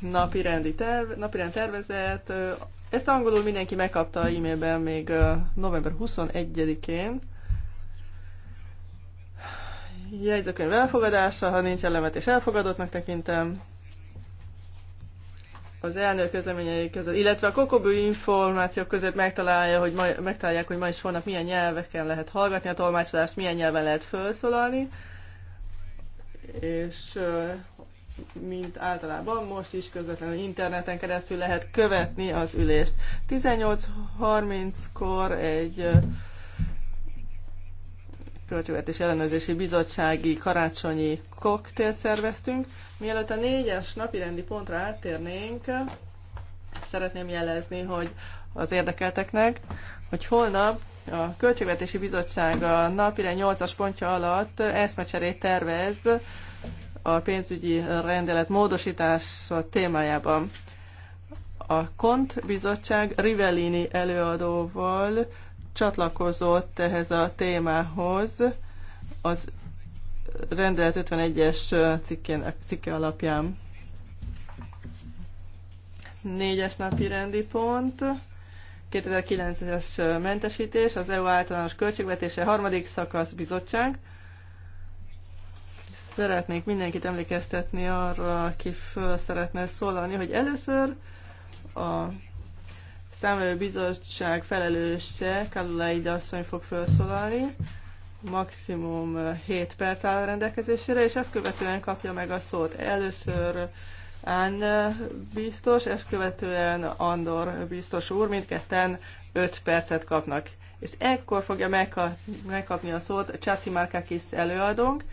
napirendi terv, napirend tervezet. Ezt angolul mindenki megkapta e-mailben még november 21-én. Jegyzőkönyv elfogadása, ha nincs elemet és elfogadottnak tekintem. Az elnök közleményei között, illetve a kokobű információk között megtalálja, hogy ma, megtalálják, hogy ma is holnap milyen nyelveken lehet hallgatni a tolmácsolást, milyen nyelven lehet felszólalni. És mint általában most is közvetlenül interneten keresztül lehet követni az ülést. 18.30-kor egy Költségvetés Ellenőrzési Bizottsági karácsonyi koktélt szerveztünk. Mielőtt a négyes napirendi pontra áttérnénk, szeretném jelezni, hogy az érdekelteknek, hogy holnap a Költségvetési Bizottság a napirend 8-as pontja alatt eszmecserét tervez a pénzügyi rendelet módosítása témájában. A Kont bizottság Rivellini előadóval csatlakozott ehhez a témához az rendelet 51-es cikke alapján. Négyes napi rendi pont. 2009-es mentesítés, az EU általános költségvetése harmadik szakasz bizottság. Szeretnék mindenkit emlékeztetni arra, aki föl szeretne szólalni, hogy először a számoló bizottság felelőse, Kalulaida asszony fog felszólalni, maximum 7 perc áll a rendelkezésére, és ezt követően kapja meg a szót. Először Ann biztos, ezt követően Andor biztos úr, mindketten 5 percet kapnak. És ekkor fogja megkapni a szót Csáci Márkákis előadónk,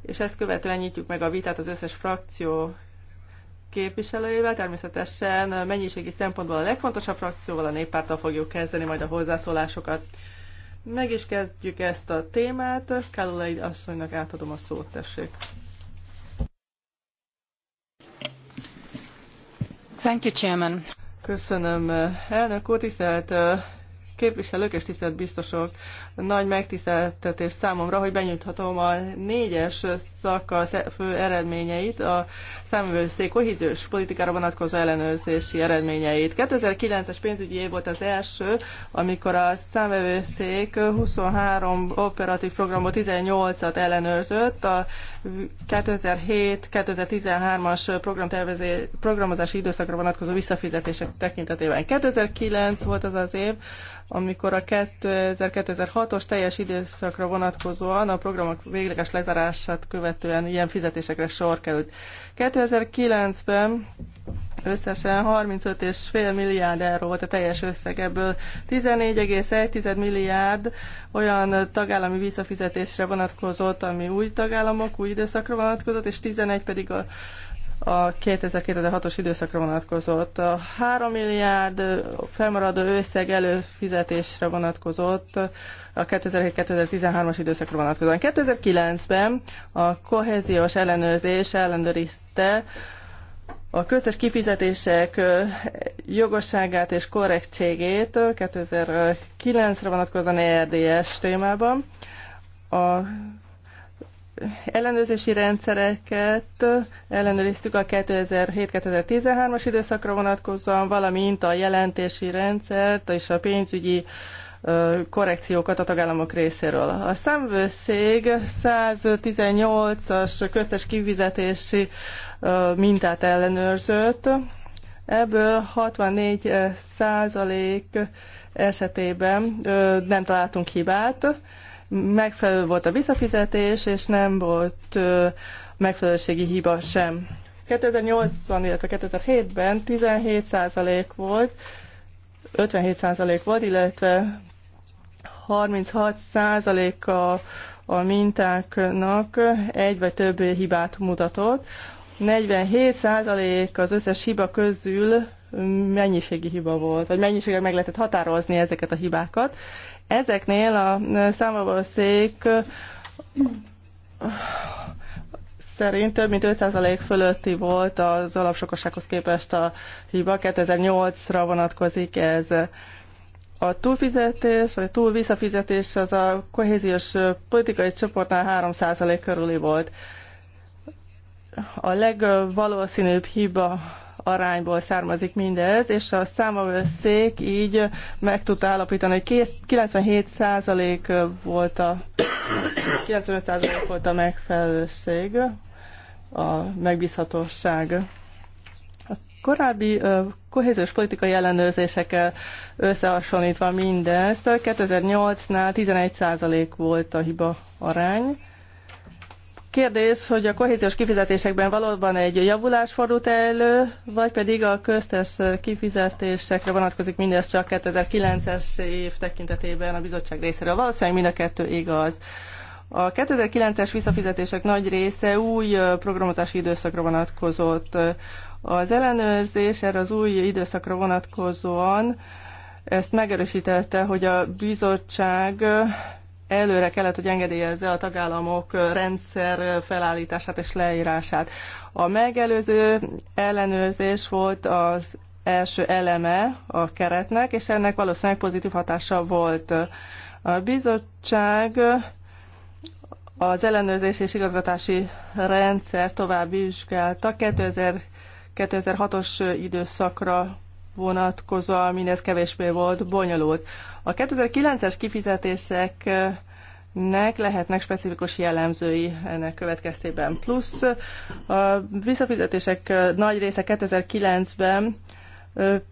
és ezt követően nyitjuk meg a vitát az összes frakció képviselőjével, természetesen mennyiségi szempontból a legfontosabb frakcióval, a néppárttal fogjuk kezdeni majd a hozzászólásokat. Meg is kezdjük ezt a témát. Kálulai asszonynak átadom a szót, tessék. Thank you, Chairman. Köszönöm, elnök úr, tisztelt képviselők és tisztelt biztosok nagy megtiszteltetés számomra, hogy benyújthatom a négyes szakasz fő eredményeit, a számvevőszék kohéziós politikára vonatkozó ellenőrzési eredményeit. 2009-es pénzügyi év volt az első, amikor a számvevőszék 23 operatív programból 18-at ellenőrzött, a 2007-2013-as programozási időszakra vonatkozó visszafizetések tekintetében. 2009 volt az az év, amikor a 2006 hatos teljes időszakra vonatkozóan a programok végleges lezárását követően ilyen fizetésekre sor került. 2009-ben összesen 35,5 milliárd euró volt a teljes összeg, ebből 14,1 milliárd olyan tagállami visszafizetésre vonatkozott, ami új tagállamok, új időszakra vonatkozott, és 11 pedig a a 2006 os időszakra vonatkozott. A 3 milliárd felmaradó összeg előfizetésre vonatkozott a 2007-2013-as időszakra vonatkozóan. 2009-ben a kohéziós ellenőrzés ellenőrizte a köztes kifizetések jogosságát és korrektségét 2009-re vonatkozóan ERDS témában. A ellenőrzési rendszereket ellenőriztük a 2007-2013-as időszakra vonatkozóan, valamint a jelentési rendszert és a pénzügyi korrekciókat a tagállamok részéről. A számvőszég 118-as köztes kivizetési mintát ellenőrzött, ebből 64 százalék esetében nem találtunk hibát, megfelelő volt a visszafizetés, és nem volt megfelelőségi hiba sem. 2008-ban, illetve 2007-ben 17% volt, 57% volt, illetve 36%-a a mintáknak egy vagy több hibát mutatott. 47% az összes hiba közül mennyiségi hiba volt, vagy mennyiségek meg lehetett határozni ezeket a hibákat, Ezeknél a számvevőszék szerint több mint 5% fölötti volt az alapsokossághoz képest a hiba, 2008-ra vonatkozik ez. A túlfizetés, vagy a túlvisszafizetés az a kohéziós politikai csoportnál 3% körüli volt. A legvalószínűbb hiba arányból származik mindez, és a számavőszék így meg tudta állapítani, hogy 97% volt a 95% volt a megfelelőség, a megbízhatóság korábbi kohéziós politikai ellenőrzésekkel összehasonlítva mindezt, 2008-nál 11% volt a hiba arány, kérdés, hogy a kohéziós kifizetésekben valóban egy javulás fordult elő, vagy pedig a köztes kifizetésekre vonatkozik mindez csak 2009-es év tekintetében a bizottság részéről. Valószínűleg mind a kettő igaz. A 2009-es visszafizetések nagy része új programozási időszakra vonatkozott. Az ellenőrzés erre az új időszakra vonatkozóan ezt megerősítette, hogy a bizottság előre kellett, hogy engedélyezze a tagállamok rendszer felállítását és leírását. A megelőző ellenőrzés volt az első eleme a keretnek, és ennek valószínűleg pozitív hatása volt. A bizottság az ellenőrzés és igazgatási rendszer tovább vizsgálta 2000 2006-os időszakra vonatkozóan mindez kevésbé volt bonyolult. A 2009-es kifizetések nek lehetnek specifikus jellemzői ennek következtében. Plusz a visszafizetések nagy része 2009-ben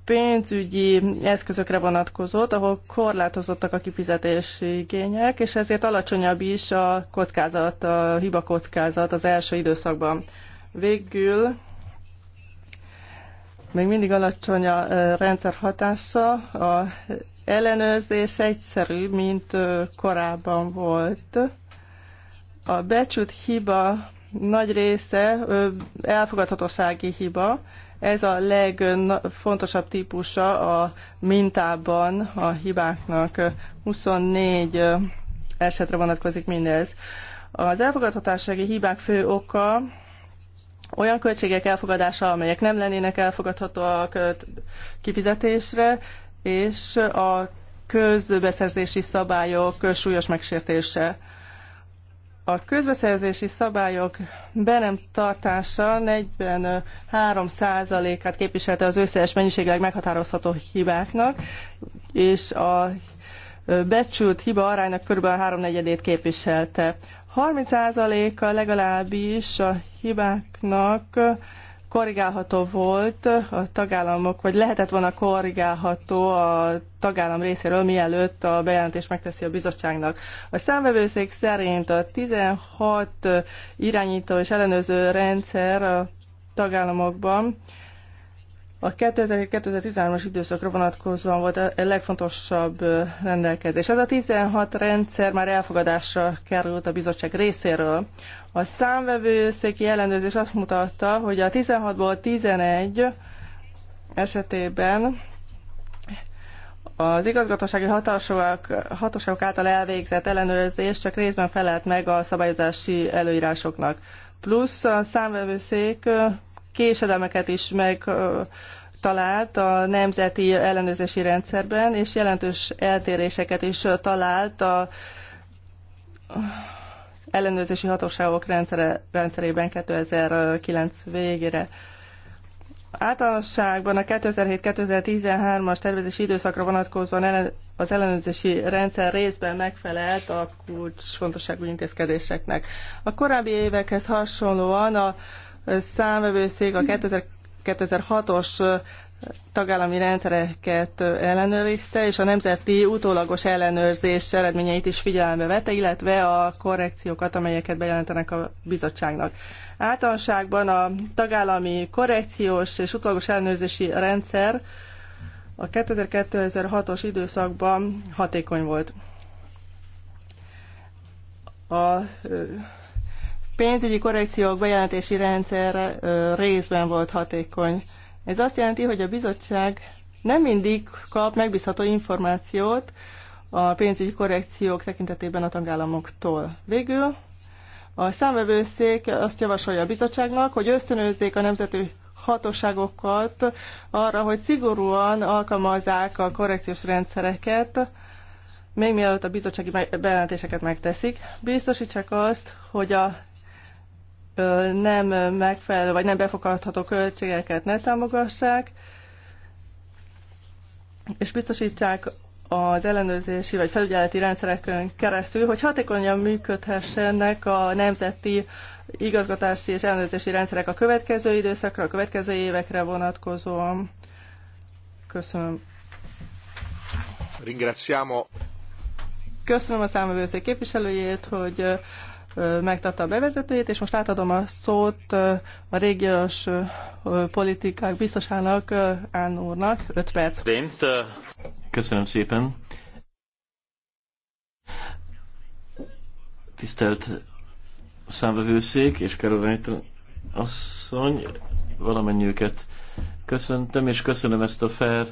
pénzügyi eszközökre vonatkozott, ahol korlátozottak a kifizetési igények, és ezért alacsonyabb is a kockázat, a hiba kockázat az első időszakban. Végül még mindig alacsony a rendszer hatása, a ellenőrzés egyszerű, mint korábban volt. A becsült hiba nagy része elfogadhatósági hiba, ez a legfontosabb típusa a mintában a hibáknak. 24 esetre vonatkozik mindez. Az elfogadhatósági hibák fő oka olyan költségek elfogadása, amelyek nem lennének elfogadhatóak kifizetésre, és a közbeszerzési szabályok súlyos megsértése. A közbeszerzési szabályok be nem tartása 43%-át képviselte az összes mennyiségileg meghatározható hibáknak, és a becsült hiba aránynak kb. a háromnegyedét képviselte. 30%-a legalábbis a hibáknak korrigálható volt a tagállamok, vagy lehetett volna korrigálható a tagállam részéről, mielőtt a bejelentés megteszi a bizottságnak. A számvevőszék szerint a 16 irányító és ellenőző rendszer a tagállamokban a 2013-as időszakra vonatkozóan volt a legfontosabb rendelkezés. Ez a 16 rendszer már elfogadásra került a bizottság részéről. A számvevőszéki ellenőrzés azt mutatta, hogy a 16-ból 11 esetében az igazgatósági hatóságok, hatóságok által elvégzett ellenőrzés csak részben felelt meg a szabályozási előírásoknak. Plusz a számvevőszék késedelmeket is megtalált a nemzeti ellenőrzési rendszerben, és jelentős eltéréseket is talált a ellenőrzési hatóságok rendszere, rendszerében 2009 végére. Általánosságban a 2007-2013-as tervezési időszakra vonatkozóan az ellenőrzési rendszer részben megfelelt a kulcsfontosságú intézkedéseknek. A korábbi évekhez hasonlóan a számvevőszék a 2006-os tagállami rendszereket ellenőrizte, és a nemzeti utólagos ellenőrzés eredményeit is figyelembe vette, illetve a korrekciókat, amelyeket bejelentenek a bizottságnak. Általánosságban a tagállami korrekciós és utólagos ellenőrzési rendszer a 2006-os időszakban hatékony volt. A pénzügyi korrekciók bejelentési rendszerre részben volt hatékony. Ez azt jelenti, hogy a bizottság nem mindig kap megbízható információt a pénzügyi korrekciók tekintetében a tagállamoktól. Végül a számvevőszék azt javasolja a bizottságnak, hogy ösztönözzék a nemzeti hatóságokat arra, hogy szigorúan alkalmazzák a korrekciós rendszereket, még mielőtt a bizottsági bejelentéseket megteszik, biztosítsák azt, hogy a nem megfelelő vagy nem befogadható költségeket ne támogassák, és biztosítsák az ellenőrzési vagy felügyeleti rendszerekön keresztül, hogy hatékonyan működhessenek a nemzeti igazgatási és ellenőrzési rendszerek a következő időszakra, a következő évekre vonatkozóan. Köszönöm. Ringraziamo. Köszönöm a számövőszék képviselőjét, hogy megtartta a bevezetőjét, és most átadom a szót a régiós politikák biztosának, Án úrnak, 5 perc. Köszönöm szépen. Tisztelt számvevőszék és Caroline asszony, valamennyiüket köszöntöm, és köszönöm ezt a fair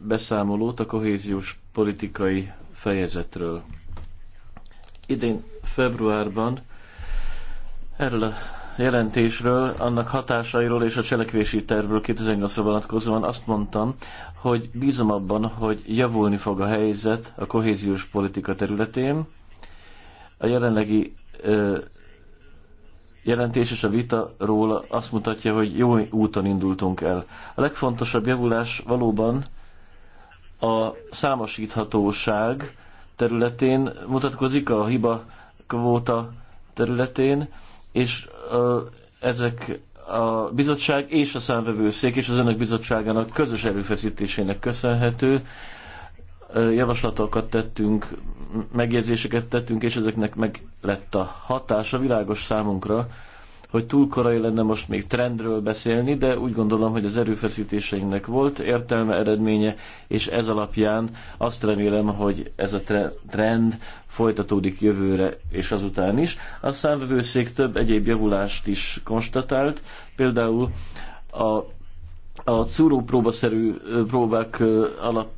beszámolót a kohéziós politikai fejezetről idén februárban erről a jelentésről, annak hatásairól és a cselekvési tervről 2008-ra vonatkozóan azt mondtam, hogy bízom abban, hogy javulni fog a helyzet a kohéziós politika területén. A jelenlegi ö, jelentés és a vita róla azt mutatja, hogy jó úton indultunk el. A legfontosabb javulás valóban a számosíthatóság, területén mutatkozik, a hiba kvóta területén, és a, ezek a bizottság és a számvevőszék és az önök bizottságának közös erőfeszítésének köszönhető. Javaslatokat tettünk, megjegyzéseket tettünk, és ezeknek meg lett a hatása világos számunkra, hogy túl korai lenne most még trendről beszélni, de úgy gondolom, hogy az erőfeszítéseinknek volt értelme, eredménye, és ez alapján azt remélem, hogy ez a trend folytatódik jövőre és azután is. A számvevőszék több egyéb javulást is konstatált, például a a szúró próbaszerű próbák alap,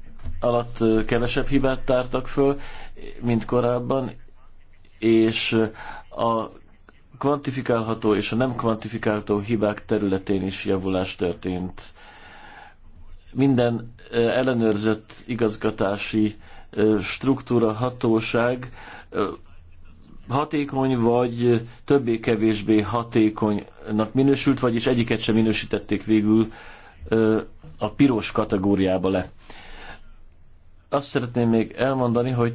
alatt kevesebb hibát tártak föl, mint korábban, és a kvantifikálható és a nem kvantifikálható hibák területén is javulás történt. Minden ellenőrzött igazgatási struktúra, hatóság hatékony vagy többé-kevésbé hatékonynak minősült, vagyis egyiket sem minősítették végül a piros kategóriába le. Azt szeretném még elmondani, hogy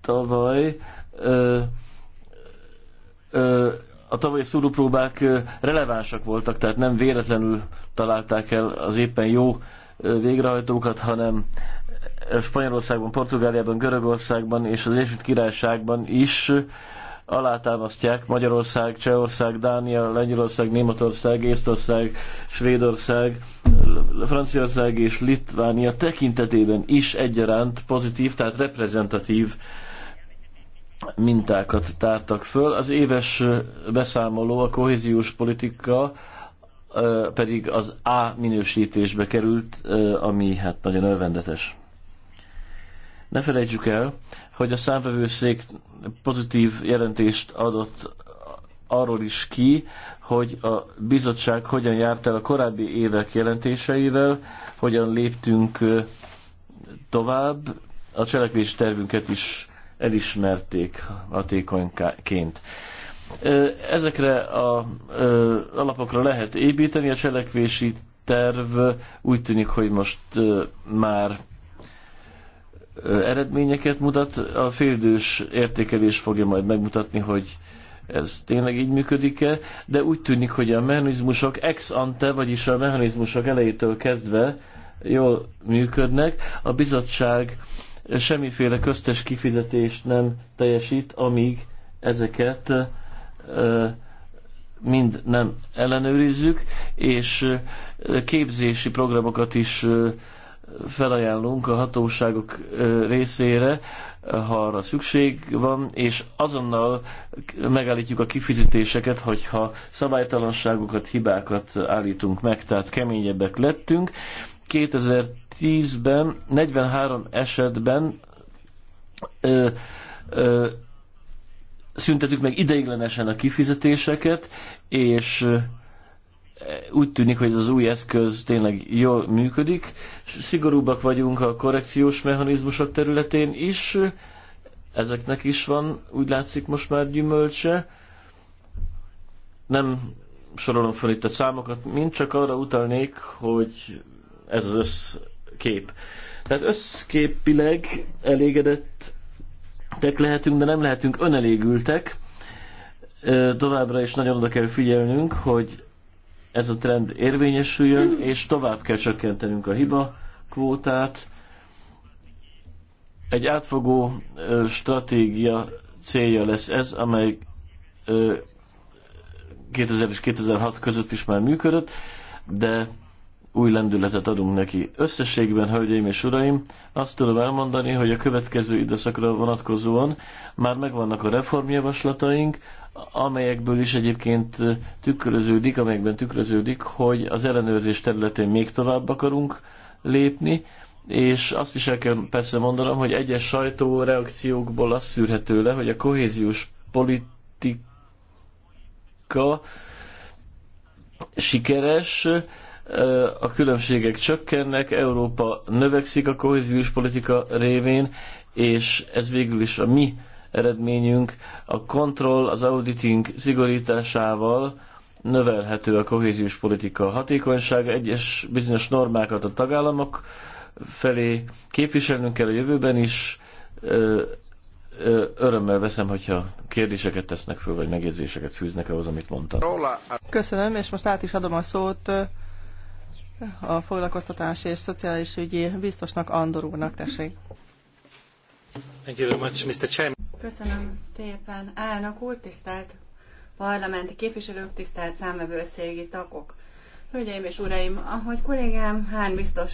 tavaly a tavalyi szúrupróbák relevánsak voltak, tehát nem véletlenül találták el az éppen jó végrehajtókat, hanem Spanyolországban, Portugáliában, Görögországban és az Egyesült Királyságban is alátámasztják Magyarország, Csehország, Dánia, Lengyelország, Németország, Észtország, Svédország, Franciaország és Litvánia tekintetében is egyaránt pozitív, tehát reprezentatív mintákat tártak föl. Az éves beszámoló, a kohéziós politika pedig az A minősítésbe került, ami hát nagyon örvendetes. Ne felejtsük el, hogy a számvevőszék pozitív jelentést adott arról is ki, hogy a bizottság hogyan járt el a korábbi évek jelentéseivel, hogyan léptünk tovább, a cselekvés tervünket is elismerték hatékonyként. Ezekre a alapokra lehet építeni, a cselekvési terv úgy tűnik, hogy most már eredményeket mutat. A féldős értékelés fogja majd megmutatni, hogy ez tényleg így működik-e, de úgy tűnik, hogy a mechanizmusok ex ante, vagyis a mechanizmusok elejétől kezdve jól működnek. A bizottság semmiféle köztes kifizetést nem teljesít, amíg ezeket mind nem ellenőrizzük, és képzési programokat is felajánlunk a hatóságok részére, ha arra szükség van, és azonnal megállítjuk a kifizetéseket, hogyha szabálytalanságokat, hibákat állítunk meg, tehát keményebbek lettünk, 2010-ben 43 esetben ö, ö, szüntetük meg ideiglenesen a kifizetéseket, és úgy tűnik, hogy az új eszköz tényleg jól működik. Szigorúbbak vagyunk a korrekciós mechanizmusok területén is, ezeknek is van, úgy látszik most már gyümölcse. Nem sorolom fel itt a számokat, mind csak arra utalnék, hogy ez az összkép. Tehát összképileg elégedettek lehetünk, de nem lehetünk önelégültek. Továbbra is nagyon oda kell figyelnünk, hogy ez a trend érvényesüljön, és tovább kell csökkentenünk a hiba kvótát. Egy átfogó stratégia célja lesz ez, amely 2000 és 2006 között is már működött, de új lendületet adunk neki. Összességben, hölgyeim és uraim, azt tudom elmondani, hogy a következő időszakra vonatkozóan már megvannak a reformjavaslataink, amelyekből is egyébként tükröződik, amelyekben tükröződik, hogy az ellenőrzés területén még tovább akarunk lépni, és azt is el kell persze mondanom, hogy egyes sajtó reakciókból azt szűrhető le, hogy a kohéziós politika sikeres, a különbségek csökkennek, Európa növekszik a kohéziós politika révén, és ez végül is a mi eredményünk a kontroll, az auditing szigorításával növelhető a kohéziós politika hatékonysága, egyes bizonyos normákat a tagállamok felé képviselnünk kell a jövőben is, örömmel veszem, hogyha kérdéseket tesznek föl, vagy megjegyzéseket fűznek ahhoz, amit mondtam. Köszönöm, és most át is adom a szót a foglalkoztatási és szociális ügyi biztosnak Andor úrnak, tessék. Thank you very much, Mr. Chairman. Köszönöm szépen, elnök úr, tisztelt parlamenti képviselők, tisztelt számvevőszégi tagok. Hölgyeim és uraim, ahogy kollégám Hán biztos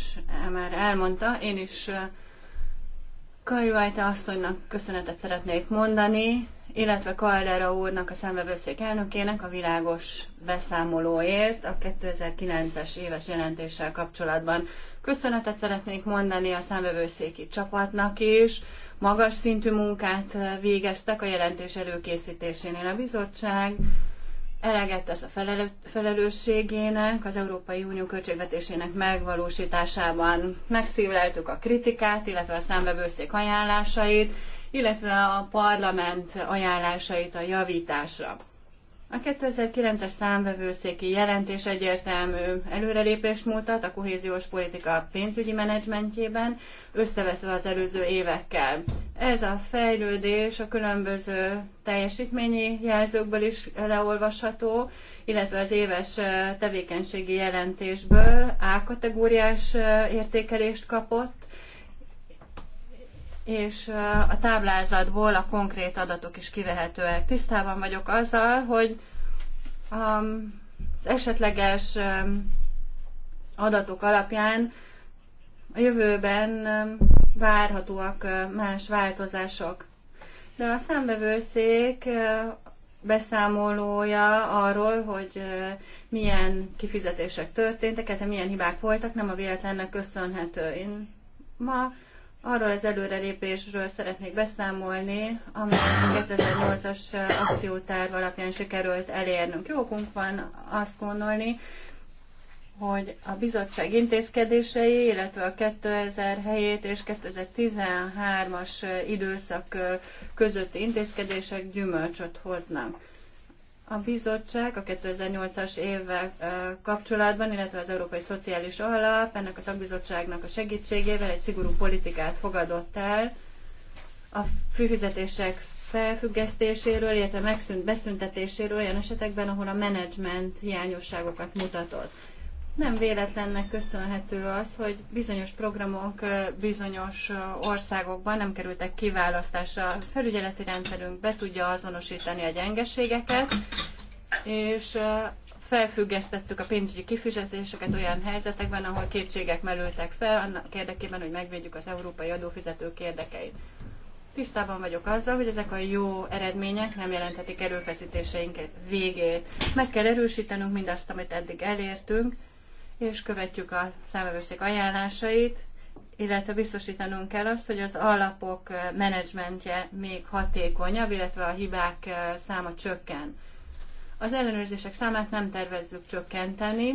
már elmondta, én is eh, Karjuájta asszonynak köszönetet szeretnék mondani illetve Caldera úrnak, a számvevőszék elnökének a világos beszámolóért a 2009-es éves jelentéssel kapcsolatban. Köszönetet szeretnék mondani a számvevőszéki csapatnak is. Magas szintű munkát végeztek a jelentés előkészítésénél a bizottság. Eleget tesz a felelő, felelősségének, az Európai Unió költségvetésének megvalósításában. Megszívleltük a kritikát, illetve a számvevőszék ajánlásait illetve a parlament ajánlásait a javításra. A 2009-es számvevőszéki jelentés egyértelmű előrelépést mutat a kohéziós politika pénzügyi menedzsmentjében, összevetve az előző évekkel. Ez a fejlődés a különböző teljesítményi jelzőkből is leolvasható, illetve az éves tevékenységi jelentésből A kategóriás értékelést kapott, és a táblázatból a konkrét adatok is kivehetőek. Tisztában vagyok azzal, hogy az esetleges adatok alapján a jövőben várhatóak más változások. De a számbevőszék beszámolója arról, hogy milyen kifizetések történtek, tehát milyen hibák voltak, nem a véletlennek köszönhető. Én ma Arról az előrelépésről szeretnék beszámolni, amely 2008-as akciótárv alapján sikerült elérnünk. Jókunk van azt gondolni, hogy a bizottság intézkedései, illetve a 2007 és 2013-as időszak közötti intézkedések gyümölcsöt hoznak. A bizottság a 2008-as évvel kapcsolatban, illetve az Európai Szociális Alap ennek a szakbizottságnak a segítségével egy szigorú politikát fogadott el a főfizetések felfüggesztéséről, illetve megszűnt beszüntetéséről olyan esetekben, ahol a menedzsment hiányosságokat mutatott. Nem véletlennek köszönhető az, hogy bizonyos programok bizonyos országokban nem kerültek kiválasztásra. A felügyeleti rendszerünk be tudja azonosítani a gyengeségeket, és felfüggesztettük a pénzügyi kifizetéseket olyan helyzetekben, ahol kétségek merültek fel, annak érdekében, hogy megvédjük az európai adófizetők érdekeit. Tisztában vagyok azzal, hogy ezek a jó eredmények nem jelenthetik erőfeszítéseinket végét. Meg kell erősítenünk mindazt, amit eddig elértünk, és követjük a számövőszék ajánlásait, illetve biztosítanunk kell azt, hogy az alapok menedzsmentje még hatékonyabb, illetve a hibák száma csökken. Az ellenőrzések számát nem tervezzük csökkenteni,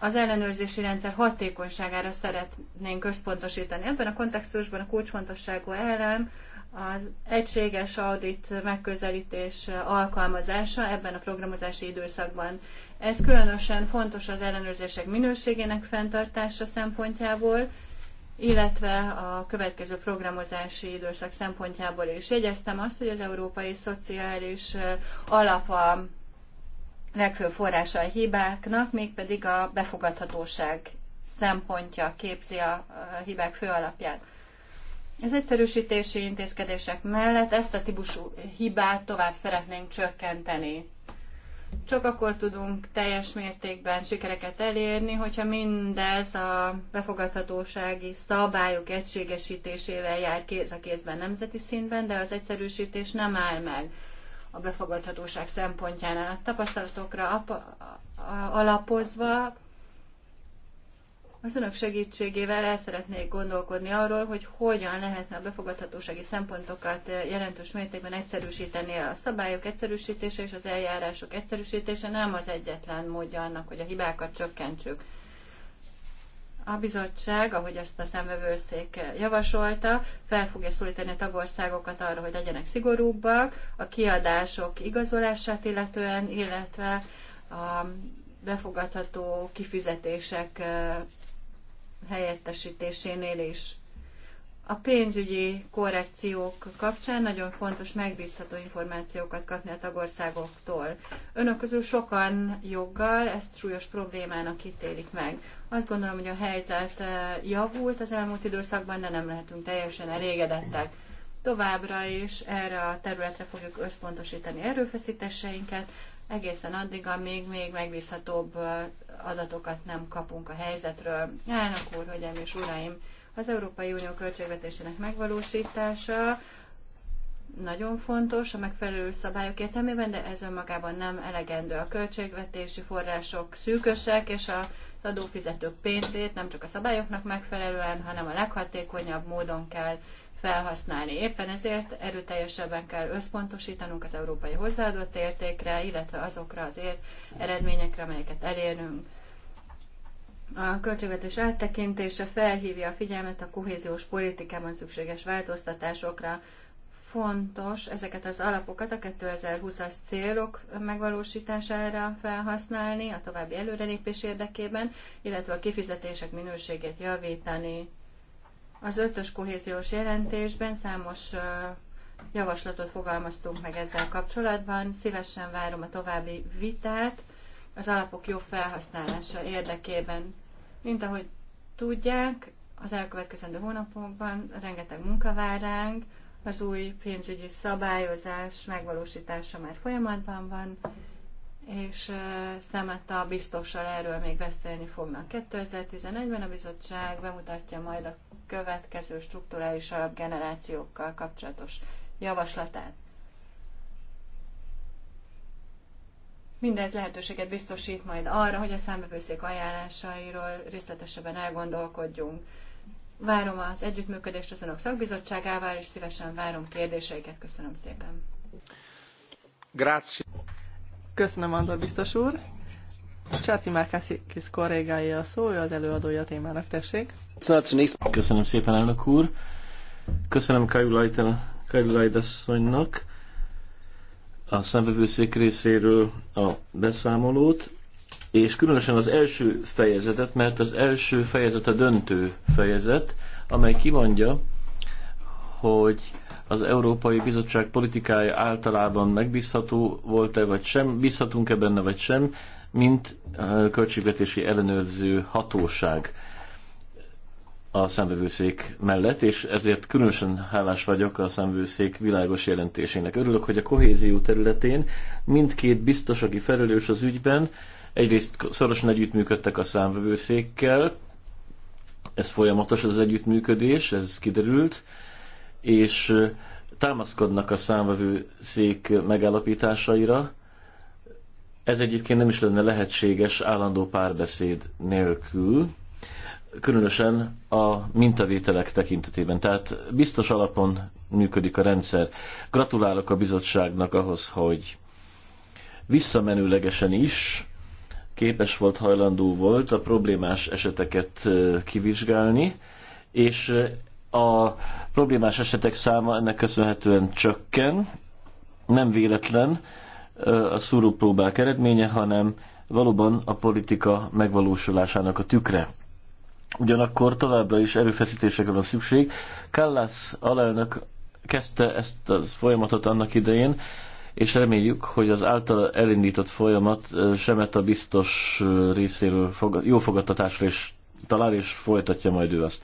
az ellenőrzési rendszer hatékonyságára szeretnénk központosítani. Ebben a kontextusban a kulcsfontosságú elem az egységes audit megközelítés alkalmazása ebben a programozási időszakban. Ez különösen fontos az ellenőrzések minőségének fenntartása szempontjából, illetve a következő programozási időszak szempontjából is. Jegyeztem azt, hogy az Európai Szociális Alap a legfőbb forrása a hibáknak, mégpedig a befogadhatóság szempontja képzi a hibák fő alapját. Az egyszerűsítési intézkedések mellett ezt a típusú hibát tovább szeretnénk csökkenteni. Csak akkor tudunk teljes mértékben sikereket elérni, hogyha mindez a befogadhatósági szabályok egységesítésével jár kéz a kézben nemzeti szintben, de az egyszerűsítés nem áll meg a befogadhatóság szempontjánál. A tapasztalatokra alapozva az önök segítségével el szeretnék gondolkodni arról, hogy hogyan lehetne a befogadhatósági szempontokat eh, jelentős mértékben egyszerűsíteni. A szabályok egyszerűsítése és az eljárások egyszerűsítése nem az egyetlen módja annak, hogy a hibákat csökkentsük. A bizottság, ahogy ezt a szemvevőszék javasolta, fel fogja szólítani a tagországokat arra, hogy legyenek szigorúbbak a kiadások igazolását illetően, illetve a befogadható kifizetések eh, helyettesítésénél is. A pénzügyi korrekciók kapcsán nagyon fontos megbízható információkat kapni a tagországoktól. Önök közül sokan joggal ezt súlyos problémának ítélik meg. Azt gondolom, hogy a helyzet eh, javult az elmúlt időszakban, de nem lehetünk teljesen elégedettek. Továbbra is erre a területre fogjuk összpontosítani erőfeszítéseinket, egészen addig, amíg még megbízhatóbb adatokat nem kapunk a helyzetről. Elnök úr, hölgyeim és uraim, az Európai Unió költségvetésének megvalósítása nagyon fontos a megfelelő szabályok értelmében, de ez önmagában nem elegendő. A költségvetési források szűkösek, és az adófizetők pénzét nem csak a szabályoknak megfelelően, hanem a leghatékonyabb módon kell felhasználni. Éppen ezért erőteljesebben kell összpontosítanunk az európai hozzáadott értékre, illetve azokra az eredményekre, amelyeket elérünk. A költségvetés áttekintése felhívja a figyelmet a kohéziós politikában szükséges változtatásokra. Fontos ezeket az alapokat a 2020-as célok megvalósítására felhasználni, a további előrelépés érdekében, illetve a kifizetések minőségét javítani az ötös kohéziós jelentésben számos javaslatot fogalmaztunk meg ezzel kapcsolatban. Szívesen várom a további vitát az alapok jobb felhasználása érdekében. Mint ahogy tudják, az elkövetkezendő hónapokban rengeteg munka vár ránk, az új pénzügyi szabályozás megvalósítása már folyamatban van, és a biztossal erről még beszélni fognak. 2011-ben a bizottság bemutatja majd a következő strukturális alapgenerációkkal kapcsolatos javaslatát. Mindez lehetőséget biztosít majd arra, hogy a számbevőszék ajánlásairól részletesebben elgondolkodjunk. Várom az együttműködést az Önök szakbizottságával, és szívesen várom kérdéseiket. Köszönöm szépen. Grazie. Köszönöm, Andor biztos úr. Csáci Márkászikis kollégája a szó, ő az előadója a témának, tessék. Köszönöm szépen, elnök úr. Köszönöm Kajulajd asszonynak a szembevőszék részéről a beszámolót, és különösen az első fejezetet, mert az első fejezet a döntő fejezet, amely kimondja, hogy az Európai Bizottság politikája általában megbízható volt-e vagy sem, bízhatunk-e benne vagy sem, mint költségvetési ellenőrző hatóság a szemvevőszék mellett, és ezért különösen hálás vagyok a szemvevőszék világos jelentésének. Örülök, hogy a kohézió területén mindkét biztos, aki felelős az ügyben, egyrészt szorosan együttműködtek a számvevőszékkel, ez folyamatos az együttműködés, ez kiderült, és támaszkodnak a számvevő szék megállapításaira. Ez egyébként nem is lenne lehetséges állandó párbeszéd nélkül, különösen a mintavételek tekintetében. Tehát biztos alapon működik a rendszer. Gratulálok a bizottságnak ahhoz, hogy visszamenőlegesen is képes volt, hajlandó volt a problémás eseteket kivizsgálni, és a problémás esetek száma ennek köszönhetően csökken, nem véletlen a szúrópróbák eredménye, hanem valóban a politika megvalósulásának a tükre. Ugyanakkor továbbra is erőfeszítésekre van szükség. Kallász alelnök kezdte ezt a folyamatot annak idején, és reméljük, hogy az által elindított folyamat semet a biztos részéről fog, jó fogadtatásra is talál, és folytatja majd ő azt.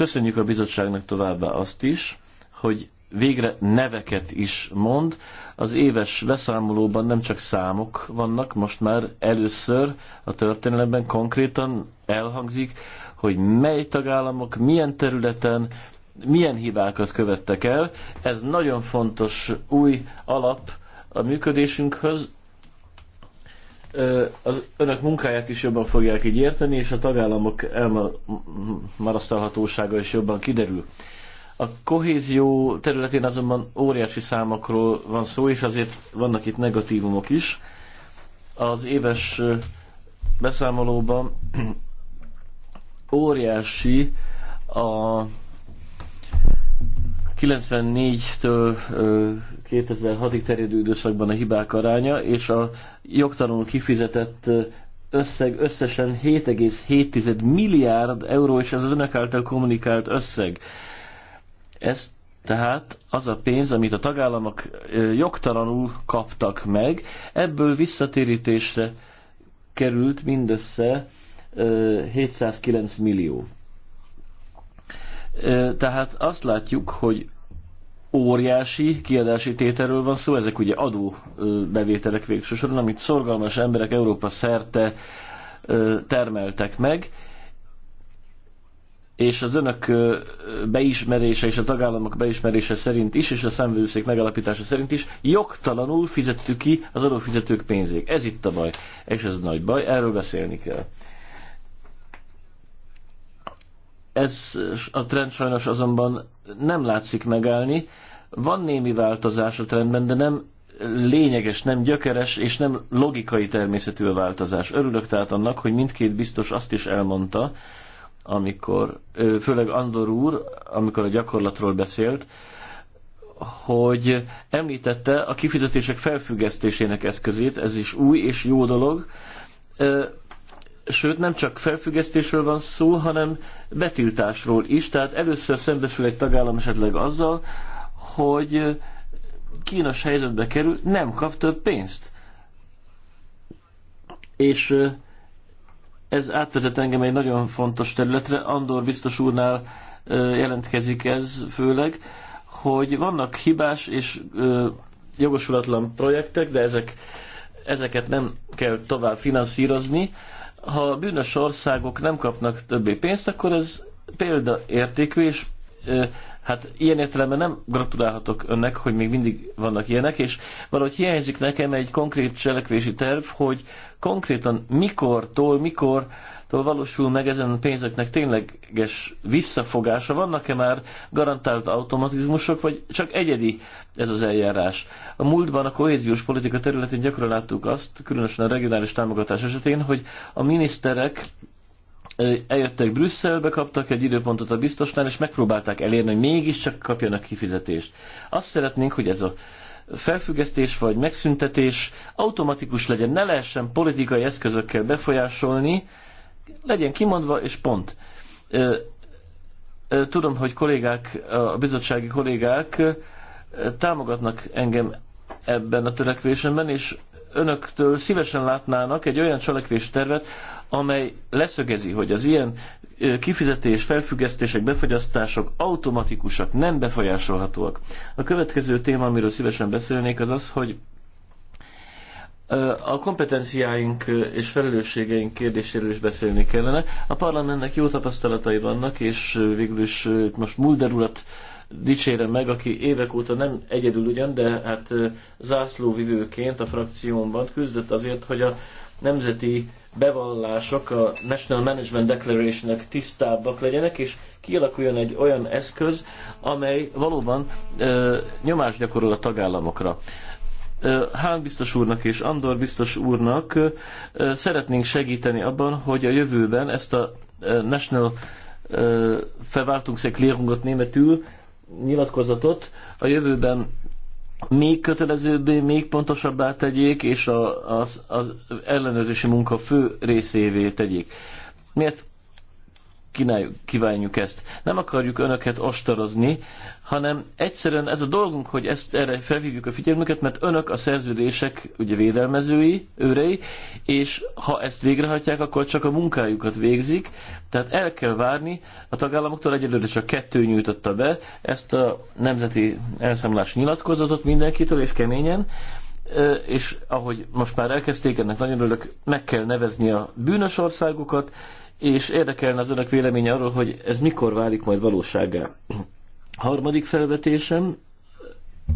Köszönjük a bizottságnak továbbá azt is, hogy végre neveket is mond. Az éves leszámolóban nem csak számok vannak, most már először a történelemben konkrétan elhangzik, hogy mely tagállamok, milyen területen, milyen hibákat követtek el. Ez nagyon fontos új alap a működésünkhöz, az önök munkáját is jobban fogják így érteni, és a tagállamok elmarasztalhatósága is jobban kiderül. A kohézió területén azonban óriási számokról van szó, és azért vannak itt negatívumok is. Az éves beszámolóban óriási a 94-től 2006-ig terjedő időszakban a hibák aránya, és a jogtalanul kifizetett összeg összesen 7,7 milliárd euró, és ez az önök által kommunikált összeg. Ez tehát az a pénz, amit a tagállamok jogtalanul kaptak meg, ebből visszatérítésre került mindössze 709 millió. Tehát azt látjuk, hogy óriási kiadási tételről van szó, ezek ugye adó bevételek végső soron, amit szorgalmas emberek Európa szerte termeltek meg, és az önök beismerése és a tagállamok beismerése szerint is, és a szemvőszék megalapítása szerint is jogtalanul fizettük ki az adófizetők pénzét. Ez itt a baj, és ez nagy baj, erről beszélni kell. Ez a trend sajnos azonban nem látszik megállni. Van némi változás a trendben, de nem lényeges, nem gyökeres és nem logikai természetű a változás. Örülök tehát annak, hogy mindkét biztos azt is elmondta, amikor, főleg Andor úr, amikor a gyakorlatról beszélt, hogy említette a kifizetések felfüggesztésének eszközét, ez is új és jó dolog sőt nem csak felfüggesztésről van szó, hanem betiltásról is. Tehát először szembesül egy tagállam esetleg azzal, hogy kínos helyzetbe kerül, nem kap több pénzt. És ez átvezet engem egy nagyon fontos területre, Andor biztos úrnál jelentkezik ez főleg, hogy vannak hibás és jogosulatlan projektek, de ezek, ezeket nem kell tovább finanszírozni, ha a bűnös országok nem kapnak többé pénzt, akkor ez példaértékű, és hát ilyen értelemben nem gratulálhatok önnek, hogy még mindig vannak ilyenek, és valahogy hiányzik nekem egy konkrét cselekvési terv, hogy konkrétan mikortól, mikor, mikor valósul meg ezen a pénzeknek tényleges visszafogása? Vannak-e már garantált automatizmusok, vagy csak egyedi ez az eljárás? A múltban a kohéziós politika területén gyakran láttuk azt, különösen a regionális támogatás esetén, hogy a miniszterek eljöttek Brüsszelbe, kaptak egy időpontot a biztosnál, és megpróbálták elérni, hogy mégiscsak kapjanak kifizetést. Azt szeretnénk, hogy ez a felfüggesztés vagy megszüntetés automatikus legyen, ne lehessen politikai eszközökkel befolyásolni, legyen kimondva, és pont. Tudom, hogy kollégák, a bizottsági kollégák támogatnak engem ebben a törekvésemben, és önöktől szívesen látnának egy olyan cselekvés tervet, amely leszögezi, hogy az ilyen kifizetés, felfüggesztések, befogyasztások automatikusak, nem befolyásolhatóak. A következő téma, amiről szívesen beszélnék, az az, hogy a kompetenciáink és felelősségeink kérdéséről is beszélni kellene. A parlamentnek jó tapasztalatai vannak, és végül is most Mulder urat dicsérem meg, aki évek óta nem egyedül ugyan, de hát zászlóvivőként a frakciómban küzdött azért, hogy a nemzeti bevallások a National Management Declaration-nek tisztábbak legyenek, és kialakuljon egy olyan eszköz, amely valóban ö, nyomást gyakorol a tagállamokra. Hán biztos úrnak és Andor biztos úrnak szeretnénk segíteni abban, hogy a jövőben ezt a National Verwaltungserklärungot németül nyilatkozatot a jövőben még kötelezőbbé, még pontosabbá tegyék, és a, az, az ellenőrzési munka fő részévé tegyék. Miért kívánjuk ezt. Nem akarjuk önöket ostorozni, hanem egyszerűen ez a dolgunk, hogy ezt erre felhívjuk a figyelmüket, mert önök a szerződések ugye védelmezői, őrei, és ha ezt végrehajtják, akkor csak a munkájukat végzik, tehát el kell várni, a tagállamoktól egyelőre csak kettő nyújtotta be ezt a nemzeti elszámolási nyilatkozatot mindenkitől, és keményen, és ahogy most már elkezdték, ennek nagyon örülök, meg kell nevezni a bűnös országokat, és érdekelne az önök véleménye arról, hogy ez mikor válik majd valóságá. Harmadik felvetésem.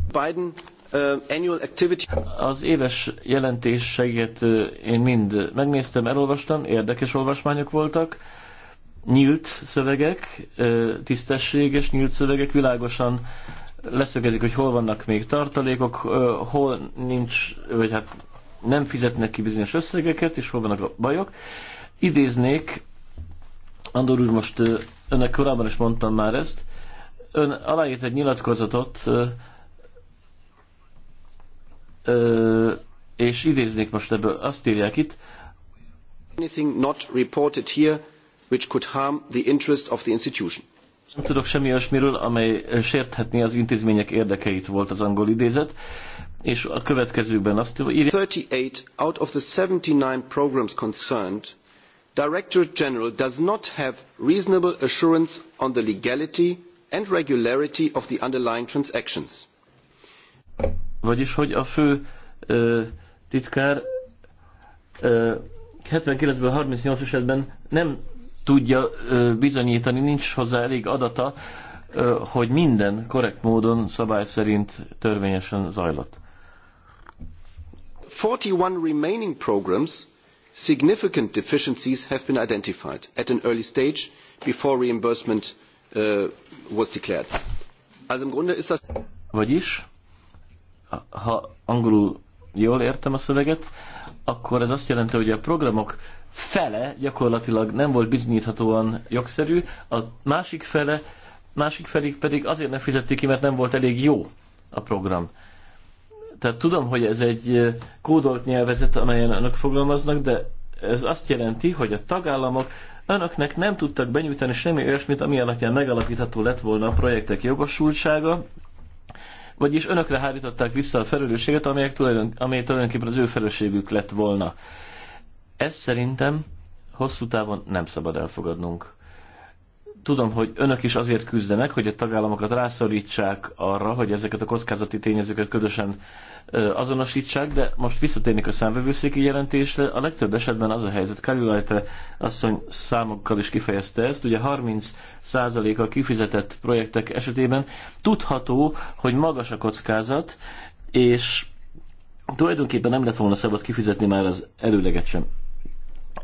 Biden uh, annual activity. Az éves jelentéseket uh, én mind megnéztem, elolvastam, érdekes olvasmányok voltak, nyílt szövegek, uh, tisztességes nyílt szövegek, világosan leszögezik, hogy hol vannak még tartalékok, hol nincs, vagy hát nem fizetnek ki bizonyos összegeket, és hol vannak a bajok. Idéznék Andor úr, most önnek korábban is mondtam már ezt. Ön aláírt egy nyilatkozatot, és idéznék most ebből, azt írják itt. Anything not reported here which could harm the interest of the institution. Nem tudok semmi olyasmiről, amely sérthetné az intézmények érdekeit volt az angol idézet, és a következőben azt írja. 38 out of the 79 programs concerned directorate general does not have reasonable assurance on the legality and regularity of the underlying transactions. Vagyis, hogy a fő ö, titkár ö, 79-ből 38 esetben nem tudja ö, bizonyítani, nincs hozzá elég adata, ö, hogy minden korrekt módon szabály szerint törvényesen zajlott. 41 remaining programs significant deficiencies have been identified at an early stage before reimbursement uh, was declared. Also im Grunde ist das Vagyis, ha angolul jól értem a szöveget, akkor ez azt jelenti, hogy a programok fele gyakorlatilag nem volt bizonyíthatóan jogszerű, a másik fele, másik felék pedig azért nem fizették ki, mert nem volt elég jó a program. Tehát tudom, hogy ez egy kódolt nyelvezet, amelyen önök fogalmaznak, de ez azt jelenti, hogy a tagállamok önöknek nem tudtak benyújtani semmi olyasmit, ami alapján megalapítható lett volna a projektek jogosultsága, vagyis önökre hárították vissza a felelősséget, amelyek tulajdon, amely tulajdonképpen az ő felelősségük lett volna. Ezt szerintem hosszú távon nem szabad elfogadnunk. Tudom, hogy önök is azért küzdenek, hogy a tagállamokat rászorítsák arra, hogy ezeket a kockázati tényezőket közösen azonosítsák, de most visszatérnék a számvevőszéki jelentésre. A legtöbb esetben az a helyzet, Karjulajte asszony számokkal is kifejezte ezt, ugye 30% a kifizetett projektek esetében tudható, hogy magas a kockázat, és tulajdonképpen nem lett volna szabad kifizetni már az előleget sem.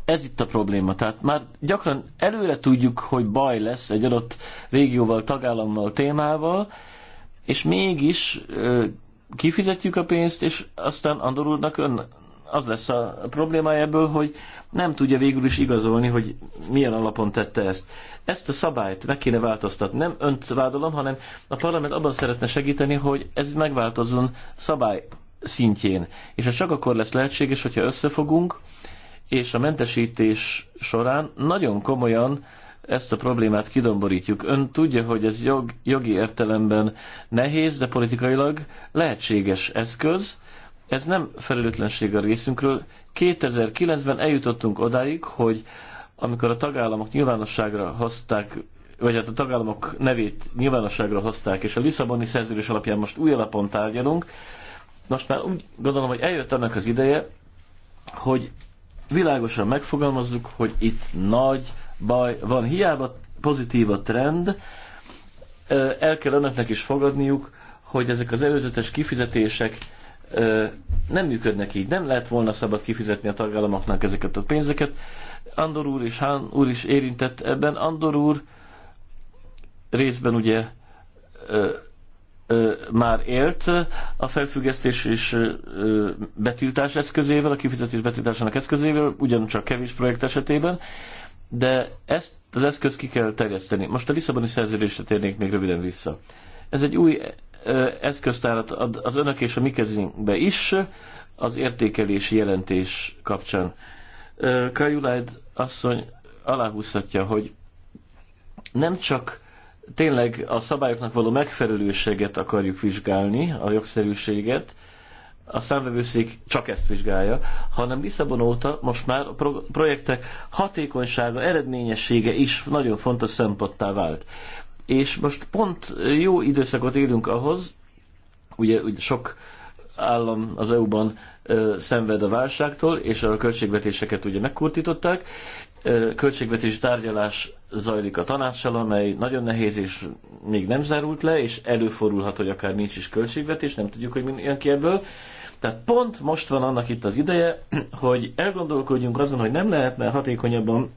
Ez itt a probléma. Tehát már gyakran előre tudjuk, hogy baj lesz egy adott régióval, tagállammal, témával, és mégis kifizetjük a pénzt, és aztán Andor úrnak ön, az lesz a problémája ebből, hogy nem tudja végül is igazolni, hogy milyen alapon tette ezt. Ezt a szabályt meg kéne változtatni. Nem önt vádolom, hanem a parlament abban szeretne segíteni, hogy ez megváltozzon szabály szintjén. És ez csak akkor lesz lehetséges, hogyha összefogunk, és a mentesítés során nagyon komolyan ezt a problémát kidomborítjuk. Ön tudja, hogy ez jog, jogi értelemben nehéz, de politikailag lehetséges eszköz. Ez nem felelőtlenség a részünkről. 2009-ben eljutottunk odáig, hogy amikor a tagállamok nyilvánosságra hozták vagy hát a tagállamok nevét nyilvánosságra hozták, és a Lisszaboni szerződés alapján most új alapon tárgyalunk, most már úgy gondolom, hogy eljött annak az ideje, hogy világosan megfogalmazzuk, hogy itt nagy baj van. Hiába pozitív a trend, el kell önöknek is fogadniuk, hogy ezek az előzetes kifizetések nem működnek így. Nem lehet volna szabad kifizetni a tagállamoknak ezeket a pénzeket. Andor úr és Hán úr is érintett ebben. Andor úr részben ugye már élt a felfüggesztés és betiltás eszközével, a kifizetés betiltásának eszközével, ugyancsak kevés projekt esetében de ezt az eszközt ki kell terjeszteni. Most a Lisszaboni szerződésre térnék még röviden vissza. Ez egy új eszköztárat ad az önök és a mi kezünkbe is, az értékelési jelentés kapcsán. Kajulájd asszony aláhúzhatja, hogy nem csak tényleg a szabályoknak való megfelelőséget akarjuk vizsgálni, a jogszerűséget, a számvevőszék csak ezt vizsgálja, hanem Lisszabon óta most már a projektek hatékonysága, eredményessége is nagyon fontos szemponttá vált. És most pont jó időszakot élünk ahhoz, ugye, ugye sok állam az EU-ban ö, szenved a válságtól, és a költségvetéseket ugye megkurtították, ö, költségvetési tárgyalás zajlik a tanácssal, amely nagyon nehéz és még nem zárult le, és előfordulhat, hogy akár nincs is költségvetés, nem tudjuk, hogy mi jön ki ebből. Tehát pont most van annak itt az ideje, hogy elgondolkodjunk azon, hogy nem lehetne hatékonyabban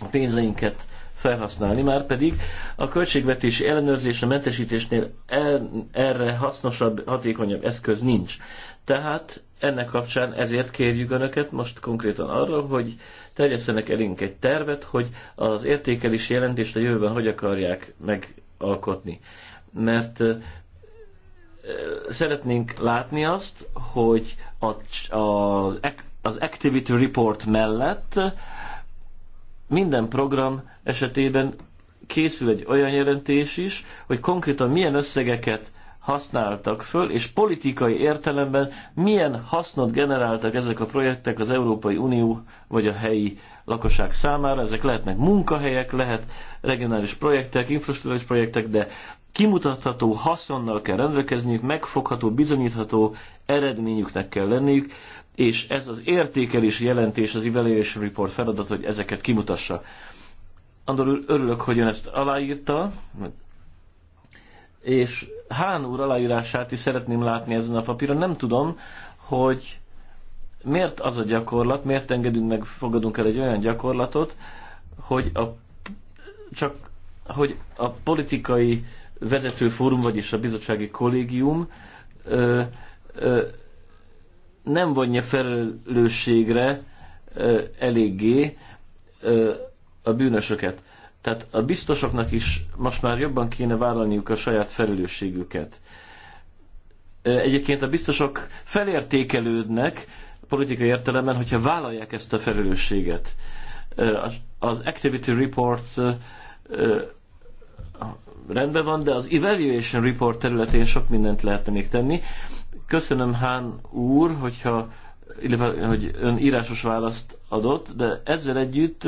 a pénzeinket felhasználni, már pedig a költségvetési ellenőrzés a mentesítésnél el, erre hasznosabb, hatékonyabb eszköz nincs. Tehát ennek kapcsán ezért kérjük Önöket most konkrétan arra, hogy terjesztenek elénk egy tervet, hogy az értékelési jelentést a jövőben hogy akarják megalkotni. Mert szeretnénk látni azt, hogy a, az Activity Report mellett minden program esetében készül egy olyan jelentés is, hogy konkrétan milyen összegeket használtak föl, és politikai értelemben milyen hasznot generáltak ezek a projektek az Európai Unió vagy a helyi lakosság számára. Ezek lehetnek munkahelyek, lehet regionális projektek, infrastruktúrális projektek, de kimutatható haszonnal kell rendelkezniük, megfogható, bizonyítható eredményüknek kell lenniük, és ez az értékelési jelentés, az Evaluation Report feladat, hogy ezeket kimutassa. Andor örülök, hogy ön ezt aláírta, és Hán úr aláírását is szeretném látni ezen a papíron. Nem tudom, hogy miért az a gyakorlat, miért engedünk meg, fogadunk el egy olyan gyakorlatot, hogy a, csak hogy a politikai vezetőfórum, vagyis a bizottsági kollégium ö, ö, nem vonja felelősségre ö, eléggé ö, a bűnösöket. Tehát a biztosoknak is most már jobban kéne vállalniuk a saját felelősségüket. Egyébként a biztosok felértékelődnek politikai értelemben, hogyha vállalják ezt a felelősséget. Az Activity Report rendben van, de az Evaluation Report területén sok mindent lehetne még tenni. Köszönöm Hán úr, hogyha illetve hogy ön írásos választ adott, de ezzel együtt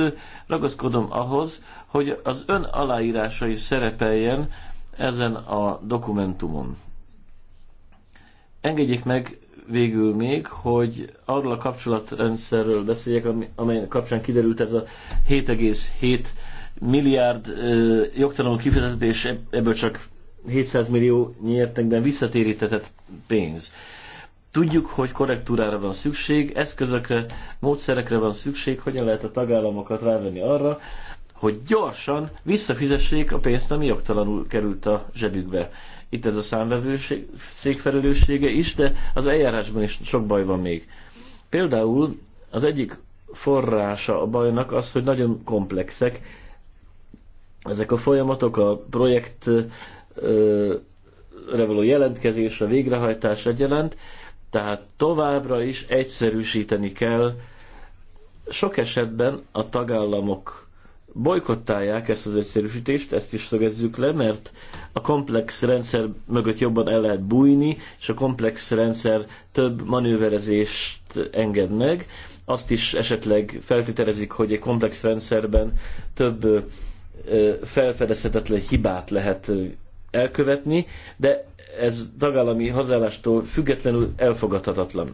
ragaszkodom ahhoz, hogy az ön aláírása is szerepeljen ezen a dokumentumon. Engedjék meg végül még, hogy arról a kapcsolatrendszerről beszéljek, amely kapcsán kiderült ez a 7,7 milliárd jogtalanul jogtalanul kifizetés, ebből csak 700 millió nyertekben visszatérített pénz. Tudjuk, hogy korrektúrára van szükség, eszközökre, módszerekre van szükség, hogyan lehet a tagállamokat rávenni arra, hogy gyorsan visszafizessék a pénzt, ami jogtalanul került a zsebükbe. Itt ez a számvevőség felelőssége is, de az eljárásban is sok baj van még. Például az egyik forrása a bajnak az, hogy nagyon komplexek ezek a folyamatok, a projekt való jelentkezés, a végrehajtás egyaránt, tehát továbbra is egyszerűsíteni kell. Sok esetben a tagállamok bolykottálják ezt az egyszerűsítést, ezt is szögezzük le, mert a komplex rendszer mögött jobban el lehet bújni, és a komplex rendszer több manőverezést enged meg. Azt is esetleg feltételezik, hogy egy komplex rendszerben több felfedezhetetlen hibát lehet elkövetni, de ez tagállami hazállástól függetlenül elfogadhatatlan.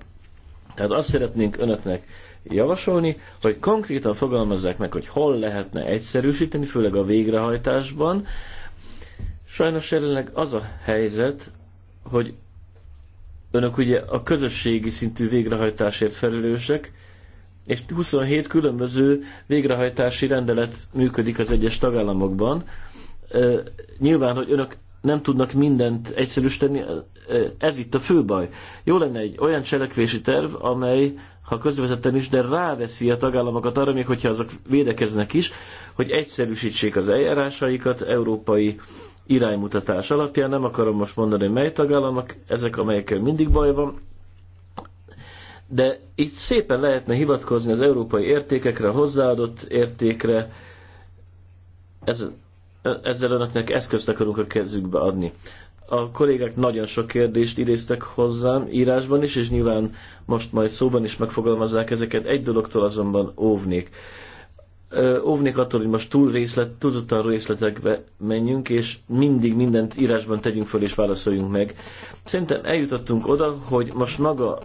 Tehát azt szeretnénk önöknek javasolni, hogy konkrétan fogalmazzák meg, hogy hol lehetne egyszerűsíteni, főleg a végrehajtásban. Sajnos jelenleg az a helyzet, hogy önök ugye a közösségi szintű végrehajtásért felelősek, és 27 különböző végrehajtási rendelet működik az egyes tagállamokban. Nyilván, hogy önök nem tudnak mindent egyszerűsíteni, eh, ez itt a fő baj. Jó lenne egy olyan cselekvési terv, amely, ha közvetetten is, de ráveszi a tagállamokat arra, még hogyha azok védekeznek is, hogy egyszerűsítsék az eljárásaikat európai iránymutatás alapján. Nem akarom most mondani, mely tagállamok, ezek, amelyekkel mindig baj van, de itt szépen lehetne hivatkozni az európai értékekre, a hozzáadott értékre, ez ezzel önöknek eszközt akarunk a kezükbe adni. A kollégák nagyon sok kérdést idéztek hozzám írásban is, és nyilván most majd szóban is megfogalmazzák ezeket. Egy dologtól azonban óvnék. Óvnék attól, hogy most túl részlet, tudottan részletekbe menjünk, és mindig mindent írásban tegyünk föl és válaszoljunk meg. Szerintem eljutottunk oda, hogy most maga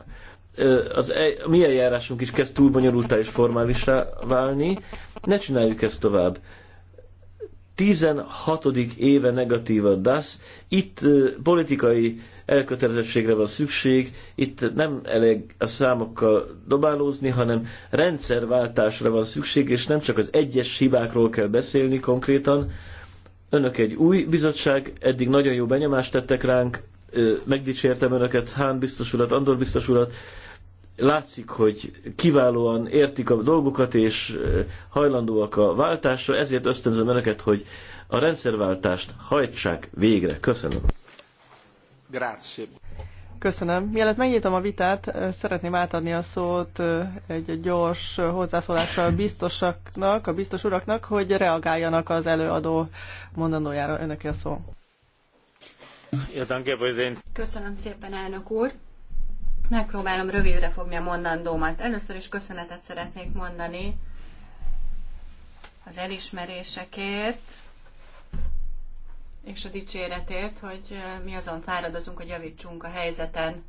az, e, mi eljárásunk is kezd túl bonyolultá és formálisra válni, ne csináljuk ezt tovább. 16. éve negatív a DASZ, itt politikai elkötelezettségre van szükség, itt nem elég a számokkal dobálózni, hanem rendszerváltásra van szükség, és nem csak az egyes hibákról kell beszélni konkrétan. Önök egy új bizottság, eddig nagyon jó benyomást tettek ránk, megdicsértem önöket, Hán biztosulat? Andor biztosulat látszik, hogy kiválóan értik a dolgukat, és hajlandóak a váltásra, ezért ösztönzöm önöket, hogy a rendszerváltást hajtsák végre. Köszönöm. Grazie. Köszönöm. Mielőtt megnyitom a vitát, szeretném átadni a szót egy gyors hozzászólással a biztosaknak, a biztos uraknak, hogy reagáljanak az előadó mondanójára. Önöké a szó. Köszönöm szépen, elnök úr. Megpróbálom rövidre fogni a mondandómat. Először is köszönetet szeretnék mondani az elismerésekért és a dicséretért, hogy mi azon fáradozunk, hogy javítsunk a helyzeten.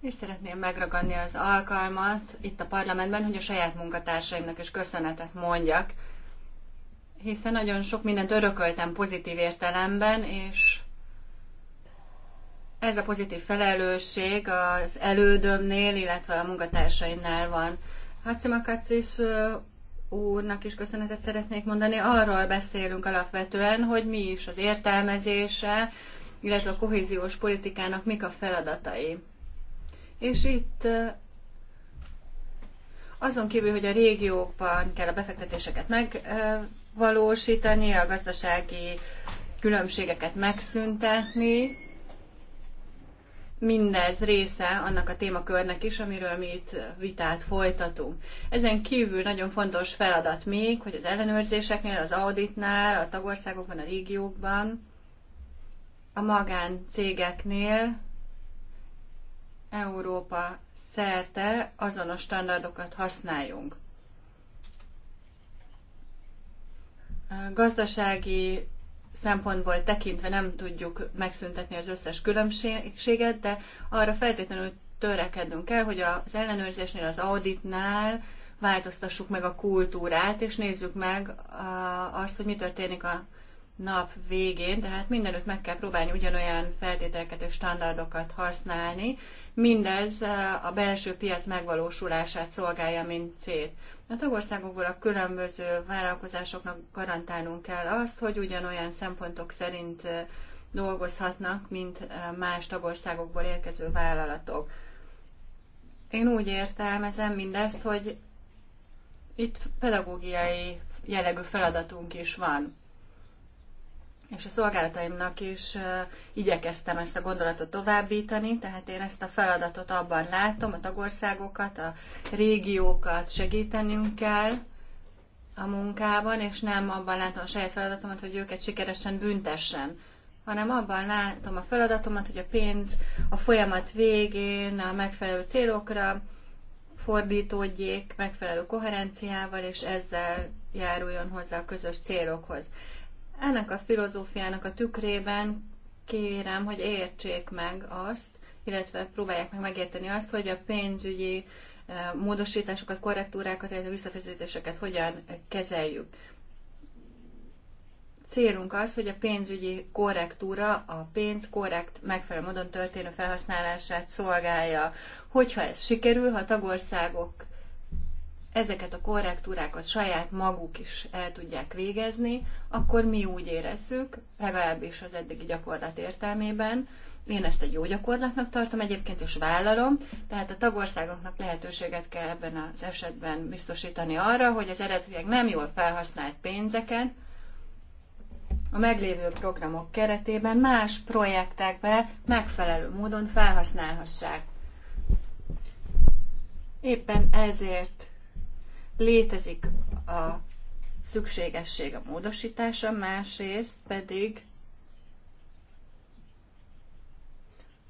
És szeretném megragadni az alkalmat itt a parlamentben, hogy a saját munkatársaimnak is köszönetet mondjak, hiszen nagyon sok mindent örököltem pozitív értelemben, és ez a pozitív felelősség az elődömnél, illetve a munkatársaimnál van. Hacimakatris úrnak is köszönetet szeretnék mondani. Arról beszélünk alapvetően, hogy mi is az értelmezése, illetve a kohéziós politikának mik a feladatai. És itt azon kívül, hogy a régiókban kell a befektetéseket megvalósítani, a gazdasági különbségeket megszüntetni, mindez része annak a témakörnek is, amiről mi itt vitát folytatunk. Ezen kívül nagyon fontos feladat még, hogy az ellenőrzéseknél, az auditnál, a tagországokban, a régiókban, a magáncégeknél Európa szerte azonos standardokat használjunk. A gazdasági szempontból tekintve nem tudjuk megszüntetni az összes különbséget, de arra feltétlenül törekednünk kell, hogy az ellenőrzésnél, az auditnál változtassuk meg a kultúrát, és nézzük meg azt, hogy mi történik a nap végén, tehát mindenütt meg kell próbálni ugyanolyan feltételeket és standardokat használni, Mindez eh, a belső piac megvalósulását szolgálja, mint cél. A tagországokból a különböző vállalkozásoknak garantálnunk kell azt, hogy ugyanolyan szempontok szerint eh, dolgozhatnak, mint eh, más tagországokból érkező vállalatok. Én úgy értelmezem mindezt, hogy itt pedagógiai jellegű feladatunk is van és a szolgálataimnak is igyekeztem ezt a gondolatot továbbítani, tehát én ezt a feladatot abban látom, a tagországokat, a régiókat segítenünk kell a munkában, és nem abban látom a saját feladatomat, hogy őket sikeresen büntessen, hanem abban látom a feladatomat, hogy a pénz a folyamat végén a megfelelő célokra fordítódjék megfelelő koherenciával, és ezzel járuljon hozzá a közös célokhoz. Ennek a filozófiának a tükrében kérem, hogy értsék meg azt, illetve próbálják meg megérteni azt, hogy a pénzügyi eh, módosításokat, korrektúrákat, illetve visszafizetéseket hogyan kezeljük. Célunk az, hogy a pénzügyi korrektúra a pénz korrekt, megfelelő módon történő felhasználását szolgálja. Hogyha ez sikerül, ha a tagországok ezeket a korrektúrákat saját maguk is el tudják végezni, akkor mi úgy érezzük, legalábbis az eddigi gyakorlat értelmében, én ezt egy jó gyakorlatnak tartom egyébként, és vállalom, tehát a tagországoknak lehetőséget kell ebben az esetben biztosítani arra, hogy az eredetileg nem jól felhasznált pénzeket a meglévő programok keretében más projektekbe megfelelő módon felhasználhassák. Éppen ezért létezik a szükségesség a módosítása, másrészt pedig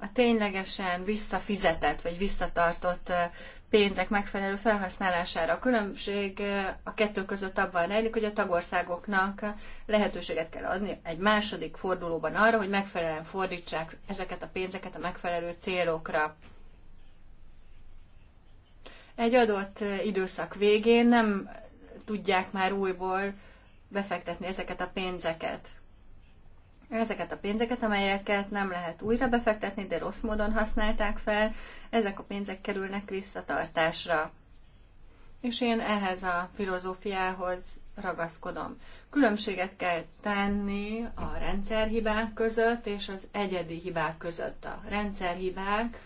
a ténylegesen visszafizetett vagy visszatartott pénzek megfelelő felhasználására. A különbség a kettő között abban rejlik, hogy a tagországoknak lehetőséget kell adni egy második fordulóban arra, hogy megfelelően fordítsák ezeket a pénzeket a megfelelő célokra egy adott eh, időszak végén nem tudják már újból befektetni ezeket a pénzeket. Ezeket a pénzeket, amelyeket nem lehet újra befektetni, de rossz módon használták fel, ezek a pénzek kerülnek visszatartásra. És én ehhez a filozófiához ragaszkodom. Különbséget kell tenni a rendszerhibák között és az egyedi hibák között. A rendszerhibák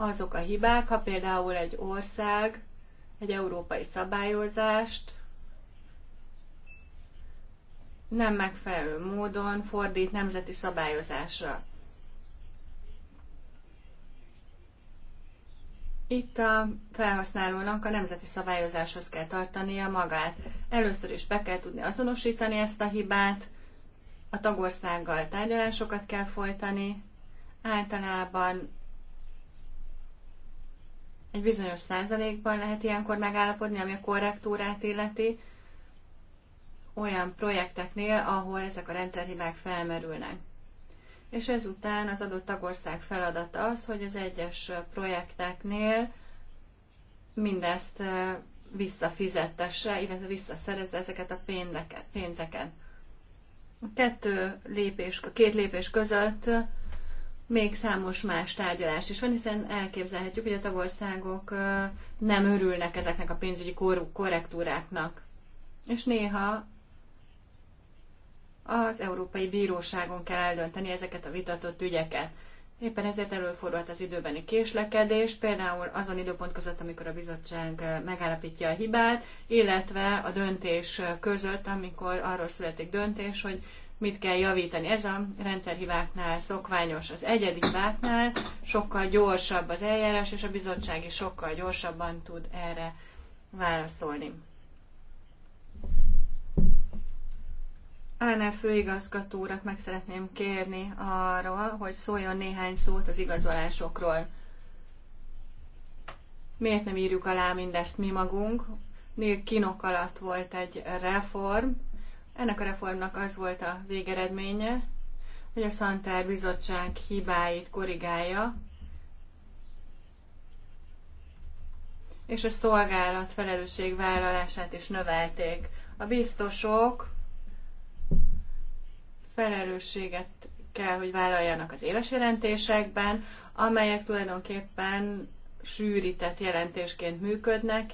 azok a hibák, ha például egy ország egy európai szabályozást nem megfelelő módon fordít nemzeti szabályozásra. Itt a felhasználónak a nemzeti szabályozáshoz kell tartania magát. Először is be kell tudni azonosítani ezt a hibát, a tagországgal tárgyalásokat kell folytani, általában egy bizonyos százalékban lehet ilyenkor megállapodni, ami a korrektúrát illeti, olyan projekteknél, ahol ezek a rendszerhibák felmerülnek. És ezután az adott tagország feladata az, hogy az egyes projekteknél mindezt visszafizettesse, illetve visszaszerezze ezeket a pénzeket. A kettő lépés, a két lépés között még számos más tárgyalás is van, hiszen elképzelhetjük, hogy a tagországok nem örülnek ezeknek a pénzügyi kor- korrektúráknak. És néha az Európai Bíróságon kell eldönteni ezeket a vitatott ügyeket. Éppen ezért előfordult az időbeni késlekedés, például azon időpont között, amikor a bizottság megállapítja a hibát, illetve a döntés között, amikor arról születik döntés, hogy mit kell javítani. Ez a rendszerhibáknál szokványos. Az egyedi hibáknál sokkal gyorsabb az eljárás, és a bizottság is sokkal gyorsabban tud erre válaszolni. Ánál főigazgató meg szeretném kérni arról, hogy szóljon néhány szót az igazolásokról. Miért nem írjuk alá mindezt mi magunk? Nél kinok alatt volt egy reform, ennek a reformnak az volt a végeredménye, hogy a Szantár Bizottság hibáit korrigálja, és a szolgálat vállalását is növelték. A biztosok felelősséget kell, hogy vállaljanak az éves jelentésekben, amelyek tulajdonképpen sűrített jelentésként működnek,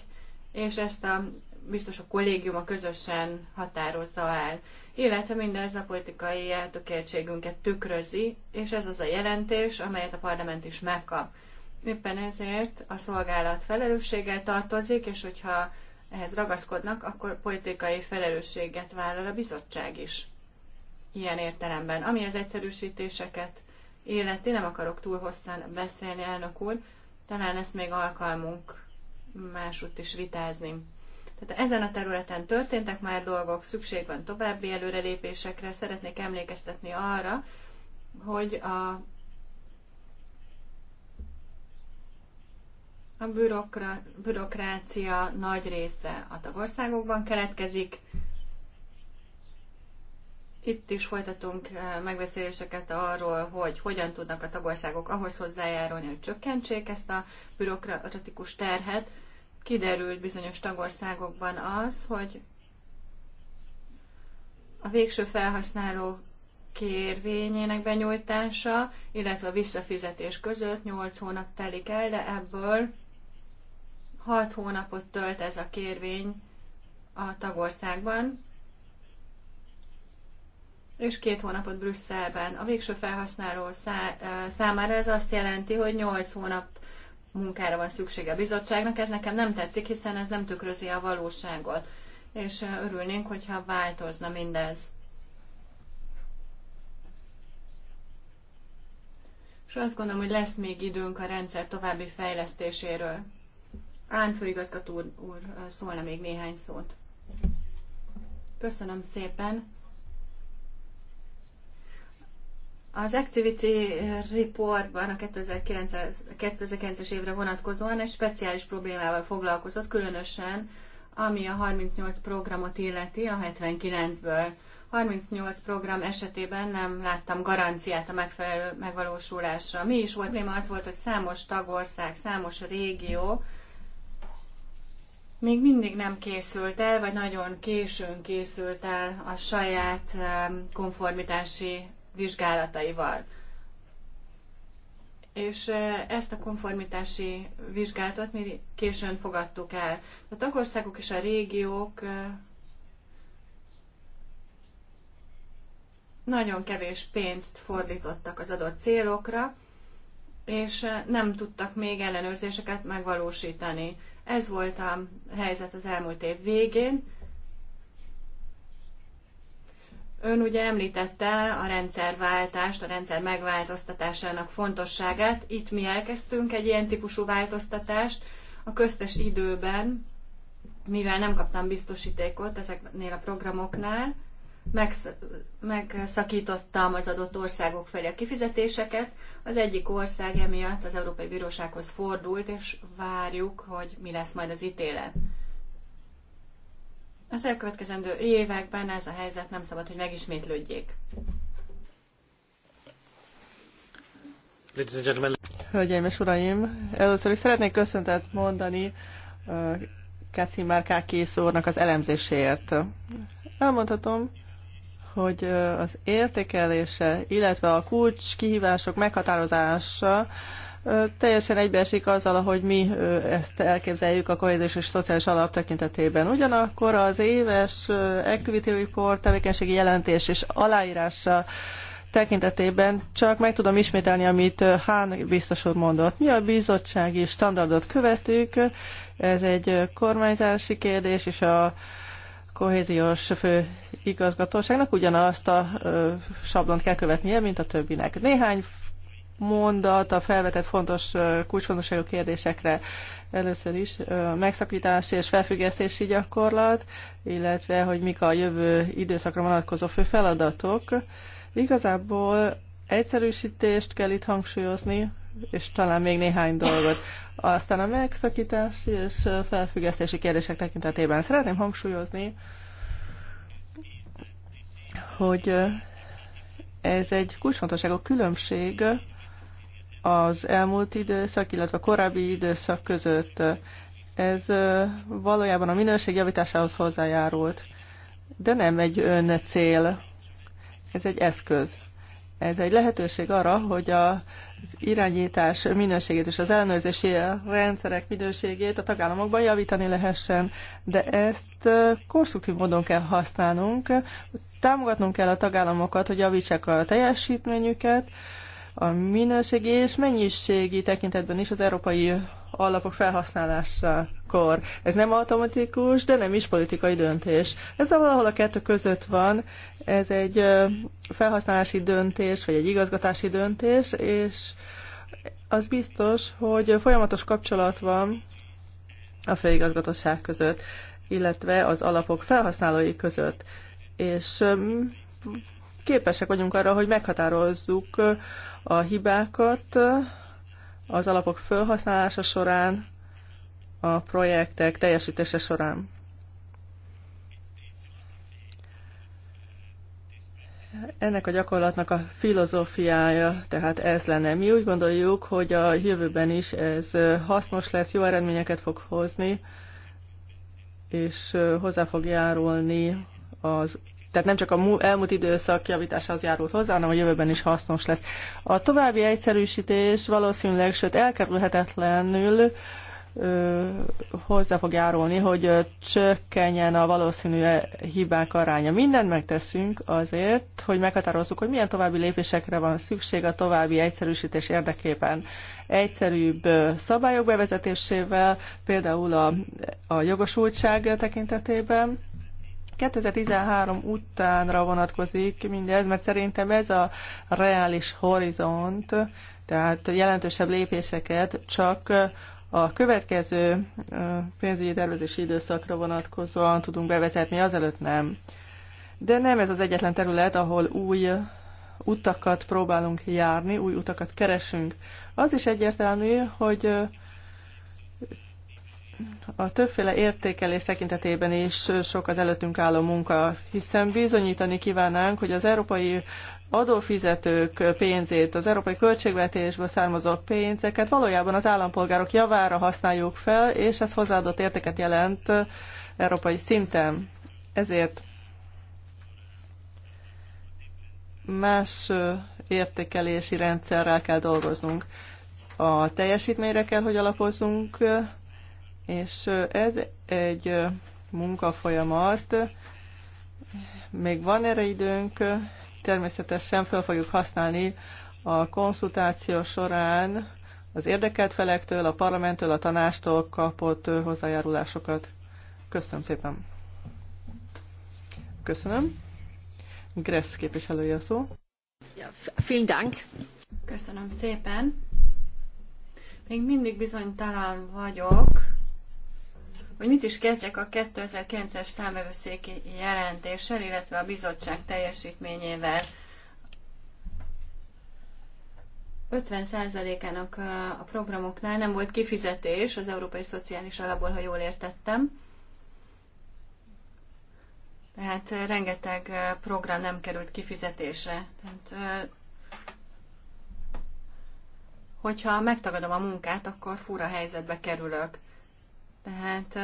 és ezt a biztos a kollégiuma közösen határozza el. Illetve mindez a politikai eltökéltségünket tükrözi, és ez az a jelentés, amelyet a parlament is megkap. Éppen ezért a szolgálat felelősséggel tartozik, és hogyha ehhez ragaszkodnak, akkor politikai felelősséget vállal a bizottság is. Ilyen értelemben. Ami az egyszerűsítéseket illeti, nem akarok túl hosszan beszélni, elnök úr, talán ezt még alkalmunk másutt is vitázni. Tehát ezen a területen történtek már dolgok, szükség van további előrelépésekre. Szeretnék emlékeztetni arra, hogy a a bürokra, bürokrácia nagy része a tagországokban keletkezik. Itt is folytatunk eh, megbeszéléseket arról, hogy hogyan tudnak a tagországok ahhoz hozzájárulni, hogy csökkentsék ezt a bürokratikus terhet, kiderült bizonyos tagországokban az, hogy a végső felhasználó kérvényének benyújtása, illetve a visszafizetés között 8 hónap telik el, de ebből 6 hónapot tölt ez a kérvény a tagországban, és két hónapot Brüsszelben. A végső felhasználó számára ez azt jelenti, hogy 8 hónap munkára van szüksége a bizottságnak. Ez nekem nem tetszik, hiszen ez nem tükrözi a valóságot. És örülnénk, hogyha változna mindez. És azt gondolom, hogy lesz még időnk a rendszer további fejlesztéséről. Án főigazgató úr, szólna még néhány szót. Köszönöm szépen. Az Activity Reportban a 2009-es évre vonatkozóan egy speciális problémával foglalkozott, különösen ami a 38 programot illeti a 79-ből. 38 program esetében nem láttam garanciát a megfelelő megvalósulásra. Mi is volt probléma? Az volt, hogy számos tagország, számos régió még mindig nem készült el, vagy nagyon későn készült el a saját eh, konformitási vizsgálataival. És ezt a konformitási vizsgálatot mi későn fogadtuk el. A tagországok és a régiók nagyon kevés pénzt fordítottak az adott célokra, és nem tudtak még ellenőrzéseket megvalósítani. Ez volt a helyzet az elmúlt év végén, Ön ugye említette a rendszerváltást, a rendszer megváltoztatásának fontosságát. Itt mi elkezdtünk egy ilyen típusú változtatást a köztes időben, mivel nem kaptam biztosítékot ezeknél a programoknál, megszakítottam az adott országok felé a kifizetéseket. Az egyik ország emiatt az Európai Bírósághoz fordult, és várjuk, hogy mi lesz majd az ítélet. Az elkövetkezendő években ez a helyzet nem szabad, hogy megismétlődjék. Hölgyeim és uraim, először is szeretnék köszöntet mondani Kacimár kész úrnak az elemzéséért. Elmondhatom, hogy az értékelése, illetve a kulcs kihívások meghatározása teljesen egybeesik azzal, ahogy mi ezt elképzeljük a kohéziós és szociális alap tekintetében. Ugyanakkor az éves activity report, tevékenységi jelentés és aláírása tekintetében csak meg tudom ismételni, amit Hán biztos úr mondott. Mi a bizottsági standardot követők, ez egy kormányzási kérdés, és a kohéziós fő igazgatóságnak ugyanazt a ö, sablont kell követnie, mint a többinek. Néhány mondat a felvetett fontos kulcsfontosságú kérdésekre. Először is megszakítási és felfüggesztési gyakorlat, illetve hogy mik a jövő időszakra vonatkozó fő feladatok. Igazából egyszerűsítést kell itt hangsúlyozni, és talán még néhány dolgot. Aztán a megszakítási és felfüggesztési kérdések tekintetében szeretném hangsúlyozni, hogy ez egy kulcsfontosságú különbség az elmúlt időszak, illetve a korábbi időszak között. Ez valójában a minőség javításához hozzájárult, de nem egy ön cél, ez egy eszköz. Ez egy lehetőség arra, hogy az irányítás minőségét és az ellenőrzési rendszerek minőségét a tagállamokban javítani lehessen, de ezt konstruktív módon kell használnunk, támogatnunk kell a tagállamokat, hogy javítsák a teljesítményüket, a minőségi és mennyiségi tekintetben is az európai alapok felhasználásakor. Ez nem automatikus, de nem is politikai döntés. Ez valahol a kettő között van. Ez egy felhasználási döntés, vagy egy igazgatási döntés, és az biztos, hogy folyamatos kapcsolat van a főigazgatóság között, illetve az alapok felhasználói között. És képesek vagyunk arra, hogy meghatározzuk a hibákat az alapok felhasználása során, a projektek teljesítése során. Ennek a gyakorlatnak a filozófiája, tehát ez lenne. Mi úgy gondoljuk, hogy a jövőben is ez hasznos lesz, jó eredményeket fog hozni, és hozzá fog járulni az tehát nem csak a elmúlt időszak javításához járult hozzá, hanem a jövőben is hasznos lesz. A további egyszerűsítés valószínűleg, sőt elkerülhetetlenül ö, hozzá fog járulni, hogy csökkenjen a valószínű e, hibák aránya. Mindent megteszünk azért, hogy meghatározzuk, hogy milyen további lépésekre van szükség a további egyszerűsítés érdekében. Egyszerűbb szabályok bevezetésével, például a, a jogosultság tekintetében, 2013 utánra vonatkozik mindez, mert szerintem ez a reális horizont, tehát jelentősebb lépéseket csak a következő pénzügyi tervezési időszakra vonatkozóan tudunk bevezetni, azelőtt nem. De nem ez az egyetlen terület, ahol új utakat próbálunk járni, új utakat keresünk. Az is egyértelmű, hogy a többféle értékelés tekintetében is sok az előttünk álló munka, hiszen bizonyítani kívánnánk, hogy az európai adófizetők pénzét, az európai költségvetésből származó pénzeket valójában az állampolgárok javára használjuk fel, és ez hozzáadott értéket jelent európai szinten. Ezért más értékelési rendszerrel kell dolgoznunk. A teljesítményre kell, hogy alapozzunk, és ez egy munkafolyamat, még van erre időnk, természetesen fel fogjuk használni a konszultáció során az érdekelt felektől, a parlamenttől, a tanástól kapott hozzájárulásokat. Köszönöm szépen. Köszönöm. Gressz képviselője a szó. Ja, vielen Dank. Köszönöm szépen. Még mindig bizonytalan vagyok hogy mit is kezdjek a 2009-es számvevőszéki jelentéssel, illetve a bizottság teljesítményével. 50%-ának a programoknál nem volt kifizetés az Európai Szociális Alapból, ha jól értettem. Tehát rengeteg program nem került kifizetésre. Tehát, hogyha megtagadom a munkát, akkor fura helyzetbe kerülök. Tehát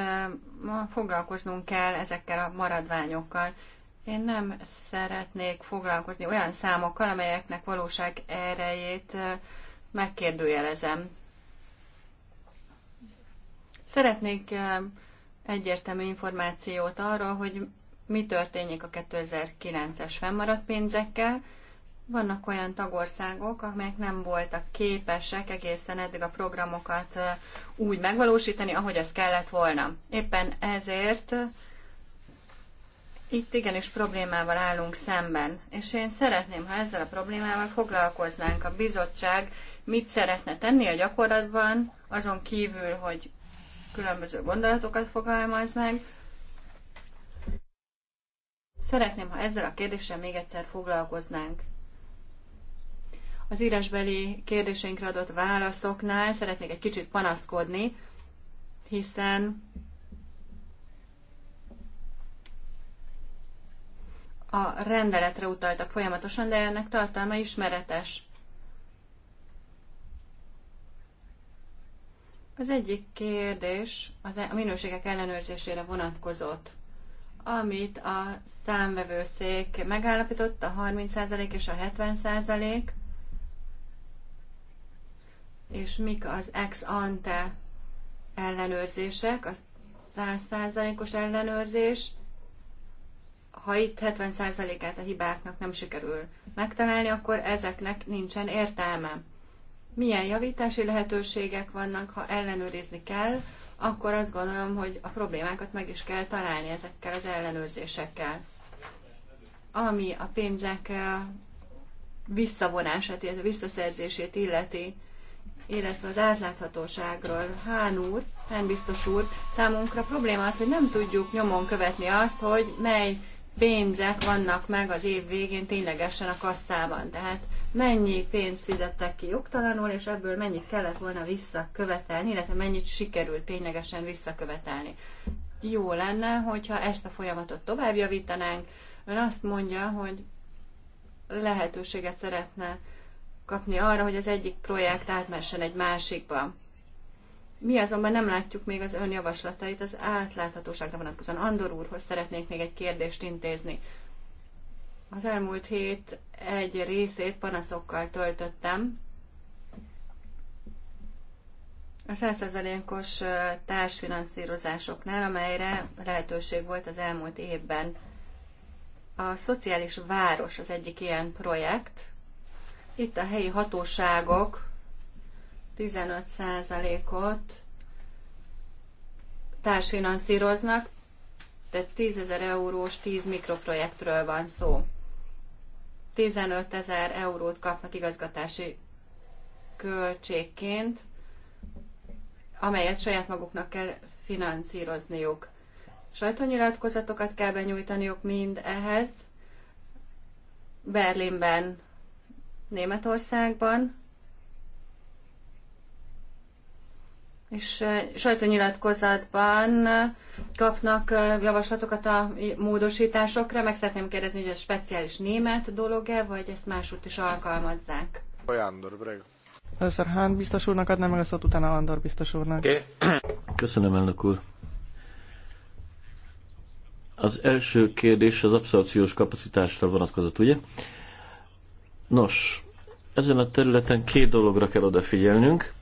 ma foglalkoznunk kell ezekkel a maradványokkal. Én nem szeretnék foglalkozni olyan számokkal, amelyeknek valóság erejét megkérdőjelezem. Szeretnék egyértelmű információt arról, hogy mi történik a 2009-es fennmaradt pénzekkel, vannak olyan tagországok, amelyek nem voltak képesek egészen eddig a programokat úgy megvalósítani, ahogy az kellett volna. Éppen ezért itt igenis problémával állunk szemben, és én szeretném, ha ezzel a problémával foglalkoznánk. A bizottság mit szeretne tenni a gyakorlatban, azon kívül, hogy különböző gondolatokat fogalmaz meg. Szeretném, ha ezzel a kérdéssel még egyszer foglalkoznánk. Az írásbeli kérdéseinkre adott válaszoknál szeretnék egy kicsit panaszkodni, hiszen a rendeletre utaltak folyamatosan, de ennek tartalma ismeretes. Az egyik kérdés az e- a minőségek ellenőrzésére vonatkozott, amit a számvevőszék megállapított, a 30% és a 70% és mik az ex ante ellenőrzések, a 100%-os ellenőrzés, ha itt 70%-át a hibáknak nem sikerül megtalálni, akkor ezeknek nincsen értelme. Milyen javítási lehetőségek vannak, ha ellenőrizni kell, akkor azt gondolom, hogy a problémákat meg is kell találni ezekkel az ellenőrzésekkel. Ami a pénzek eh, visszavonását, illetve visszaszerzését illeti, illetve az átláthatóságról. Hán úr, Hán biztos úr, számunkra probléma az, hogy nem tudjuk nyomon követni azt, hogy mely pénzek vannak meg az év végén ténylegesen a kasztában. Tehát mennyi pénzt fizettek ki jogtalanul, és ebből mennyit kellett volna visszakövetelni, illetve mennyit sikerült ténylegesen visszakövetelni. Jó lenne, hogyha ezt a folyamatot tovább javítanánk. Ön azt mondja, hogy lehetőséget szeretne kapni arra, hogy az egyik projekt átmessen egy másikba. Mi azonban nem látjuk még az ön javaslatait az átláthatóságra vonatkozóan. Andor úrhoz szeretnék még egy kérdést intézni. Az elmúlt hét egy részét panaszokkal töltöttem. A 100%-os társfinanszírozásoknál, amelyre lehetőség volt az elmúlt évben. A Szociális Város az egyik ilyen projekt, itt a helyi hatóságok 15%-ot társfinanszíroznak, tehát 10 ezer eurós 10 mikroprojektről van szó. 15 ezer eurót kapnak igazgatási költségként, amelyet saját maguknak kell finanszírozniuk. Sajtónyilatkozatokat kell benyújtaniuk mind ehhez. Berlinben Németországban, és sajtónyilatkozatban kapnak javaslatokat a módosításokra. Meg szeretném kérdezni, hogy ez speciális német dolog-e, vagy ezt máshogy is alkalmazzák? Andor, prego. Először Hán biztos úrnak adnám meg a szót, utána Andor biztos úrnak. Köszönöm, elnök úr. Az első kérdés az abszorpciós kapacitásra vonatkozott, ugye? Nos, ezen a területen két dologra kell odafigyelnünk.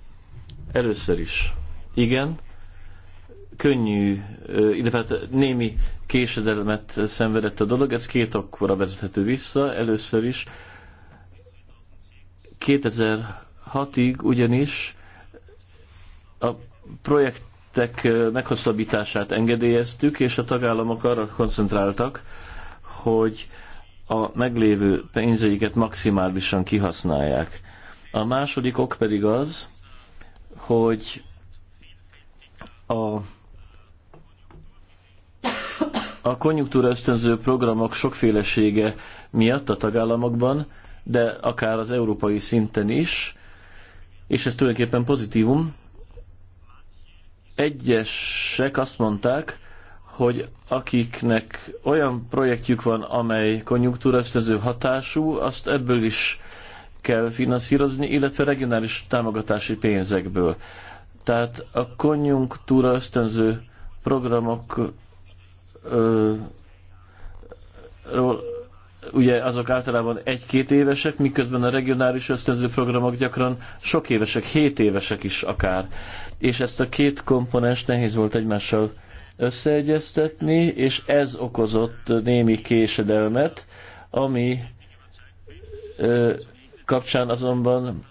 Először is, igen, könnyű, illetve hát némi késedelmet szenvedett a dolog, ez két akkora vezethető vissza. Először is 2006-ig ugyanis a projektek meghosszabbítását engedélyeztük, és a tagállamok arra koncentráltak, hogy a meglévő pénzeiket maximálisan kihasználják. A második ok pedig az, hogy a, a konjunktúra ösztönző programok sokfélesége miatt a tagállamokban, de akár az európai szinten is, és ez tulajdonképpen pozitívum, egyesek azt mondták, hogy akiknek olyan projektjük van, amely konjunktúraösztönző hatású, azt ebből is kell finanszírozni, illetve regionális támogatási pénzekből. Tehát a konjunktúra ösztönző programok ö, ról, ugye azok általában egy-két évesek, miközben a regionális ösztönző programok gyakran sok évesek, hét évesek is akár. És ezt a két komponens nehéz volt egymással összeegyeztetni, és ez okozott némi késedelmet, ami kapcsán azonban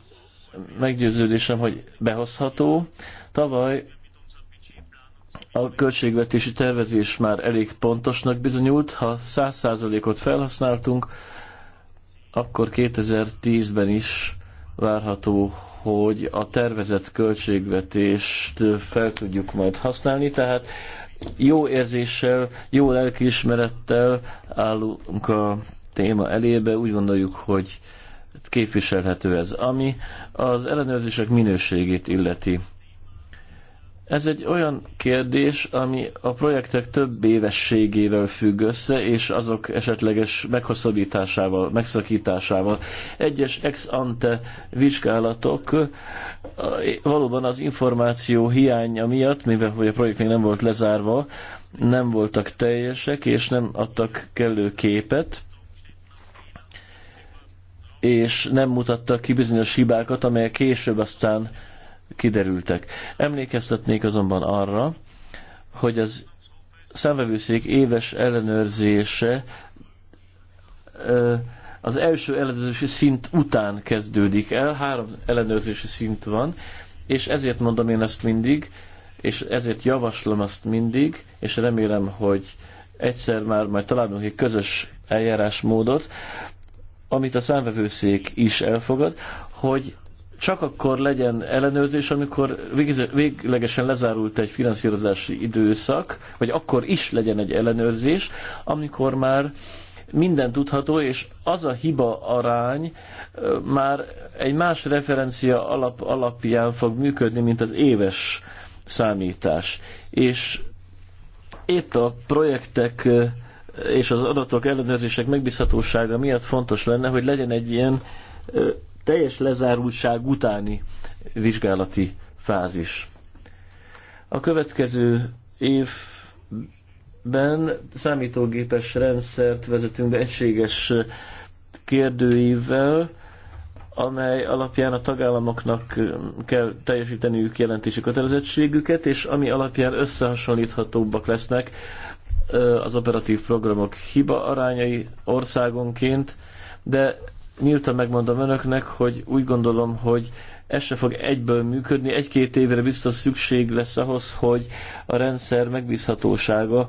meggyőződésem, hogy behozható. Tavaly a költségvetési tervezés már elég pontosnak bizonyult. Ha 100%-ot felhasználtunk, akkor 2010-ben is várható, hogy a tervezett költségvetést fel tudjuk majd használni, tehát jó érzéssel, jó lelkiismerettel állunk a téma elébe, úgy gondoljuk, hogy képviselhető ez. Ami az ellenőrzések minőségét illeti ez egy olyan kérdés, ami a projektek több évességével függ össze, és azok esetleges meghosszabbításával, megszakításával. Egyes ex ante vizsgálatok valóban az információ hiánya miatt, mivel hogy a projekt még nem volt lezárva, nem voltak teljesek, és nem adtak kellő képet, és nem mutattak ki bizonyos hibákat, amelyek később aztán kiderültek. Emlékeztetnék azonban arra, hogy az szemvevőszék éves ellenőrzése az első ellenőrzési szint után kezdődik el, három ellenőrzési szint van, és ezért mondom én ezt mindig, és ezért javaslom azt mindig, és remélem, hogy egyszer már majd találunk egy közös eljárásmódot, amit a számvevőszék is elfogad, hogy csak akkor legyen ellenőrzés, amikor véglegesen lezárult egy finanszírozási időszak, vagy akkor is legyen egy ellenőrzés, amikor már minden tudható, és az a hiba arány már egy más referencia alap, alapján fog működni, mint az éves számítás. És épp a projektek és az adatok ellenőrzések megbízhatósága miatt fontos lenne, hogy legyen egy ilyen teljes lezárultság utáni vizsgálati fázis. A következő évben számítógépes rendszert vezetünk be egységes kérdőívvel, amely alapján a tagállamoknak kell teljesíteniük jelentési kötelezettségüket, és ami alapján összehasonlíthatóbbak lesznek az operatív programok hiba arányai országonként, de nyíltan megmondom önöknek, hogy úgy gondolom, hogy ez se fog egyből működni. Egy-két évre biztos szükség lesz ahhoz, hogy a rendszer megbízhatósága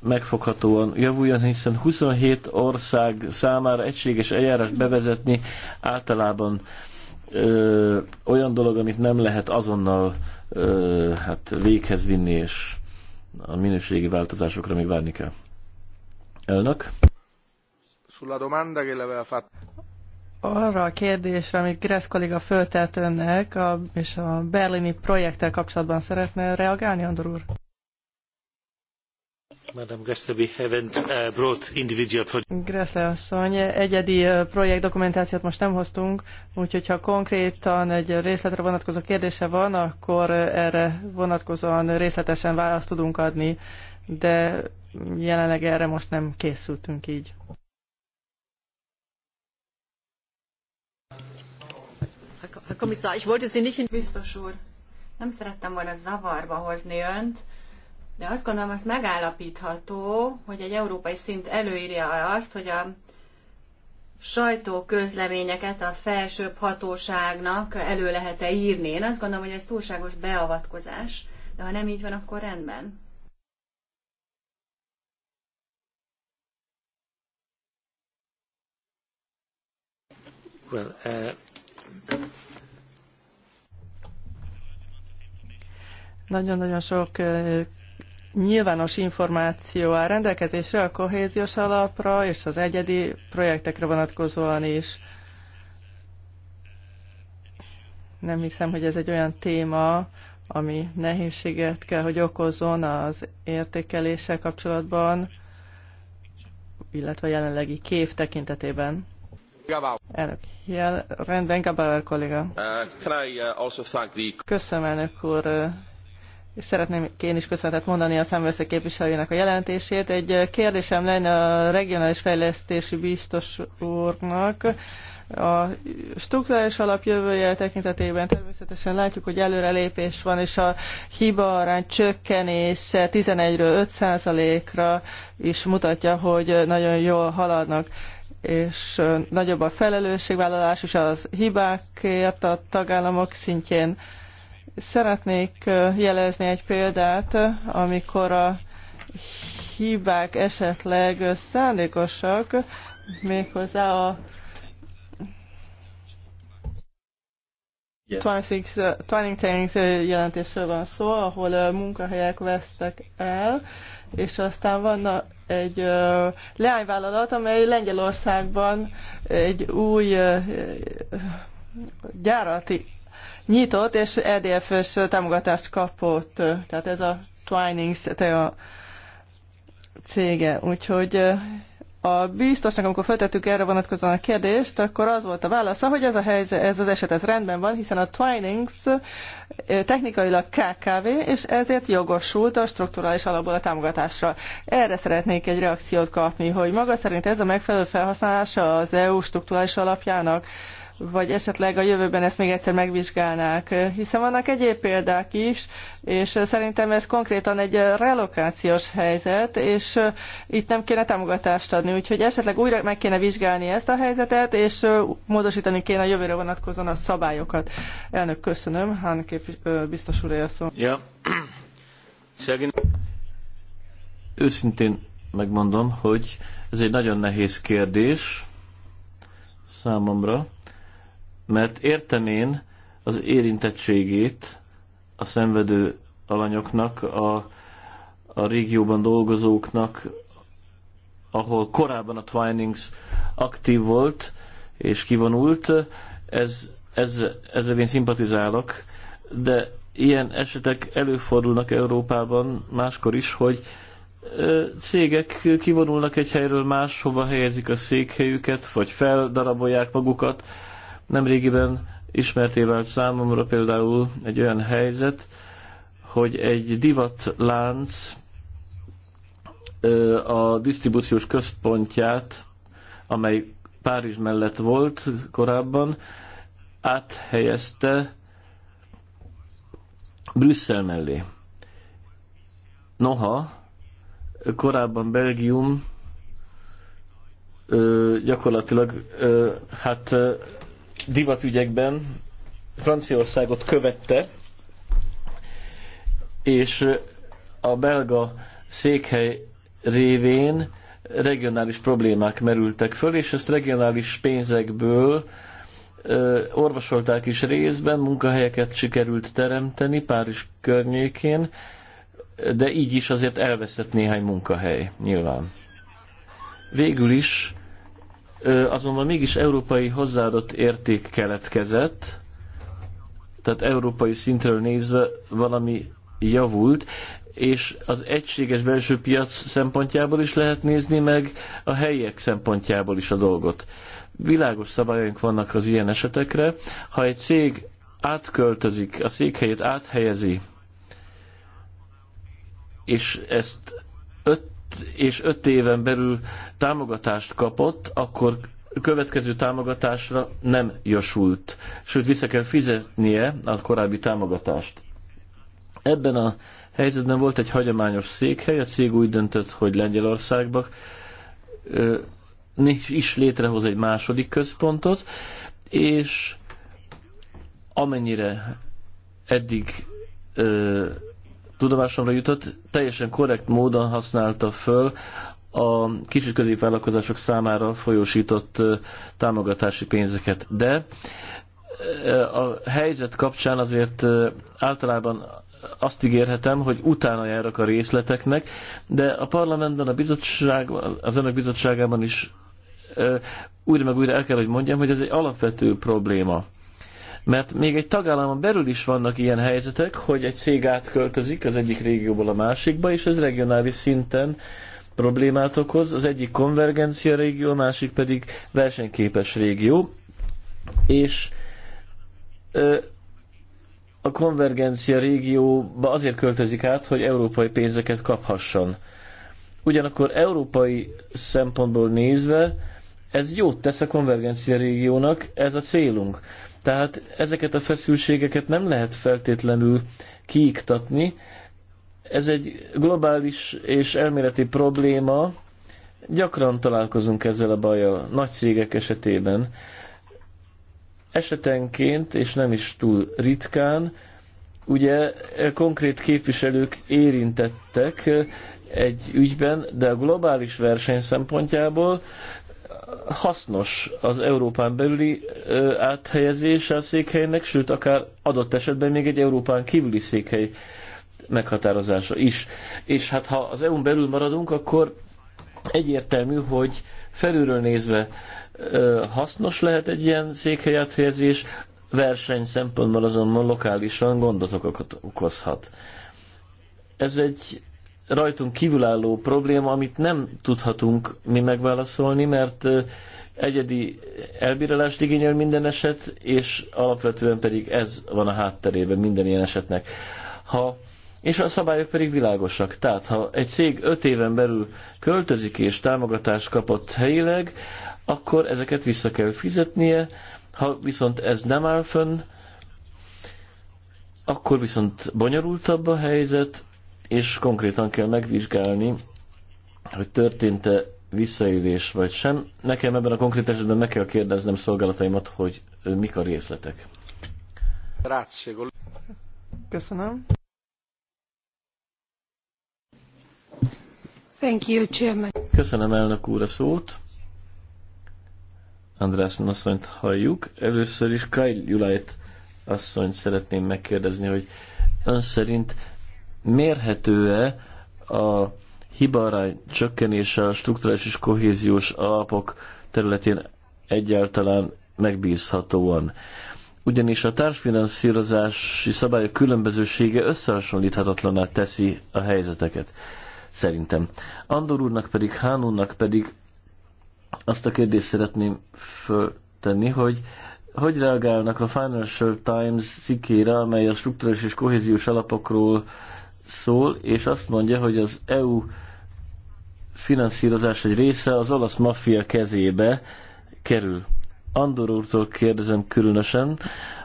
megfoghatóan javuljon, hiszen 27 ország számára egységes eljárás bevezetni általában ö, olyan dolog, amit nem lehet azonnal ö, hát véghez vinni, és a minőségi változásokra még várni kell. Elnök? sulla domanda che fatto. Arra a kérdésre, amit Gressz kolléga föltelt önnek, a, és a berlini projekttel kapcsolatban szeretne reagálni, Andor úr? Madame Gressler, we haven't uh, brought individual asszony, egyedi uh, projekt dokumentációt most nem hoztunk, úgyhogy ha konkrétan egy részletre vonatkozó kérdése van, akkor uh, erre vonatkozóan részletesen választ tudunk adni, de jelenleg erre most nem készültünk így. Herr Kommissar, ich wollte Sie nicht in... Biztos úr, nem szerettem volna zavarba hozni önt, de azt gondolom, az megállapítható, hogy egy európai szint előírja azt, hogy a sajtóközleményeket a felsőbb hatóságnak elő lehet-e írni. Én azt gondolom, hogy ez túlságos beavatkozás, de ha nem így van, akkor rendben. Well, uh... Nagyon-nagyon sok nyilvános információ áll rendelkezésre a kohéziós alapra és az egyedi projektekre vonatkozóan is. Nem hiszem, hogy ez egy olyan téma, ami nehézséget kell, hogy okozzon az értékeléssel kapcsolatban, illetve a jelenlegi kép tekintetében. Elnök, jel, rendben, Gabauer kolléga. Uh, uh, Köszönöm, elnök úr és szeretném én is köszönetet mondani a számvőszék képviselőjének a jelentését. Egy kérdésem lenne a regionális fejlesztési biztos úrnak. A struktúrális alapjövője tekintetében természetesen látjuk, hogy előrelépés van, és a hiba arány csökkenése 11-ről 5%-ra is mutatja, hogy nagyon jól haladnak és nagyobb a felelősségvállalás is az hibákért a tagállamok szintjén Szeretnék jelezni egy példát, amikor a hibák esetleg szándékosak, méghozzá a 26 Tanning jelentésről van szó, ahol munkahelyek vesztek el, és aztán van egy leányvállalat, amely Lengyelországban egy új gyárat nyitott, és EDF-ös támogatást kapott. Tehát ez a Twinings te a cége. Úgyhogy eh, a biztosnak, amikor feltettük erre vonatkozóan a kérdést, akkor az volt a válasza, hogy ez, a helyzet, ez az eset ez rendben van, hiszen a Twinings eh, technikailag KKV, és ezért jogosult a strukturális alapból a támogatásra. Erre szeretnék egy reakciót kapni, hogy maga szerint ez a megfelelő felhasználása az EU strukturális alapjának, vagy esetleg a jövőben ezt még egyszer megvizsgálnák, hiszen vannak egyéb példák is, és szerintem ez konkrétan egy relokációs helyzet, és itt nem kéne támogatást adni, úgyhogy esetleg újra meg kéne vizsgálni ezt a helyzetet, és módosítani kéne a jövőre vonatkozóan a szabályokat. Elnök, köszönöm, Hán képvis- biztos úr a szó. Ja. Őszintén megmondom, hogy ez egy nagyon nehéz kérdés számomra, mert értem én az érintettségét a szenvedő alanyoknak, a, a régióban dolgozóknak, ahol korábban a Twinings aktív volt és kivonult, ez, ez, ezzel én szimpatizálok, de ilyen esetek előfordulnak Európában máskor is, hogy cégek kivonulnak egy helyről máshova helyezik a székhelyüket, vagy feldarabolják magukat, Nemrégiben ismerté vált számomra például egy olyan helyzet, hogy egy divatlánc a disztribúciós központját, amely Párizs mellett volt korábban, áthelyezte Brüsszel mellé. Noha, korábban Belgium gyakorlatilag hát divatügyekben Franciaországot követte, és a belga székhely révén regionális problémák merültek föl, és ezt regionális pénzekből orvosolták is részben, munkahelyeket sikerült teremteni Párizs környékén, de így is azért elveszett néhány munkahely, nyilván. Végül is azonban mégis európai hozzáadott érték keletkezett, tehát európai szintről nézve valami javult, és az egységes belső piac szempontjából is lehet nézni meg, a helyiek szempontjából is a dolgot. Világos szabályaink vannak az ilyen esetekre. Ha egy cég átköltözik, a székhelyét áthelyezi, és ezt és 5 éven belül támogatást kapott, akkor következő támogatásra nem jósult, sőt vissza kell fizetnie a korábbi támogatást. Ebben a helyzetben volt egy hagyományos székhely, a cég úgy döntött, hogy Lengyelországba is létrehoz egy második központot, és amennyire eddig ö, tudomásomra jutott, teljesen korrekt módon használta föl a kicsit középvállalkozások számára folyósított támogatási pénzeket. De a helyzet kapcsán azért általában azt ígérhetem, hogy utána járok a részleteknek, de a parlamentben, a bizottság, az önök bizottságában is újra meg újra el kell, hogy mondjam, hogy ez egy alapvető probléma. Mert még egy tagállamon belül is vannak ilyen helyzetek, hogy egy cég átköltözik az egyik régióból a másikba, és ez regionális szinten problémát okoz. Az egyik konvergencia régió, a másik pedig versenyképes régió. És ö, a konvergencia régióba azért költözik át, hogy európai pénzeket kaphasson. Ugyanakkor európai szempontból nézve, ez jót tesz a konvergencia régiónak, ez a célunk. Tehát ezeket a feszültségeket nem lehet feltétlenül kiiktatni. Ez egy globális és elméleti probléma. Gyakran találkozunk ezzel a bajjal, nagy cégek esetében. Esetenként, és nem is túl ritkán, ugye eh, konkrét képviselők érintettek eh, egy ügyben, de a globális verseny szempontjából hasznos az Európán belüli áthelyezése a székhelynek, sőt akár adott esetben még egy Európán kívüli székhely meghatározása is. És hát ha az EU-n belül maradunk, akkor egyértelmű, hogy felülről nézve hasznos lehet egy ilyen székhely áthelyezés, verseny szempontból azonban lokálisan gondot okozhat. Ez egy rajtunk kívülálló probléma, amit nem tudhatunk mi megválaszolni, mert egyedi elbírálást igényel minden eset, és alapvetően pedig ez van a hátterében minden ilyen esetnek. Ha, és a szabályok pedig világosak. Tehát, ha egy cég öt éven belül költözik és támogatást kapott helyileg, akkor ezeket vissza kell fizetnie, ha viszont ez nem áll fönn, akkor viszont bonyolultabb a helyzet, és konkrétan kell megvizsgálni, hogy történt-e visszaélés vagy sem. Nekem ebben a konkrét esetben meg kell kérdeznem szolgálataimat, hogy mik a részletek. Köszönöm. Thank you, Chairman. Köszönöm elnök úr a szót. András asszonyt halljuk. Először is Kyle Julait asszonyt szeretném megkérdezni, hogy ön szerint mérhető-e a hibarány csökkenése a strukturális és kohéziós alapok területén egyáltalán megbízhatóan. Ugyanis a társfinanszírozási szabályok különbözősége összehasonlíthatatlaná teszi a helyzeteket, szerintem. Andor úrnak pedig, Hán úrnak pedig azt a kérdést szeretném föltenni, hogy hogy reagálnak a Financial Times cikkére, amely a strukturális és kohéziós alapokról szól, és azt mondja, hogy az EU finanszírozás egy része az olasz maffia kezébe kerül. Andor úrtól kérdezem különösen,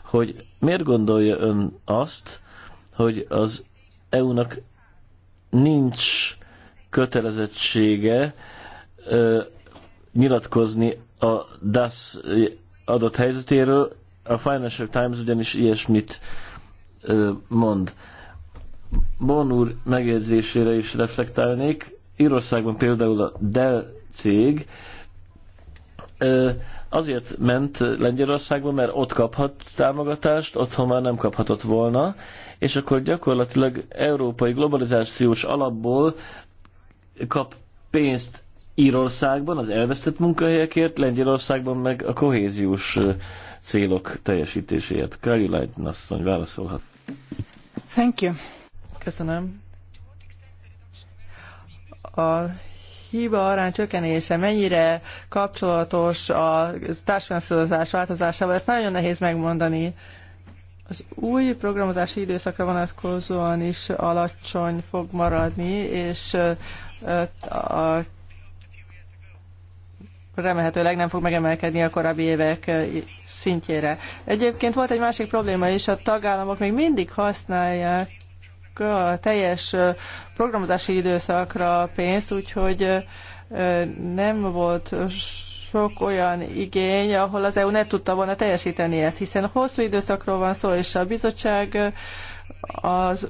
hogy miért gondolja ön azt, hogy az EU-nak nincs kötelezettsége ö, nyilatkozni a DAS adott helyzetéről. A Financial Times ugyanis ilyesmit ö, mond. Bon úr megjegyzésére is reflektálnék. Írországban például a Dell cég azért ment Lengyelországba, mert ott kaphat támogatást, otthon már nem kaphatott volna, és akkor gyakorlatilag európai globalizációs alapból kap pénzt Írországban az elvesztett munkahelyekért, Lengyelországban meg a kohéziós célok teljesítéséért. Caroline asszony válaszolhat. Thank you. Köszönöm. A hiba arány csökkenése mennyire kapcsolatos a társfinanszírozás változásával, ezt nagyon nehéz megmondani. Az új programozási időszakra vonatkozóan is alacsony fog maradni, és a remélhetőleg nem fog megemelkedni a korábbi évek szintjére. Egyébként volt egy másik probléma is, a tagállamok még mindig használják a teljes programozási időszakra pénzt, úgyhogy nem volt sok olyan igény, ahol az EU ne tudta volna teljesíteni ezt, hiszen hosszú időszakról van szó, és a bizottság az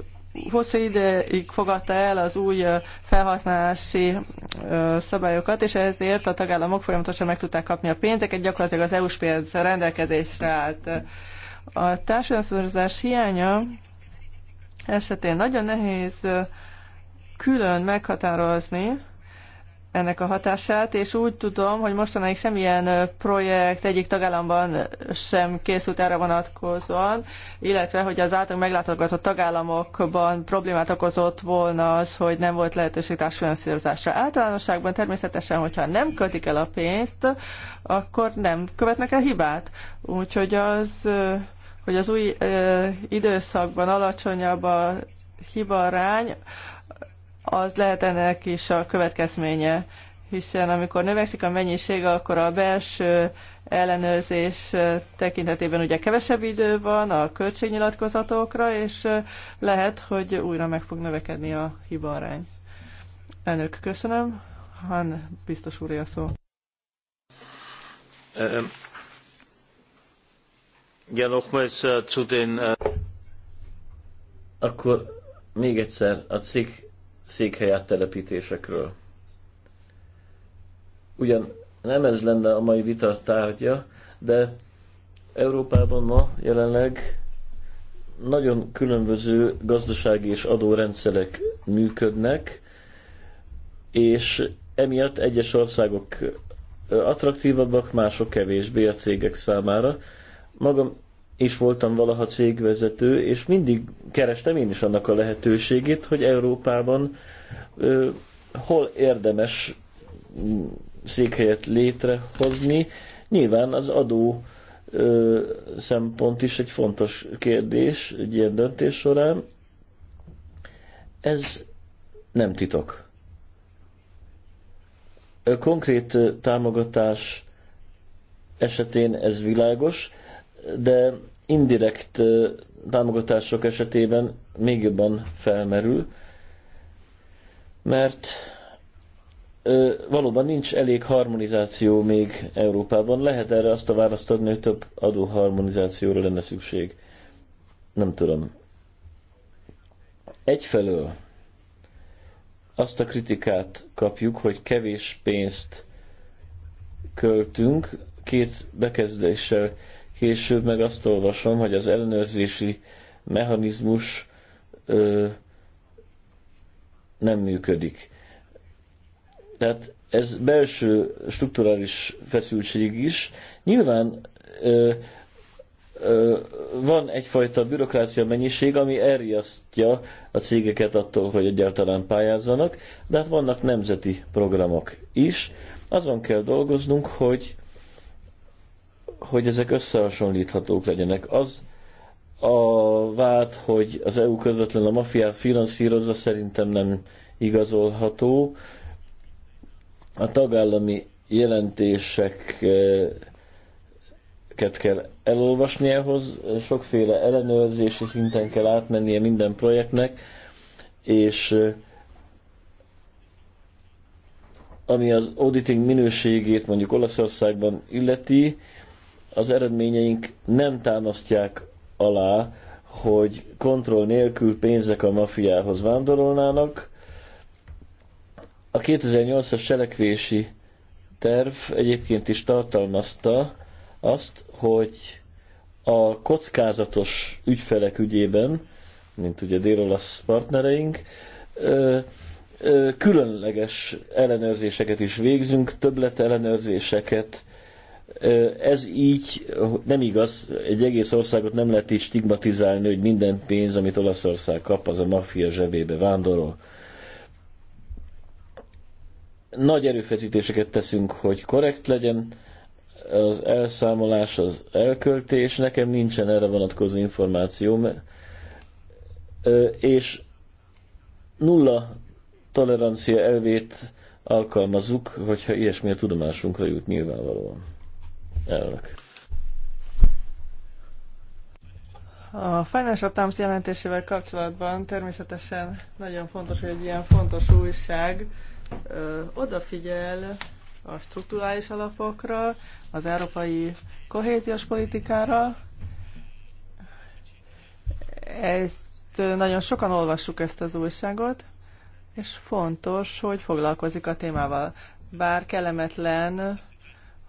hosszú ideig fogadta el az új felhasználási szabályokat, és ezért a tagállamok folyamatosan meg tudták kapni a pénzeket, gyakorlatilag az EU-s pénz rendelkezésre állt. A társadalmi hiánya esetén nagyon nehéz külön meghatározni ennek a hatását, és úgy tudom, hogy mostanáig semmilyen projekt egyik tagállamban sem készült erre vonatkozóan, illetve hogy az által meglátogatott tagállamokban problémát okozott volna az, hogy nem volt lehetőség társfinanszírozásra. Általánosságban természetesen, hogyha nem költik el a pénzt, akkor nem követnek el hibát. Úgyhogy az hogy az új ö, időszakban alacsonyabb a hibarány, az lehet ennek is a következménye, hiszen amikor növekszik a mennyiség, akkor a belső ellenőrzés tekintetében ugye kevesebb idő van a költségnyilatkozatokra, és lehet, hogy újra meg fog növekedni a hibarány. Elnök, köszönöm. Han, biztos úr, a szó. Ja, nochmals äh, zu den... Äh, Akkor még egyszer a cikk székhelyát telepítésekről. Ugyan nem ez lenne a mai vita tárgya, de Európában ma jelenleg nagyon különböző gazdasági és adórendszerek működnek, és emiatt egyes országok attraktívabbak, mások kevésbé a cégek számára. Magam és voltam valaha cégvezető, és mindig kerestem én is annak a lehetőségét, hogy Európában ö, hol érdemes mm, székhelyet létrehozni. Nyilván az adó ö, szempont is egy fontos kérdés egy ilyen döntés során. Ez nem titok. A Konkrét támogatás esetén ez világos, de indirekt támogatások esetében még jobban felmerül, mert ö, valóban nincs elég harmonizáció még Európában. Lehet erre azt a választ adni, hogy több adóharmonizációra lenne szükség. Nem tudom. Egyfelől azt a kritikát kapjuk, hogy kevés pénzt költünk két bekezdéssel Később meg azt olvasom, hogy az ellenőrzési mechanizmus ö, nem működik. Tehát ez belső strukturális feszültség is. Nyilván ö, ö, van egyfajta bürokrácia mennyiség, ami elriasztja a cégeket attól, hogy egyáltalán pályázzanak, de hát vannak nemzeti programok is. Azon kell dolgoznunk, hogy hogy ezek összehasonlíthatók legyenek. Az a vád, hogy az EU közvetlen a mafiát finanszírozza, szerintem nem igazolható. A tagállami jelentéseket kell elolvasni ahhoz, sokféle ellenőrzési szinten kell átmennie minden projektnek, és ami az auditing minőségét mondjuk Olaszországban illeti, az eredményeink nem támasztják alá, hogy kontroll nélkül pénzek a mafiához vándorolnának. A 2008-as cselekvési terv egyébként is tartalmazta azt, hogy a kockázatos ügyfelek ügyében, mint ugye Dél-Olasz partnereink, ö, ö, különleges ellenőrzéseket is végzünk, többlet ellenőrzéseket, ez így nem igaz, egy egész országot nem lehet így stigmatizálni, hogy minden pénz, amit Olaszország kap, az a maffia zsebébe vándorol. Nagy erőfeszítéseket teszünk, hogy korrekt legyen az elszámolás, az elköltés. Nekem nincsen erre vonatkozó információ, és nulla tolerancia elvét alkalmazuk, hogyha ilyesmi a tudomásunkra jut nyilvánvalóan elnök. A Financial Times jelentésével kapcsolatban természetesen nagyon fontos, hogy egy ilyen fontos újság ö, odafigyel a strukturális alapokra, az európai kohéziós politikára. Ezt nagyon sokan olvassuk ezt az újságot, és fontos, hogy foglalkozik a témával. Bár kellemetlen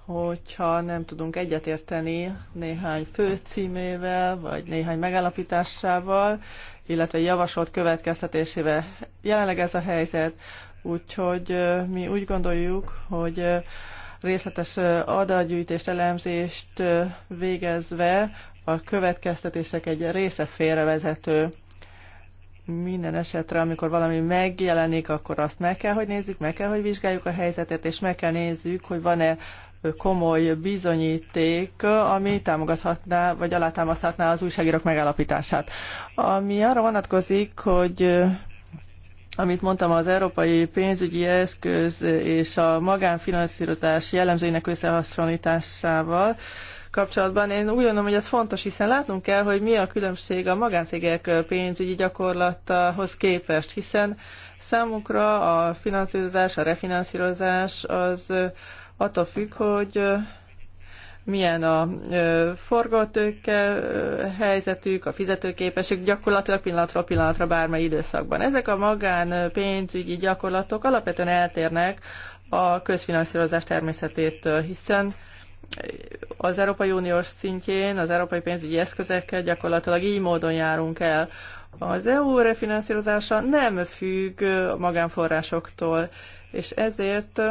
hogyha nem tudunk egyetérteni néhány fő címével, vagy néhány megállapításával, illetve javasolt következtetésével. Jelenleg ez a helyzet, úgyhogy mi úgy gondoljuk, hogy részletes adatgyűjtést, elemzést végezve a következtetések egy része félrevezető. Minden esetre, amikor valami megjelenik, akkor azt meg kell, hogy nézzük, meg kell, hogy vizsgáljuk a helyzetet, és meg kell nézzük, hogy van-e komoly bizonyíték, ami támogathatná, vagy alátámaszthatná az újságírók megállapítását. Ami arra vonatkozik, hogy amit mondtam, az európai pénzügyi eszköz és a magánfinanszírozás jellemzőinek összehasonlításával kapcsolatban. Én úgy gondolom, hogy ez fontos, hiszen látnunk kell, hogy mi a különbség a magáncégek pénzügyi gyakorlatához képest, hiszen számukra a finanszírozás, a refinanszírozás az attól függ, hogy milyen a forgatóke helyzetük, a fizetőképesük gyakorlatilag pillanatról pillanatra bármely időszakban. Ezek a magán pénzügyi gyakorlatok alapvetően eltérnek a közfinanszírozás természetétől, hiszen az Európai Uniós szintjén, az európai pénzügyi eszközekkel gyakorlatilag így módon járunk el. Az EU refinanszírozása nem függ magánforrásoktól, és ezért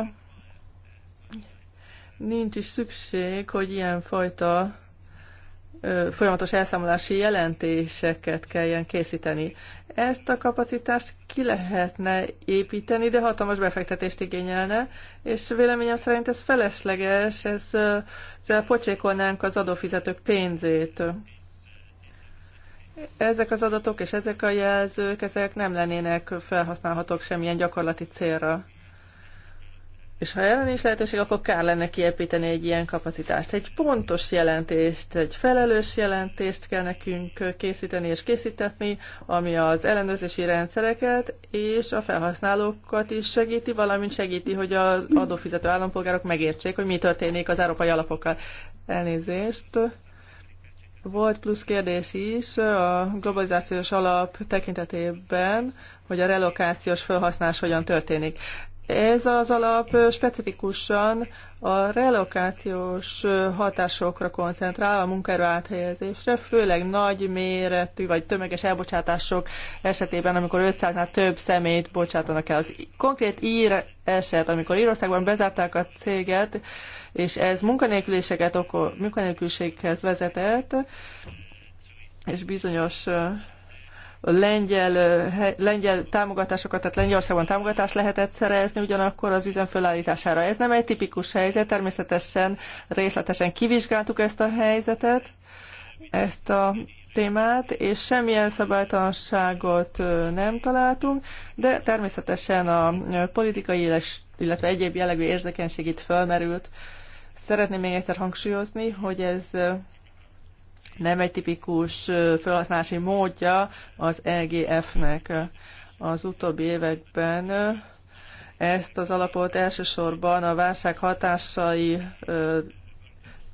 nincs is szükség, hogy ilyenfajta folyamatos elszámolási jelentéseket kelljen készíteni. Ezt a kapacitást ki lehetne építeni, de hatalmas befektetést igényelne, és véleményem szerint ez felesleges, ez, ezzel pocsékolnánk az adófizetők pénzét. Ezek az adatok és ezek a jelzők, ezek nem lennének felhasználhatók semmilyen gyakorlati célra. És ha ellen is lehetőség, akkor kár lenne kiepíteni egy ilyen kapacitást. Egy pontos jelentést, egy felelős jelentést kell nekünk készíteni és készítetni, ami az ellenőrzési rendszereket és a felhasználókat is segíti, valamint segíti, hogy az adófizető állampolgárok megértsék, hogy mi történik az európai alapokkal. Elnézést. Volt plusz kérdés is a globalizációs alap tekintetében, hogy a relokációs felhasználás hogyan történik. Ez az alap specifikusan a relokációs hatásokra koncentrál, a munkaerő áthelyezésre, főleg nagy méretű vagy tömeges elbocsátások esetében, amikor 500-nál több szemét bocsátanak el. Az konkrét ír eset, amikor Írországban bezárták a céget, és ez munkanélküliséget okoz, munkanélküliséghez vezetett, és bizonyos lengyel, lengyel támogatásokat, tehát Lengyelországban támogatást lehetett szerezni, ugyanakkor az üzem fölállítására. Ez nem egy tipikus helyzet, természetesen részletesen kivizsgáltuk ezt a helyzetet, ezt a témát, és semmilyen szabálytalanságot nem találtunk, de természetesen a politikai, illetve egyéb jellegű érzékenység itt fölmerült. Szeretném még egyszer hangsúlyozni, hogy ez nem egy tipikus felhasználási módja az EGF-nek. Az utóbbi években ezt az alapot elsősorban a válság hatásai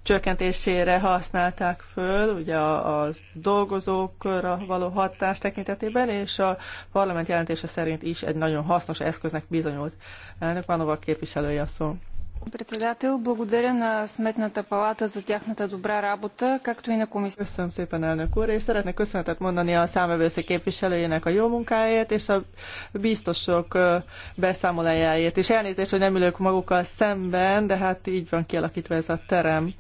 csökkentésére használták föl, ugye a, a dolgozókra való hatás tekintetében, és a parlament jelentése szerint is egy nagyon hasznos eszköznek bizonyult. Elnök Vanova képviselője a szó. Председател, благодаря на Сметната палата за тяхната добра работа, както и на комисията. Köszönöm szépen, elnök úr, és szeretnék köszönetet mondani a számövőszék képviselőjének a jó munkáért, és a biztosok beszámolójáért. És elnézést, hogy nem ülök magukkal szemben, de hát így van kialakítva ez a terem.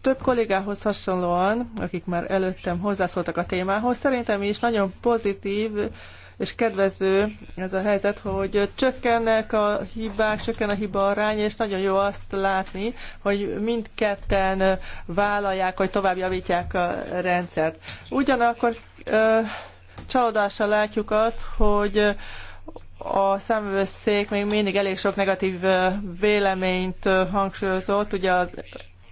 több kollégához hasonlóan, akik már előttem hozzászóltak a témához, szerintem is nagyon pozitív, és kedvező ez a helyzet, hogy csökkennek a hibák, csökken a hiba arány, és nagyon jó azt látni, hogy mindketten vállalják, hogy tovább javítják a rendszert. Ugyanakkor csalódással látjuk azt, hogy a számvőszék még mindig elég sok negatív véleményt hangsúlyozott, ugye az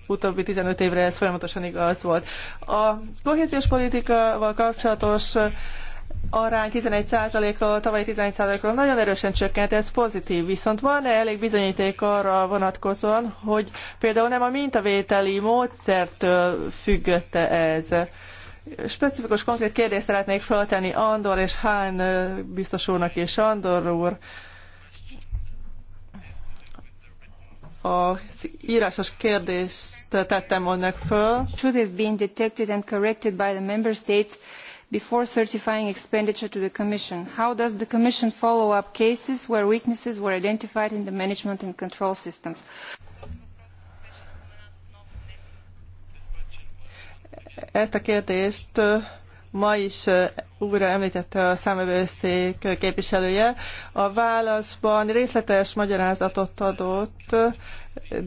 utóbbi 15 évre ez folyamatosan igaz volt. A kohéziós politikával kapcsolatos arány 11%-ról, tavaly 11%-ról nagyon erősen csökkent, ez pozitív. Viszont van-e elég bizonyíték arra vonatkozóan, hogy például nem a mintavételi módszertől függötte ez? Specifikus konkrét kérdést szeretnék feltenni Andor és Hán biztos úrnak és Andor úr. az írásos kérdést tettem önnek föl. Should have been detected and corrected by the member states before certifying expenditure to the Commission? How does the Commission follow up cases where weaknesses were identified in the management and control systems? Ezt a kérdést ma is újra említette a számövőszék képviselője. A válaszban részletes magyarázatot adott,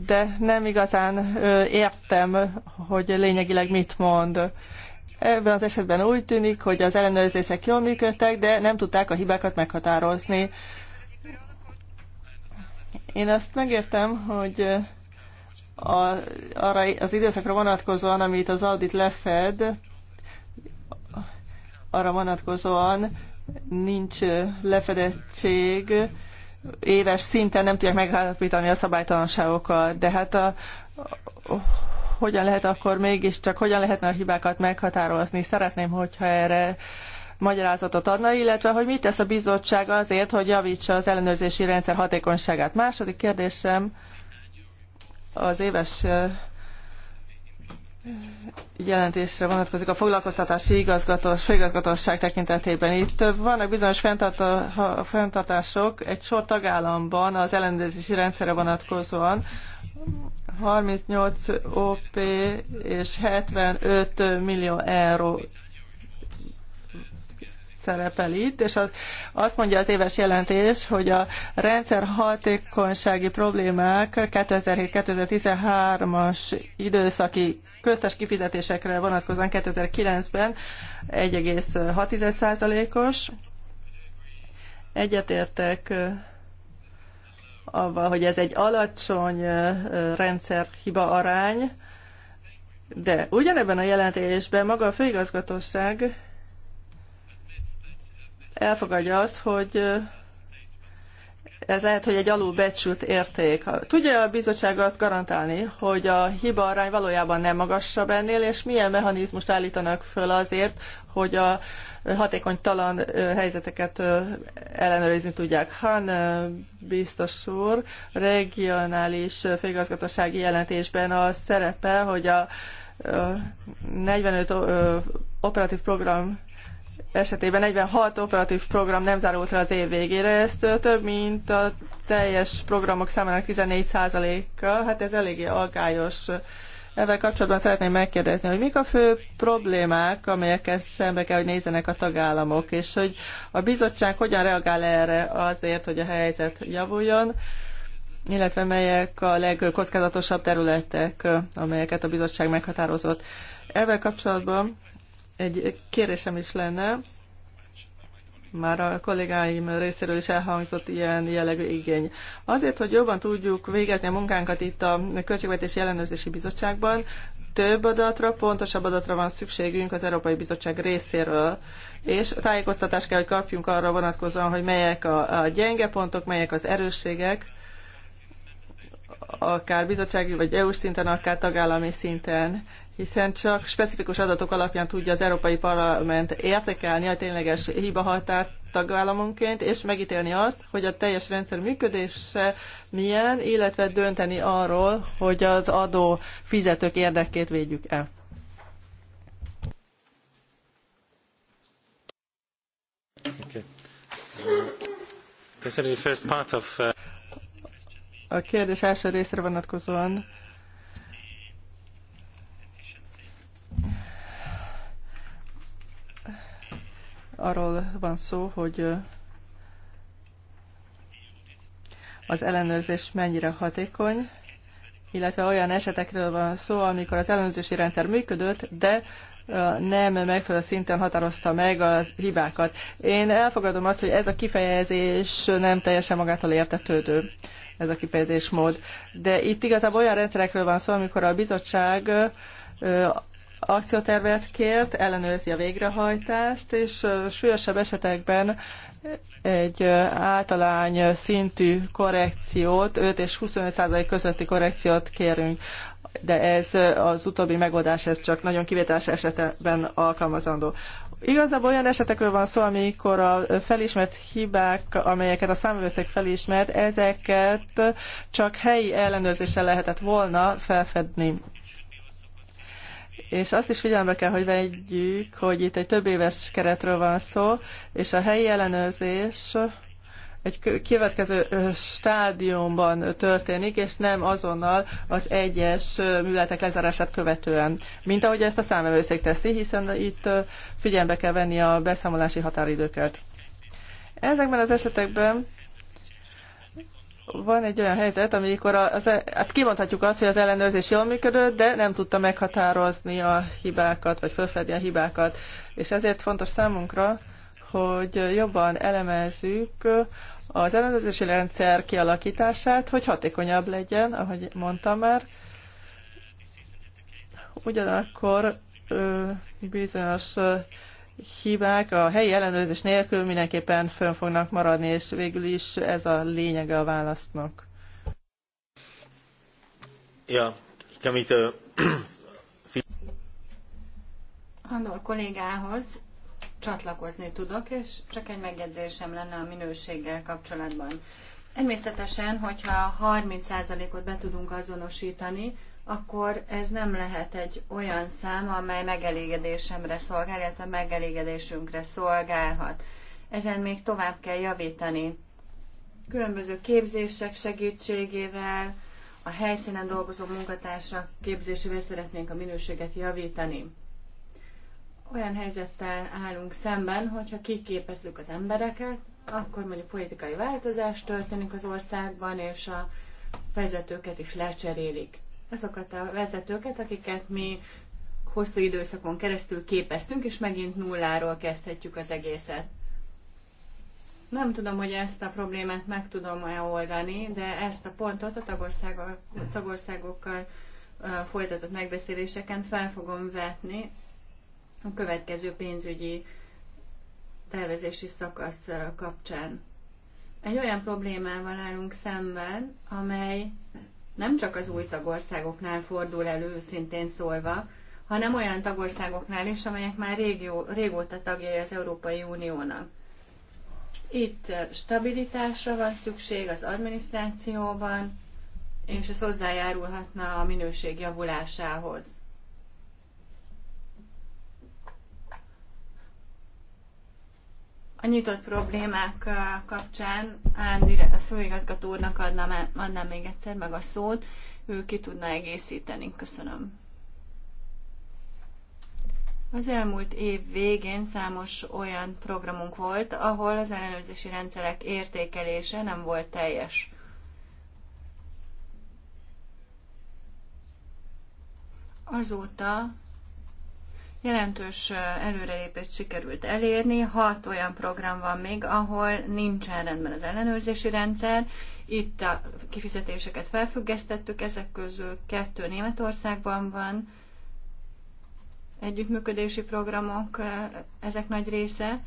de nem igazán értem, hogy lényegileg mit mond. Ebben az esetben úgy tűnik, hogy az ellenőrzések jól működtek, de nem tudták a hibákat meghatározni. Én azt megértem, hogy a, az időszakra vonatkozóan, amit az audit lefed, arra vonatkozóan nincs lefedettség, éves szinten nem tudják megállapítani a szabálytalanságokat, de hát a, hogyan lehet akkor mégiscsak, hogyan lehetne a hibákat meghatározni. Szeretném, hogyha erre magyarázatot adna, illetve hogy mit tesz a bizottság azért, hogy javítsa az ellenőrzési rendszer hatékonyságát. Második kérdésem az éves jelentésre vonatkozik a foglalkoztatási igazgatós, főigazgatóság tekintetében. Itt vannak bizonyos fenntartások egy sor tagállamban az ellenőrzési rendszerre vonatkozóan, 38 OP és 75 millió euró szerepel itt, és az, azt mondja az éves jelentés, hogy a rendszer hatékonysági problémák 2007-2013-as időszaki köztes kifizetésekre vonatkozóan 2009-ben 1,6%-os. Egyetértek avval, hogy ez egy alacsony rendszerhiba arány, de ugyanebben a jelentésben maga a főigazgatóság elfogadja azt, hogy ez lehet, hogy egy alulbecsült érték. Tudja a bizottság azt garantálni, hogy a hiba arány valójában nem magasabb ennél, és milyen mechanizmust állítanak föl azért, hogy a hatékony talan helyzeteket ellenőrizni tudják. Han biztos úr, regionális főigazgatósági jelentésben a szerepe, hogy a 45 operatív program esetében 46 operatív program nem zárult le az év végére, ez több, mint a teljes programok számának 14%-a, hát ez eléggé aggályos. Ezzel kapcsolatban szeretném megkérdezni, hogy mik a fő problémák, amelyekkel szembe kell, hogy nézzenek a tagállamok, és hogy a bizottság hogyan reagál erre azért, hogy a helyzet javuljon, illetve melyek a legkockázatosabb területek, amelyeket a bizottság meghatározott. Ezzel kapcsolatban egy kérésem is lenne, már a kollégáim részéről is elhangzott ilyen jellegű igény. Azért, hogy jobban tudjuk végezni a munkánkat itt a Költségvetési Ellenőrzési Bizottságban, több adatra, pontosabb adatra van szükségünk az Európai Bizottság részéről, és tájékoztatást kell, hogy kapjunk arra vonatkozóan, hogy melyek a, a gyenge pontok, melyek az erősségek, akár bizottsági vagy EU-s szinten, akár tagállami szinten hiszen csak specifikus adatok alapján tudja az Európai Parlament értékelni a tényleges hibahatárt tagállamonként, és megítélni azt, hogy a teljes rendszer működése milyen, illetve dönteni arról, hogy az adó fizetők érdekét védjük-e. Okay. Uh, uh, a kérdés első részre vonatkozóan Arról van szó, hogy az ellenőrzés mennyire hatékony, illetve olyan esetekről van szó, amikor az ellenőrzési rendszer működött, de nem megfelelő szinten határozta meg a hibákat. Én elfogadom azt, hogy ez a kifejezés nem teljesen magától értetődő, ez a kifejezésmód. De itt igazából olyan rendszerekről van szó, amikor a bizottság akciótervet kért, ellenőrzi a végrehajtást, és súlyosabb esetekben egy általány szintű korrekciót, 5 és 25 százalék közötti korrekciót kérünk, de ez az utóbbi megoldás, ez csak nagyon kivételes esetben alkalmazandó. Igazából olyan esetekről van szó, amikor a felismert hibák, amelyeket a számvevőszék felismert, ezeket csak helyi ellenőrzéssel lehetett volna felfedni és azt is figyelembe kell, hogy vegyük, hogy itt egy több éves keretről van szó, és a helyi ellenőrzés egy következő stádiumban történik, és nem azonnal az egyes műletek lezárását követően, mint ahogy ezt a számvevőszék teszi, hiszen itt figyelembe kell venni a beszámolási határidőket. Ezekben az esetekben van egy olyan helyzet, amikor az, e- hát kimondhatjuk azt, hogy az ellenőrzés jól működött, de nem tudta meghatározni a hibákat, vagy felfedni a hibákat. És ezért fontos számunkra, hogy jobban elemezzük az ellenőrzési rendszer kialakítását, hogy hatékonyabb legyen, ahogy mondtam már. Ugyanakkor bizonyos hibák a helyi ellenőrzés nélkül mindenképpen fönn fognak maradni, és végül is ez a lényege a választnak. Ja, amit Handor, Andor kollégához csatlakozni tudok, és csak egy megjegyzésem lenne a minőséggel kapcsolatban. Természetesen, hogyha 30%-ot be tudunk azonosítani, akkor ez nem lehet egy olyan szám, amely megelégedésemre szolgál, illetve megelégedésünkre szolgálhat. Ezen még tovább kell javítani. Különböző képzések segítségével, a helyszínen dolgozó munkatársak képzésével szeretnénk a minőséget javítani. Olyan helyzettel állunk szemben, hogyha kiképezzük az embereket, akkor mondjuk politikai változás történik az országban, és a vezetőket is lecserélik azokat a vezetőket, akiket mi hosszú időszakon keresztül képeztünk, és megint nulláról kezdhetjük az egészet. Nem tudom, hogy ezt a problémát meg tudom-e oldani, de ezt a pontot a tagországokkal folytatott megbeszéléseken fel fogom vetni a következő pénzügyi tervezési szakasz kapcsán. Egy olyan problémával állunk szemben, amely nem csak az új tagországoknál fordul elő, szintén szólva, hanem olyan tagországoknál is, amelyek már régió, régóta tagjai az Európai Uniónak. Itt stabilitásra van szükség az adminisztrációban, és ez hozzájárulhatna a minőség javulásához. nyitott problémák kapcsán a főigazgató úrnak adnám, adnám még egyszer meg a szót, ő ki tudna egészíteni. Köszönöm. Az elmúlt év végén számos olyan programunk volt, ahol az ellenőrzési rendszerek értékelése nem volt teljes. Azóta Jelentős előrelépést sikerült elérni, hat olyan program van még, ahol nincsen rendben az ellenőrzési rendszer. Itt a kifizetéseket felfüggesztettük, ezek közül kettő Németországban van, együttműködési programok, ezek nagy része,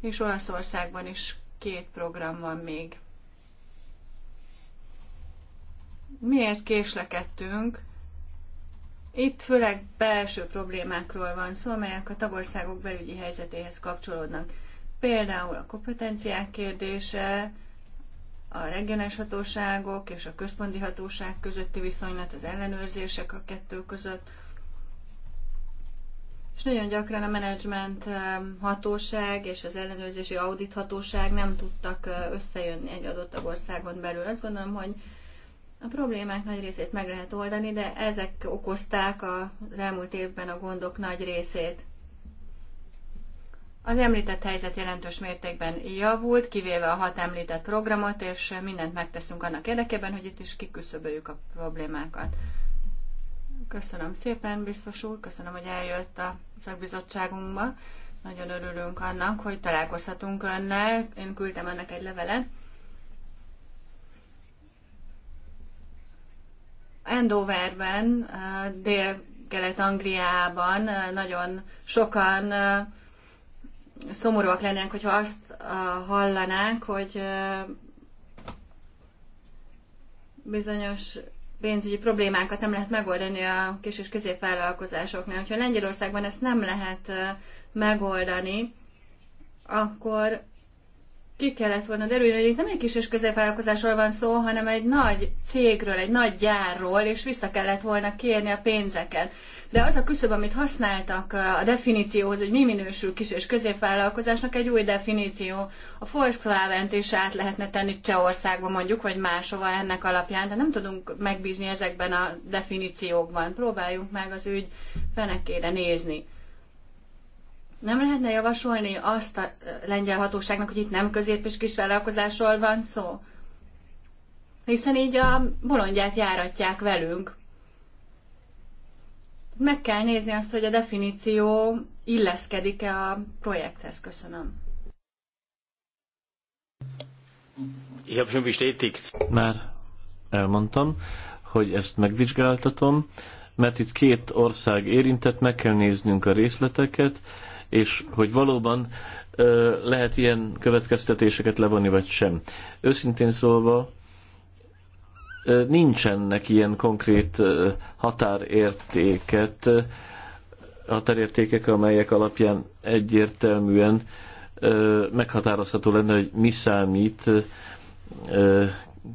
és Olaszországban is két program van még. Miért késlekedtünk? Itt főleg belső problémákról van szó, amelyek a tagországok belügyi helyzetéhez kapcsolódnak. Például a kompetenciák kérdése, a regionális hatóságok és a központi hatóság közötti viszonylat, az ellenőrzések a kettő között, és nagyon gyakran a menedzsment eh, hatóság és az ellenőrzési audit hatóság nem tudtak eh, összejönni egy adott tagországon belül. Azt gondolom, hogy a problémák nagy részét meg lehet oldani, de ezek okozták az elmúlt évben a gondok nagy részét. Az említett helyzet jelentős mértékben javult, kivéve a hat említett programot, és mindent megteszünk annak érdekében, hogy itt is kiküszöböljük a problémákat. Köszönöm szépen, biztos úr, köszönöm, hogy eljött a szakbizottságunkba. Nagyon örülünk annak, hogy találkozhatunk önnel. Én küldtem ennek egy levelet. Andoverben, Dél-Kelet-Angliában nagyon sokan szomorúak lennénk, hogyha azt hallanánk, hogy bizonyos pénzügyi problémákat nem lehet megoldani a kis- és középvállalkozásoknál. Hogyha Lengyelországban ezt nem lehet megoldani, akkor ki kellett volna derülni, hogy itt nem egy kis és középvállalkozásról van szó, hanem egy nagy cégről, egy nagy gyárról, és vissza kellett volna kérni a pénzeket. De az a küszöb, amit használtak a definícióhoz, hogy mi minősül kis és középvállalkozásnak, egy új definíció. A volkswagen is át lehetne tenni Csehországba mondjuk, vagy máshova ennek alapján, de nem tudunk megbízni ezekben a definíciókban. Próbáljunk meg az ügy fenekére nézni. Nem lehetne javasolni azt a lengyel hatóságnak, hogy itt nem közép- és kisvállalkozásról van szó? Hiszen így a bolondját járatják velünk. Meg kell nézni azt, hogy a definíció illeszkedik-e a projekthez. Köszönöm. Már elmondtam, hogy ezt megvizsgáltatom, mert itt két ország érintett, meg kell néznünk a részleteket, és hogy valóban lehet ilyen következtetéseket levonni, vagy sem. Őszintén szólva, nincsenek ilyen konkrét határértéket, határértékek, amelyek alapján egyértelműen meghatározható lenne, hogy mi számít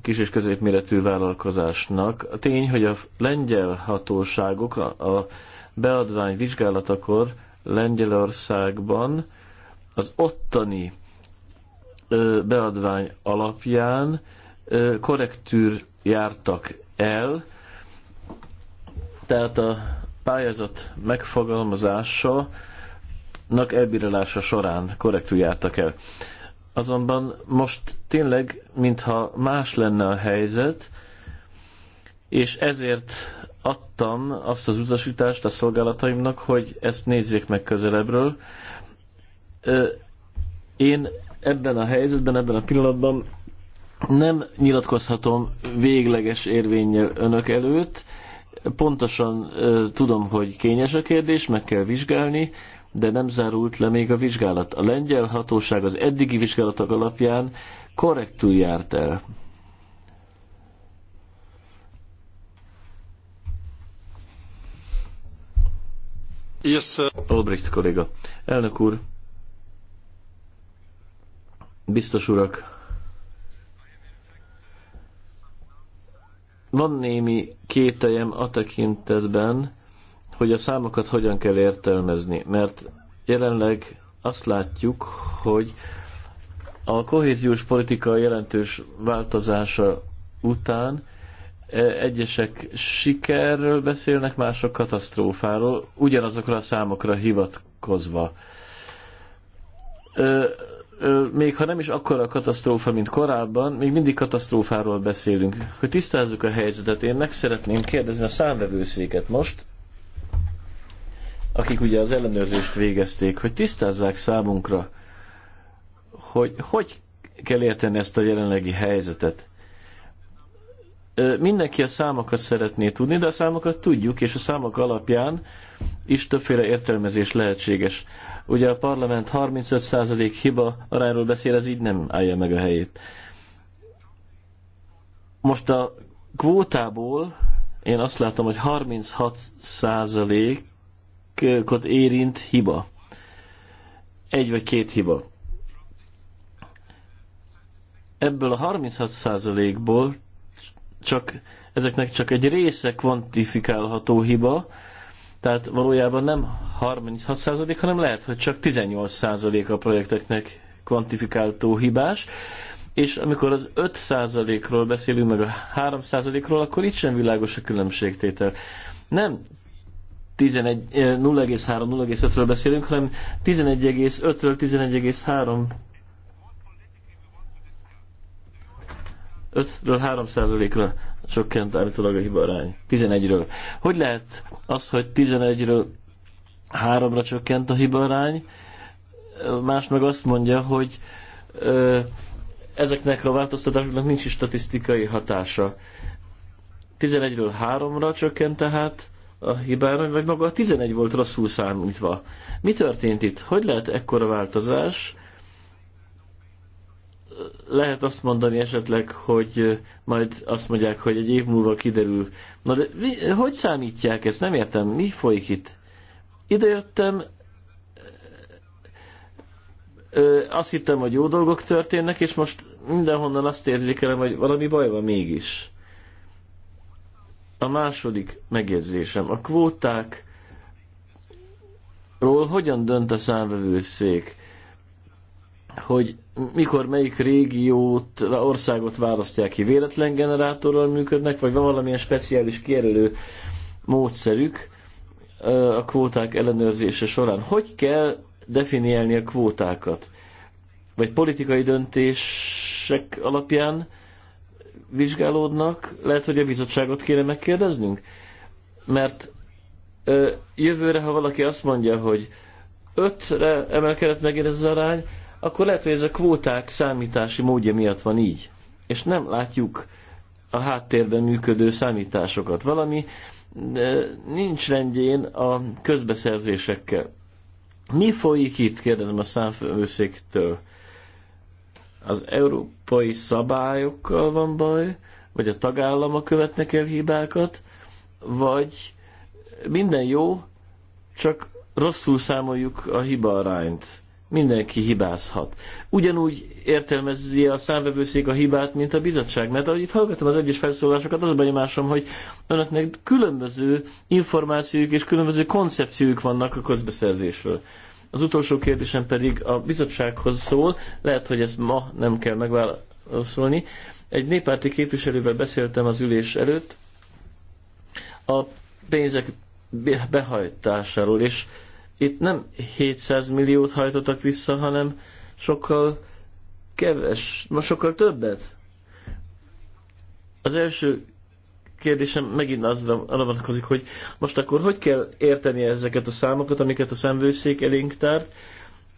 kis és középméretű vállalkozásnak. A tény, hogy a lengyel hatóságok a beadvány vizsgálatakor Lengyelországban az ottani beadvány alapján korrektűr jártak el, tehát a pályázat megfogalmazása nak elbírálása során korrektül jártak el. Azonban most tényleg, mintha más lenne a helyzet, és ezért adtam azt az utasítást a szolgálataimnak, hogy ezt nézzék meg közelebbről. Én ebben a helyzetben, ebben a pillanatban nem nyilatkozhatom végleges érvényel önök előtt. Pontosan tudom, hogy kényes a kérdés, meg kell vizsgálni, de nem zárult le még a vizsgálat. A lengyel hatóság az eddigi vizsgálatok alapján korrektül járt el Yes, Albrecht kolléga. Elnök úr, biztos urak, van némi kételjem a tekintetben, hogy a számokat hogyan kell értelmezni, mert jelenleg azt látjuk, hogy a kohéziós politika jelentős változása után Egyesek sikerről beszélnek, mások katasztrófáról, ugyanazokra a számokra hivatkozva. Még ha nem is akkora a katasztrófa, mint korábban, még mindig katasztrófáról beszélünk. Hogy tisztázzuk a helyzetet, én meg szeretném kérdezni a számvevőszéket most, akik ugye az ellenőrzést végezték, hogy tisztázzák számunkra, hogy hogy kell érteni ezt a jelenlegi helyzetet mindenki a számokat szeretné tudni, de a számokat tudjuk, és a számok alapján is többféle értelmezés lehetséges. Ugye a parlament 35% hiba arányról beszél, ez így nem állja meg a helyét. Most a kvótából én azt látom, hogy 36%-ot érint hiba. Egy vagy két hiba. Ebből a 36%-ból csak, ezeknek csak egy része kvantifikálható hiba, tehát valójában nem 36%, hanem lehet, hogy csak 18% a projekteknek kvantifikálható hibás, és amikor az 5%-ról beszélünk, meg a 3%-ról, akkor itt sem világos a különbségtétel. Nem 0,3-0,5-ről beszélünk, hanem 11,5-ről 5-ről 3%-ra csökkent állítólag a hiba arány. 11-ről. Hogy lehet az, hogy 11-ről 3-ra csökkent a hiba arány, más meg azt mondja, hogy ö, ezeknek a változtatásoknak nincs is statisztikai hatása. 11-ről 3-ra csökkent tehát a hiba arány, vagy maga a 11 volt rosszul számítva. Mi történt itt? Hogy lehet ekkora változás? lehet azt mondani esetleg, hogy majd azt mondják, hogy egy év múlva kiderül. Na de mi, hogy számítják ezt? Nem értem, mi folyik itt? Ide jöttem, azt hittem, hogy jó dolgok történnek, és most mindenhonnan azt érzékelem, hogy valami baj van mégis. A második megjegyzésem. A kvótákról hogyan dönt a számvevőszék? Hogy mikor melyik régiót, országot választják ki, véletlen generátorral működnek, vagy van valamilyen speciális kijelölő módszerük a kvóták ellenőrzése során. Hogy kell definiálni a kvótákat? Vagy politikai döntések alapján vizsgálódnak? Lehet, hogy a bizottságot kéne megkérdeznünk? Mert jövőre, ha valaki azt mondja, hogy ötre emelkedett megint ez az arány, akkor lehet, hogy ez a kvóták számítási módja miatt van így. És nem látjuk a háttérben működő számításokat. Valami nincs rendjén a közbeszerzésekkel. Mi folyik itt, kérdezem a számfőszéktől. Az európai szabályokkal van baj, vagy a tagállama követnek el hibákat, vagy minden jó, csak rosszul számoljuk a hiba arányt mindenki hibázhat. Ugyanúgy értelmezi a számvevőszék a hibát, mint a bizottság. Mert ahogy itt hallgatom az egyes felszólásokat, az a benyomásom, hogy önöknek különböző információk és különböző koncepciók vannak a közbeszerzésről. Az utolsó kérdésem pedig a bizottsághoz szól, lehet, hogy ezt ma nem kell megválaszolni. Egy néppárti képviselővel beszéltem az ülés előtt a pénzek behajtásáról, és itt nem 700 milliót hajtottak vissza, hanem sokkal keves, ma sokkal többet. Az első kérdésem megint azra vonatkozik, hogy most akkor hogy kell érteni ezeket a számokat, amiket a szemvőszék elénk tárt,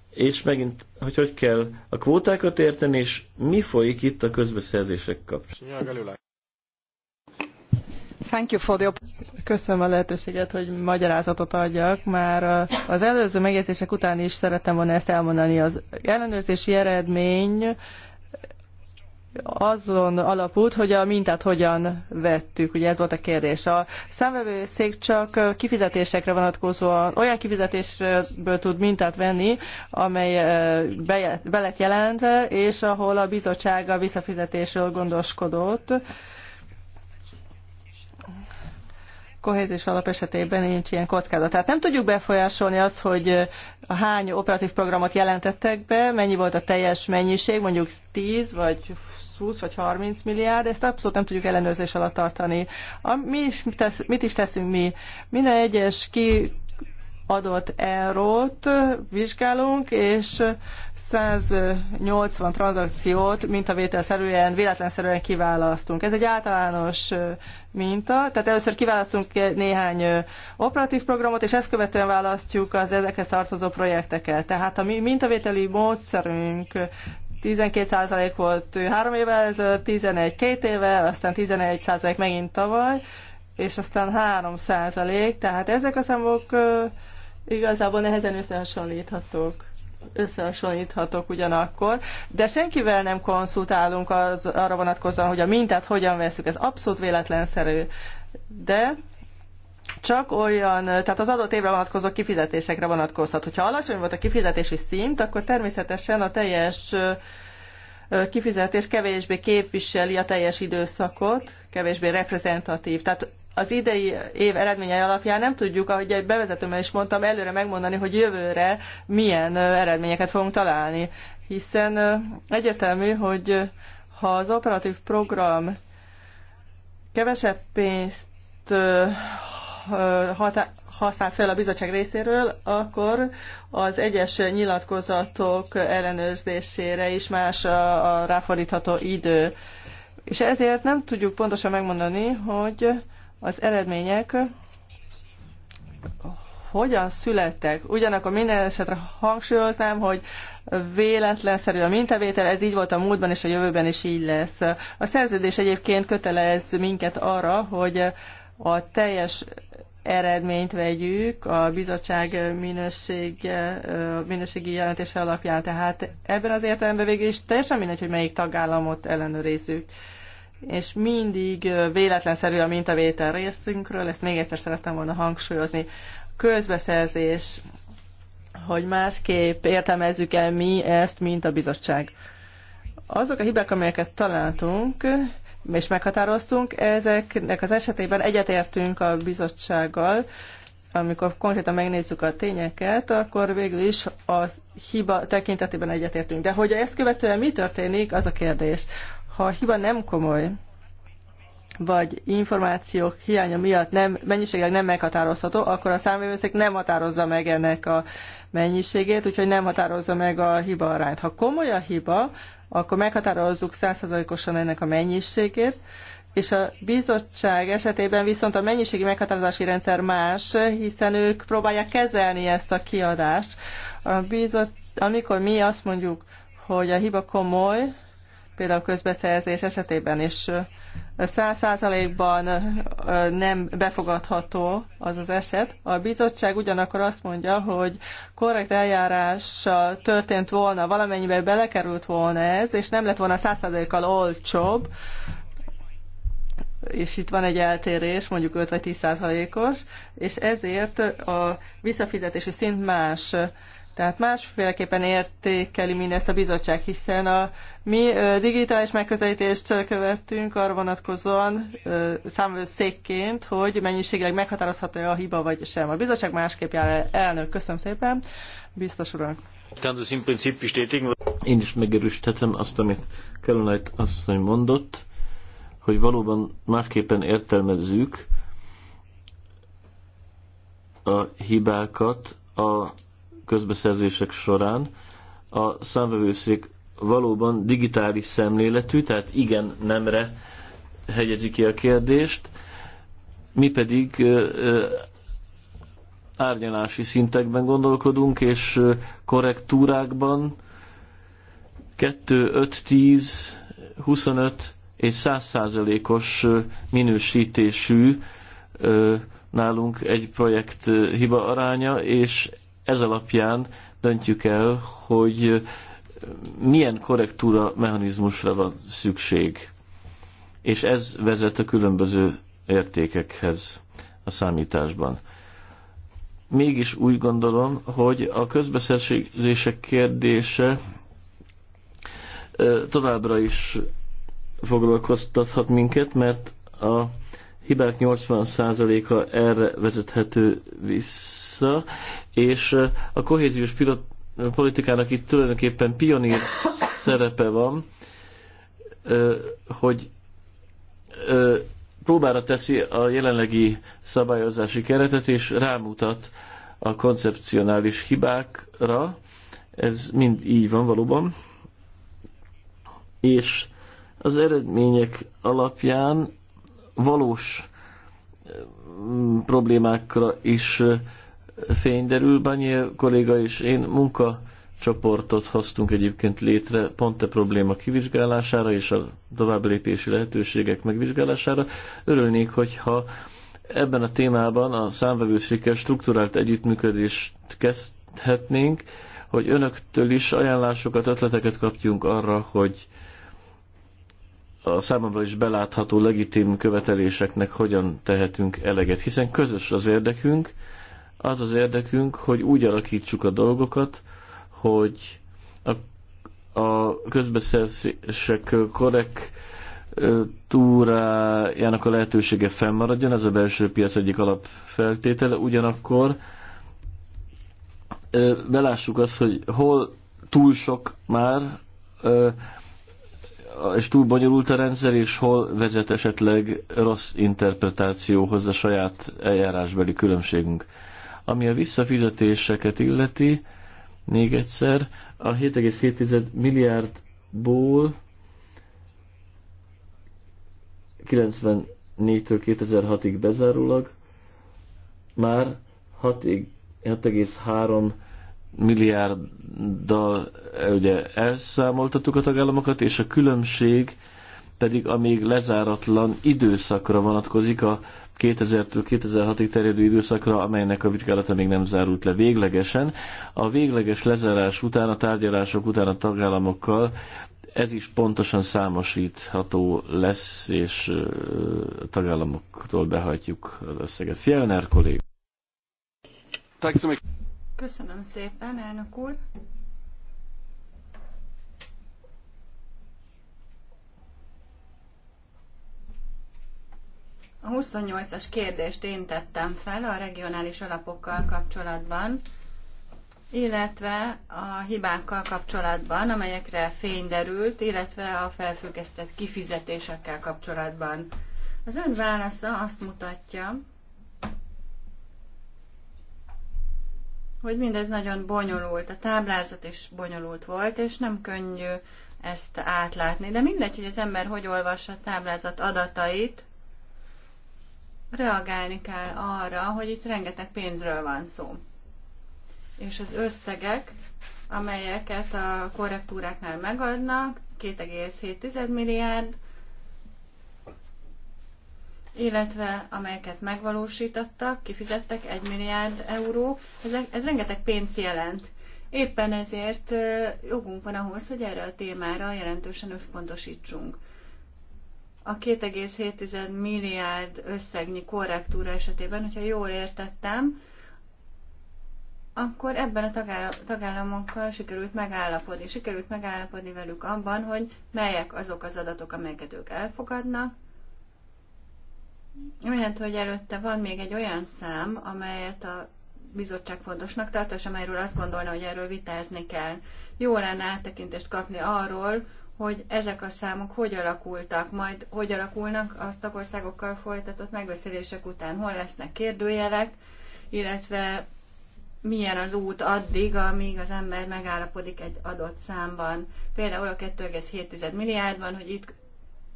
és megint, hogy hogy kell a kvótákat érteni, és mi folyik itt a közbeszerzések kapcsán. Thank you for the Köszönöm a lehetőséget, hogy magyarázatot adjak. Már az előző megjegyzések után is szerettem volna ezt elmondani. Az ellenőrzési eredmény azon alapult, hogy a mintát hogyan vettük, ugye ez volt a kérdés. A számvevőszék csak kifizetésekre vonatkozóan olyan kifizetésből tud mintát venni, amely eh, be lett jelentve, és ahol a bizottság a visszafizetésről gondoskodott, kohézis alap esetében nincs ilyen kockázat. Tehát nem tudjuk befolyásolni azt, hogy hány operatív programot jelentettek be, mennyi volt a teljes mennyiség, mondjuk 10 vagy 20 vagy 30 milliárd, ezt abszolút nem tudjuk ellenőrzés alatt tartani. A, mi is, tesz, mit is teszünk mi? Minden egyes ki adott errót vizsgálunk, és 180 tranzakciót mintavételszerűen, véletlenszerűen kiválasztunk. Ez egy általános minta, tehát először kiválasztunk néhány operatív programot, és ezt követően választjuk az ezekhez tartozó projekteket. Tehát a mi mintavételi módszerünk 12% volt három évvel ezelőtt, 11 két éve, aztán 11% megint tavaly, és aztán 3%, tehát ezek a számok igazából nehezen összehasonlíthatók összehasonlíthatók ugyanakkor, de senkivel nem konszultálunk az, arra vonatkozóan, hogy a mintát hogyan veszük, ez abszolút véletlenszerű. De csak olyan, tehát az adott évre vonatkozó kifizetésekre vonatkozhat. Hogyha alacsony volt a kifizetési szint, akkor természetesen a teljes kifizetés kevésbé képviseli a teljes időszakot, kevésbé reprezentatív. Tehát az idei év eredményei alapján nem tudjuk, ahogy egy bevezetőben is mondtam, előre megmondani, hogy jövőre milyen eredményeket fogunk találni. Hiszen egyértelmű, hogy ha az operatív program kevesebb pénzt használ fel a bizottság részéről, akkor az egyes nyilatkozatok ellenőrzésére is más a ráfordítható idő. És ezért nem tudjuk pontosan megmondani, hogy az eredmények hogyan születtek. Ugyanakkor minden esetre hangsúlyoznám, hogy véletlenszerű a mintavétel, ez így volt a múltban, és a jövőben is így lesz. A szerződés egyébként kötelez minket arra, hogy a teljes eredményt vegyük a bizottság minőség, minőségi jelentése alapján. Tehát ebben az értelemben végül is teljesen mindegy, hogy melyik tagállamot ellenőrizzük és mindig véletlenszerű a mintavétel részünkről, ezt még egyszer szerettem volna hangsúlyozni. Közbeszerzés, hogy másképp értelmezzük el mi ezt, mint a bizottság. Azok a hibák, amelyeket találtunk, és meghatároztunk, ezeknek az esetében egyetértünk a bizottsággal, amikor konkrétan megnézzük a tényeket, akkor végül is a hiba tekintetében egyetértünk. De hogy ezt követően mi történik, az a kérdés. Ha a hiba nem komoly, vagy információk hiánya miatt nem, mennyiségek nem meghatározható, akkor a számvevőszék nem határozza meg ennek a mennyiségét, úgyhogy nem határozza meg a hiba arányt. Ha komoly a hiba, akkor meghatározzuk százszerzalékosan ennek a mennyiségét, és a bizottság esetében viszont a mennyiségi meghatározási rendszer más, hiszen ők próbálják kezelni ezt a kiadást. A bizot, amikor mi azt mondjuk, hogy a hiba komoly, például közbeszerzés esetében is száz százalékban nem befogadható az az eset. A bizottság ugyanakkor azt mondja, hogy korrekt eljárás történt volna, valamennyiben belekerült volna ez, és nem lett volna száz százalékkal olcsóbb, és itt van egy eltérés, mondjuk 5 vagy 10 százalékos, és ezért a visszafizetési szint más tehát másféleképpen értékeli mindezt a bizottság, hiszen a mi digitális megközelítést követtünk arra vonatkozóan számvőszékként, hogy mennyiségileg meghatározható-e a hiba vagy sem. A bizottság másképp jár el. Elnök, köszönöm szépen. Biztos urak. Én is megerősíthetem azt, amit Kellenajt asszony mondott, hogy valóban másképpen értelmezzük a hibákat, a közbeszerzések során a számvevőszék valóban digitális szemléletű, tehát igen, nemre hegyezi ki a kérdést, mi pedig árnyalási szintekben gondolkodunk, és korrektúrákban 2, 5, 10, 25 és 100 százalékos minősítésű nálunk egy projekt hiba aránya, és ez alapján döntjük el, hogy milyen korrektúra mechanizmusra van szükség. És ez vezet a különböző értékekhez a számításban. Mégis úgy gondolom, hogy a közbeszerzések kérdése továbbra is foglalkoztathat minket, mert a hibák 80%-a erre vezethető vissza, és a kohéziós pilot, politikának itt tulajdonképpen pionír szerepe van, hogy próbára teszi a jelenlegi szabályozási keretet, és rámutat a koncepcionális hibákra. Ez mind így van valóban. És az eredmények alapján valós mm, problémákra is fény derül. Banyé kolléga és én munkacsoportot hoztunk egyébként létre pont a e probléma kivizsgálására és a lépési lehetőségek megvizsgálására. Örülnék, hogyha ebben a témában a számvevőszékkel strukturált együttműködést kezdhetnénk, hogy önöktől is ajánlásokat, ötleteket kapjunk arra, hogy a számomra is belátható legitim követeléseknek hogyan tehetünk eleget, hiszen közös az érdekünk, az az érdekünk, hogy úgy alakítsuk a dolgokat, hogy a, a közbeszerzések korrekt túrájának a lehetősége fennmaradjon, ez a belső piac egyik alapfeltétele, ugyanakkor belássuk azt, hogy hol túl sok már, és túl bonyolult a rendszer, és hol vezet esetleg rossz interpretációhoz a saját eljárásbeli különbségünk. Ami a visszafizetéseket illeti, még egyszer, a 7,7 milliárdból 94-től 2006-ig bezárólag már 6,3 milliárddal eh, ugye elszámoltatuk a tagállamokat, és a különbség pedig a még lezáratlan időszakra vonatkozik, a 2000-től 2006-ig terjedő időszakra, amelynek a vizsgálata még nem zárult le véglegesen. A végleges lezárás után, a tárgyalások után a tagállamokkal ez is pontosan számosítható lesz, és eh, a tagállamoktól behajtjuk az összeget. Fjellner kollég. Köszönöm szépen, elnök úr. A 28-as kérdést én tettem fel a regionális alapokkal kapcsolatban, illetve a hibákkal kapcsolatban, amelyekre fény derült, illetve a felfüggesztett kifizetésekkel kapcsolatban. Az ön válasza azt mutatja, hogy mindez nagyon bonyolult, a táblázat is bonyolult volt, és nem könnyű ezt átlátni. De mindegy, hogy az ember hogy olvassa a táblázat adatait, reagálni kell arra, hogy itt rengeteg pénzről van szó. És az összegek, amelyeket a korrektúráknál megadnak, 2,7 milliárd, illetve amelyeket megvalósítottak, kifizettek 1 milliárd euró, ez, ez rengeteg pénzt jelent. Éppen ezért jogunk van ahhoz, hogy erre a témára jelentősen összpontosítsunk. A 2,7 milliárd összegnyi korrektúra esetében, hogyha jól értettem, akkor ebben a tagállamokkal sikerült megállapodni. Sikerült megállapodni velük abban, hogy melyek azok az adatok, amelyeket ők elfogadnak, mert hogy előtte van még egy olyan szám, amelyet a bizottság fontosnak tart, és amelyről azt gondolna, hogy erről vitázni kell. Jó lenne áttekintést kapni arról, hogy ezek a számok hogy alakultak, majd hogy alakulnak a tagországokkal folytatott megbeszélések után, hol lesznek kérdőjelek, illetve milyen az út addig, amíg az ember megállapodik egy adott számban. Például a 2,7 milliárdban, hogy itt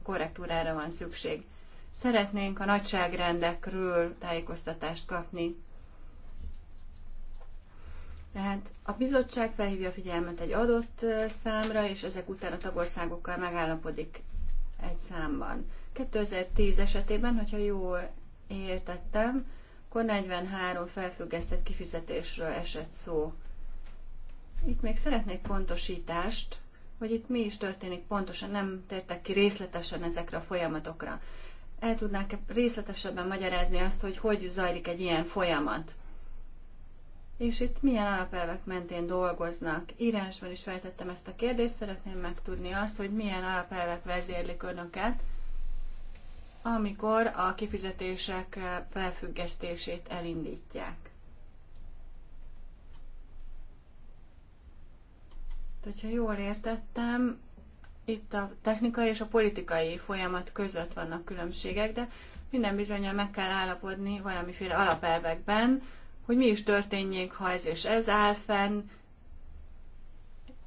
korrektúrára van szükség. Szeretnénk a nagyságrendekről tájékoztatást kapni. Tehát a bizottság felhívja a figyelmet egy adott számra, és ezek után a tagországokkal megállapodik egy számban. 2010 esetében, hogyha jól értettem, akkor 43 felfüggesztett kifizetésről esett szó. Itt még szeretnék pontosítást, hogy itt mi is történik pontosan, nem tértek ki részletesen ezekre a folyamatokra. El tudnák -e részletesebben magyarázni azt, hogy hogy zajlik egy ilyen folyamat? És itt milyen alapelvek mentén dolgoznak? Írásban is feltettem ezt a kérdést, szeretném megtudni azt, hogy milyen alapelvek vezérlik önöket, amikor a kifizetések felfüggesztését elindítják. Hogyha jól értettem, itt a technikai és a politikai folyamat között vannak különbségek, de minden bizonyal meg kell állapodni valamiféle alapelvekben, hogy mi is történjék, ha ez és ez áll fenn.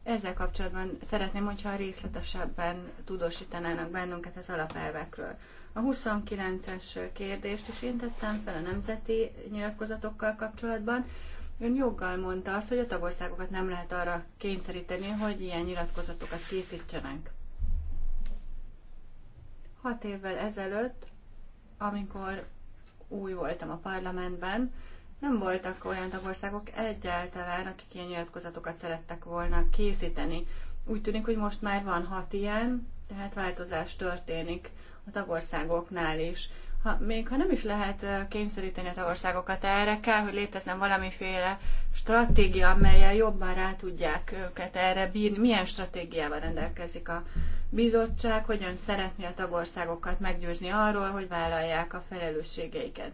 Ezzel kapcsolatban szeretném, hogyha részletesebben tudósítanának bennünket az alapelvekről. A 29-es kérdést is én tettem fel a nemzeti nyilatkozatokkal kapcsolatban. Ön joggal mondta azt, hogy a tagországokat nem lehet arra kényszeríteni, hogy ilyen nyilatkozatokat készítsenek. Hat évvel ezelőtt, amikor új voltam a parlamentben, nem voltak olyan tagországok egyáltalán, akik ilyen nyilatkozatokat szerettek volna készíteni. Úgy tűnik, hogy most már van hat ilyen, tehát változás történik a tagországoknál is ha, még ha nem is lehet kényszeríteni a országokat erre, kell, hogy létezzen valamiféle stratégia, amelyel jobban rá tudják őket erre bírni. Milyen stratégiával rendelkezik a bizottság, hogyan szeretné a tagországokat meggyőzni arról, hogy vállalják a felelősségeiket.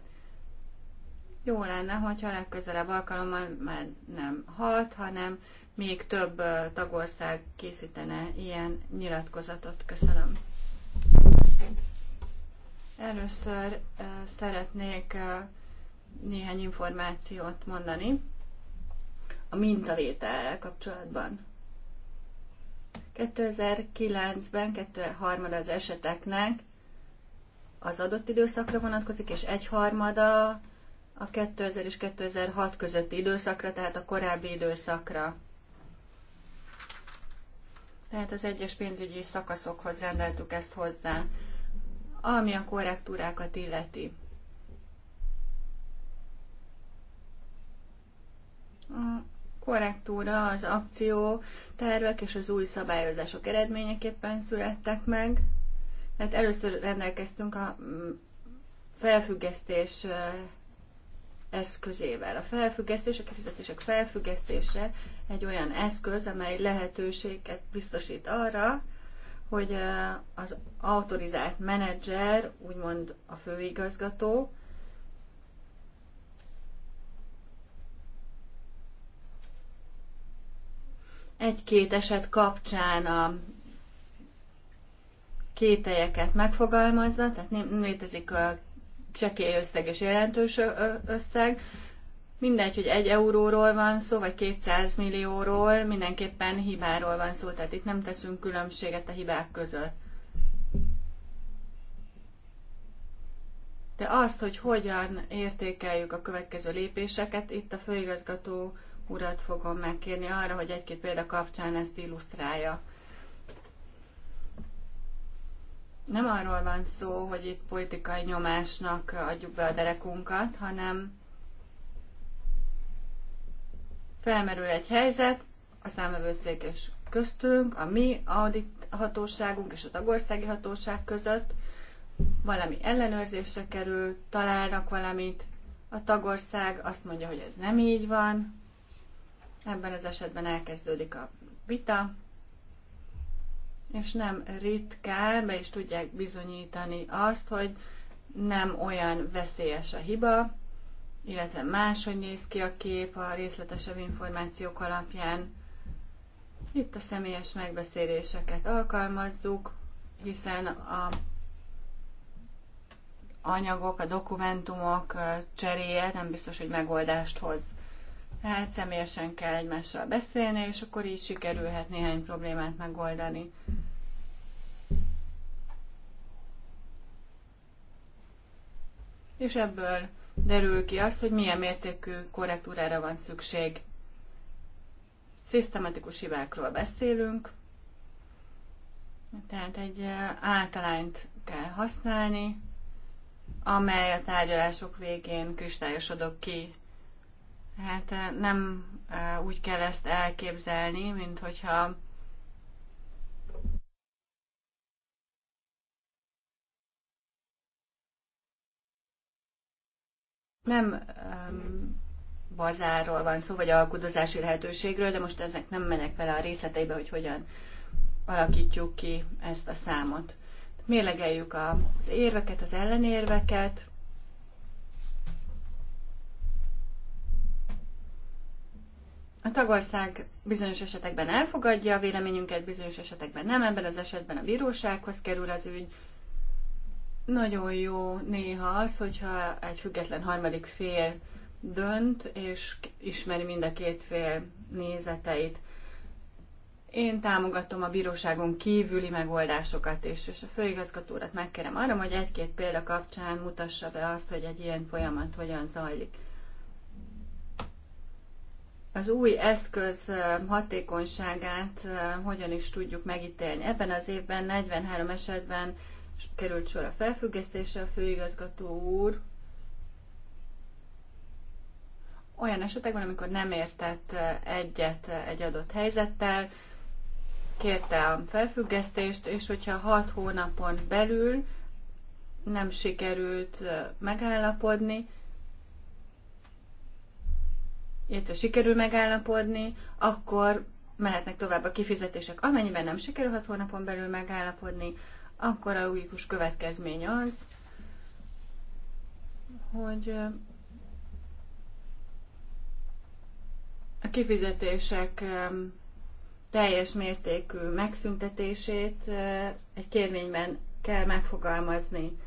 Jó lenne, hogyha legközelebb alkalommal már nem halt, hanem még több tagország készítene ilyen nyilatkozatot. Köszönöm. Először szeretnék néhány információt mondani a mintavételrel kapcsolatban. 2009-ben kettőharmada az eseteknek az adott időszakra vonatkozik, és egyharmada a 2000 és 2006 közötti időszakra, tehát a korábbi időszakra. Tehát az egyes pénzügyi szakaszokhoz rendeltük ezt hozzá ami a korrektúrákat illeti. A korrektúra, az akció, tervek és az új szabályozások eredményeképpen születtek meg. Tehát először rendelkeztünk a mm, felfüggesztés eszközével. A felfüggesztés, a kifizetések felfüggesztése egy olyan eszköz, amely lehetőséget biztosít arra, hogy az autorizált menedzser, úgymond a főigazgató, egy-két eset kapcsán a kételyeket megfogalmazza, tehát nem létezik a csekély összeg és jelentős összeg, Mindegy, hogy egy euróról van szó, vagy 200 millióról, mindenképpen hibáról van szó, tehát itt nem teszünk különbséget a hibák között. De azt, hogy hogyan értékeljük a következő lépéseket, itt a főigazgató urat fogom megkérni arra, hogy egy-két példa kapcsán ezt illusztrálja. Nem arról van szó, hogy itt politikai nyomásnak adjuk be a derekunkat, hanem felmerül egy helyzet, a számövőszék és köztünk, a mi audit hatóságunk és a tagországi hatóság között, valami ellenőrzésre kerül, találnak valamit, a tagország azt mondja, hogy ez nem így van, ebben az esetben elkezdődik a vita, és nem ritkán be is tudják bizonyítani azt, hogy nem olyan veszélyes a hiba, illetve máshogy néz ki a kép a részletesebb információk alapján. Itt a személyes megbeszéléseket alkalmazzuk, hiszen a anyagok, a dokumentumok cseréje nem biztos, hogy megoldást hoz. Tehát személyesen kell egymással beszélni, és akkor így sikerülhet néhány problémát megoldani. És ebből derül ki az, hogy milyen mértékű korrektúrára van szükség. Szisztematikus hibákról beszélünk, tehát egy általányt kell használni, amely a tárgyalások végén kristályosodok ki. Hát nem úgy kell ezt elképzelni, mint hogyha Nem um, bazárról van szó, vagy alkudozási lehetőségről, de most ezek nem menek vele a részleteibe, hogy hogyan alakítjuk ki ezt a számot. Mérlegeljük az érveket, az ellenérveket, A tagország bizonyos esetekben elfogadja a véleményünket, bizonyos esetekben nem, ebben az esetben a bírósághoz kerül az ügy, nagyon jó néha az, hogyha egy független harmadik fél dönt, és ismeri mind a két fél nézeteit. Én támogatom a bíróságon kívüli megoldásokat is, és a főigazgatórat megkérem arra, hogy egy-két példa kapcsán mutassa be azt, hogy egy ilyen folyamat hogyan zajlik. Az új eszköz hatékonyságát hogyan is tudjuk megítélni. Ebben az évben 43 esetben került sor a felfüggesztésre, a főigazgató úr olyan esetekben, amikor nem értett eh, egyet eh, egy adott helyzettel, kérte a felfüggesztést, és hogyha hat hónapon belül nem sikerült eh, megállapodni, illetve sikerül megállapodni, akkor mehetnek tovább a kifizetések. Amennyiben nem sikerül hat hónapon belül megállapodni, akkor a logikus következmény az, hogy a kifizetések teljes mértékű megszüntetését egy kérvényben kell megfogalmazni.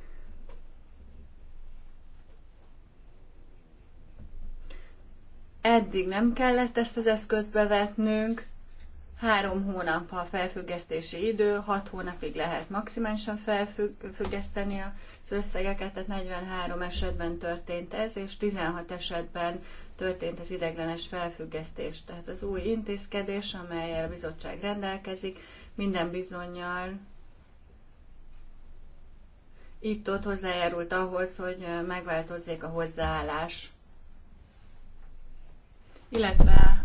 Eddig nem kellett ezt az eszközt bevetnünk, Három hónap a felfüggesztési idő, hat hónapig lehet maximálisan felfüggeszteni az összegeket, tehát 43 esetben történt ez, és 16 esetben történt az ideglenes felfüggesztés. Tehát az új intézkedés, amelyel a bizottság rendelkezik, minden bizonyal itt-ott hozzájárult ahhoz, hogy megváltozzék a hozzáállás, illetve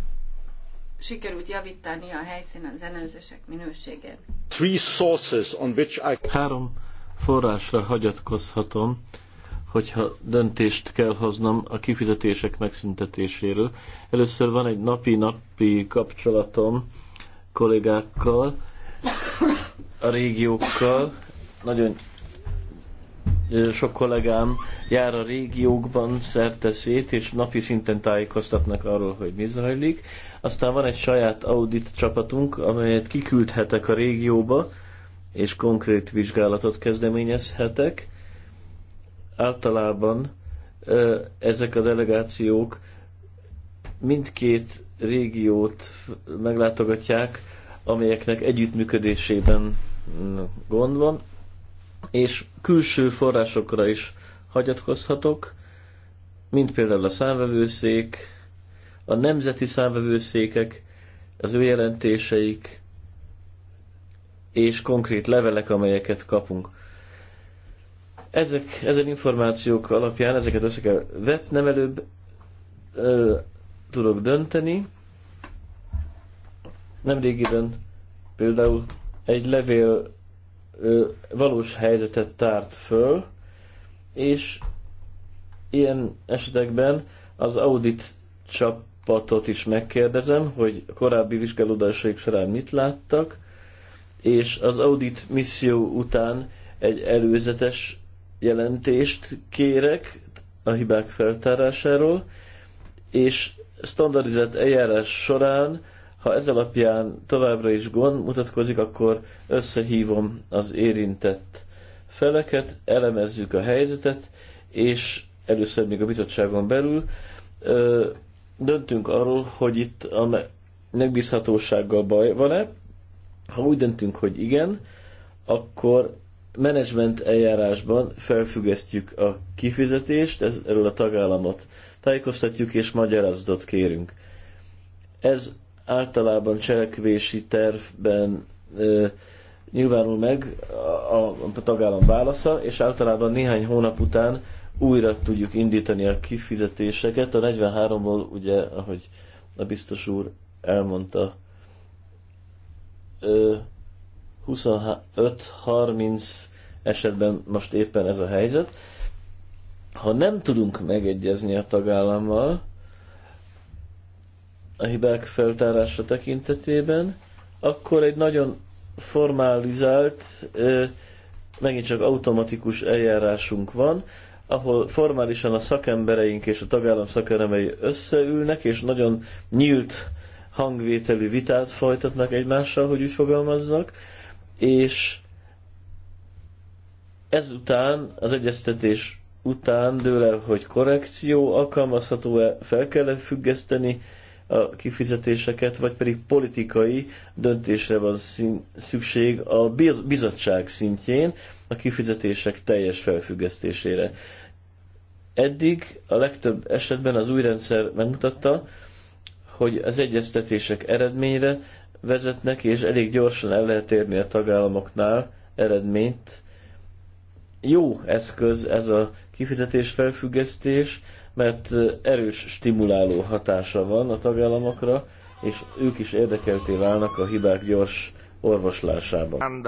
sikerült javítani a helyszínen az ellenőrzések minőségét. Three sources on which I... Három forrásra hagyatkozhatom, hogyha döntést kell hoznom a kifizetések megszüntetéséről. Először van egy napi-napi kapcsolatom kollégákkal, a régiókkal. Nagyon sok kollégám jár a régiókban szerteszét, és napi szinten tájékoztatnak arról, hogy mi zajlik. Aztán van egy saját audit csapatunk, amelyet kiküldhetek a régióba, és konkrét vizsgálatot kezdeményezhetek. Általában ezek a delegációk mindkét régiót meglátogatják, amelyeknek együttműködésében gond van, és külső forrásokra is hagyatkozhatok, mint például a számvevőszék, a nemzeti számvevőszékek, az ő jelentéseik és konkrét levelek, amelyeket kapunk. Ezek, ezen információk alapján ezeket össze kell vetnem előbb, ö, tudok dönteni. Nemrégiben például egy levél ö, valós helyzetet tárt föl, és ilyen esetekben az audit csap csapatot is megkérdezem, hogy korábbi vizsgálódásaik során mit láttak, és az audit misszió után egy előzetes jelentést kérek a hibák feltárásáról, és standardizált eljárás során, ha ez alapján továbbra is gond mutatkozik, akkor összehívom az érintett feleket, elemezzük a helyzetet, és először még a bizottságon belül döntünk arról, hogy itt a megbízhatósággal baj van-e. Ha úgy döntünk, hogy igen, akkor menedzsment eljárásban felfüggesztjük a kifizetést, ez, erről a tagállamot tájékoztatjuk és magyarázatot kérünk. Ez általában cselekvési tervben ö, nyilvánul meg a, a tagállam válasza, és általában néhány hónap után újra tudjuk indítani a kifizetéseket. A 43-ból ugye, ahogy a biztos úr elmondta, 25-30 esetben most éppen ez a helyzet. Ha nem tudunk megegyezni a tagállammal a hibák feltárása tekintetében, akkor egy nagyon formalizált, megint csak automatikus eljárásunk van, ahol formálisan a szakembereink és a tagállam szakemberei összeülnek, és nagyon nyílt hangvételű vitát folytatnak egymással, hogy úgy fogalmazzak, és ezután, az egyeztetés után dől el, hogy korrekció alkalmazható-e, fel kell -e függeszteni, a kifizetéseket, vagy pedig politikai döntésre van szükség a bizottság szintjén a kifizetések teljes felfüggesztésére. Eddig a legtöbb esetben az új rendszer megmutatta, hogy az egyeztetések eredményre vezetnek, és elég gyorsan el lehet érni a tagállamoknál eredményt. Jó eszköz ez a kifizetés felfüggesztés, mert erős stimuláló hatása van a tagállamokra, és ők is érdekelté válnak a hibák gyors orvoslásában.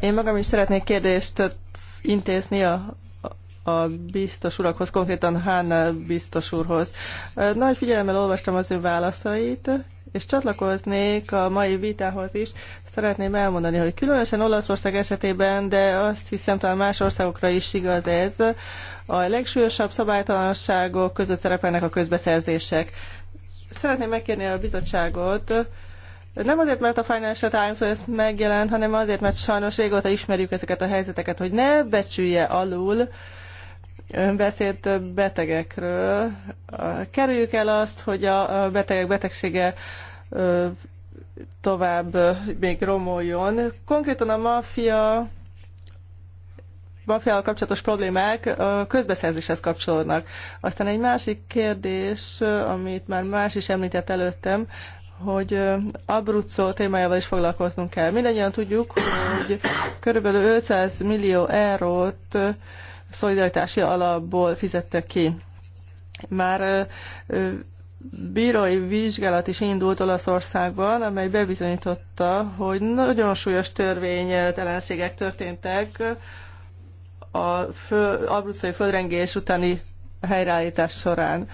Én magam is szeretnék kérdést intézni a a biztos urakhoz, konkrétan Hán biztos úrhoz. Nagy figyelemmel olvastam az ő válaszait, és csatlakoznék a mai vitához is, szeretném elmondani, hogy különösen Olaszország esetében, de azt hiszem talán más országokra is igaz ez, a legsúlyosabb szabálytalanságok között szerepelnek a közbeszerzések. Szeretném megkérni a bizottságot, nem azért, mert a Financial Times ezt megjelent, hanem azért, mert sajnos régóta ismerjük ezeket a helyzeteket, hogy ne becsülje alul Ön beszélt betegekről. Kerüljük el azt, hogy a betegek betegsége tovább még romoljon. Konkrétan a mafia, mafiával kapcsolatos problémák közbeszerzéshez kapcsolódnak. Aztán egy másik kérdés, amit már más is említett előttem, hogy Abruzzo témájával is foglalkoznunk kell. Mindennyian tudjuk, hogy körülbelül 500 millió eurót szolidaritási alapból fizettek ki. Már bírói vizsgálat is indult Olaszországban, amely bebizonyította, hogy nagyon súlyos törvénytelenségek történtek a föl, földrengés utáni helyreállítás során.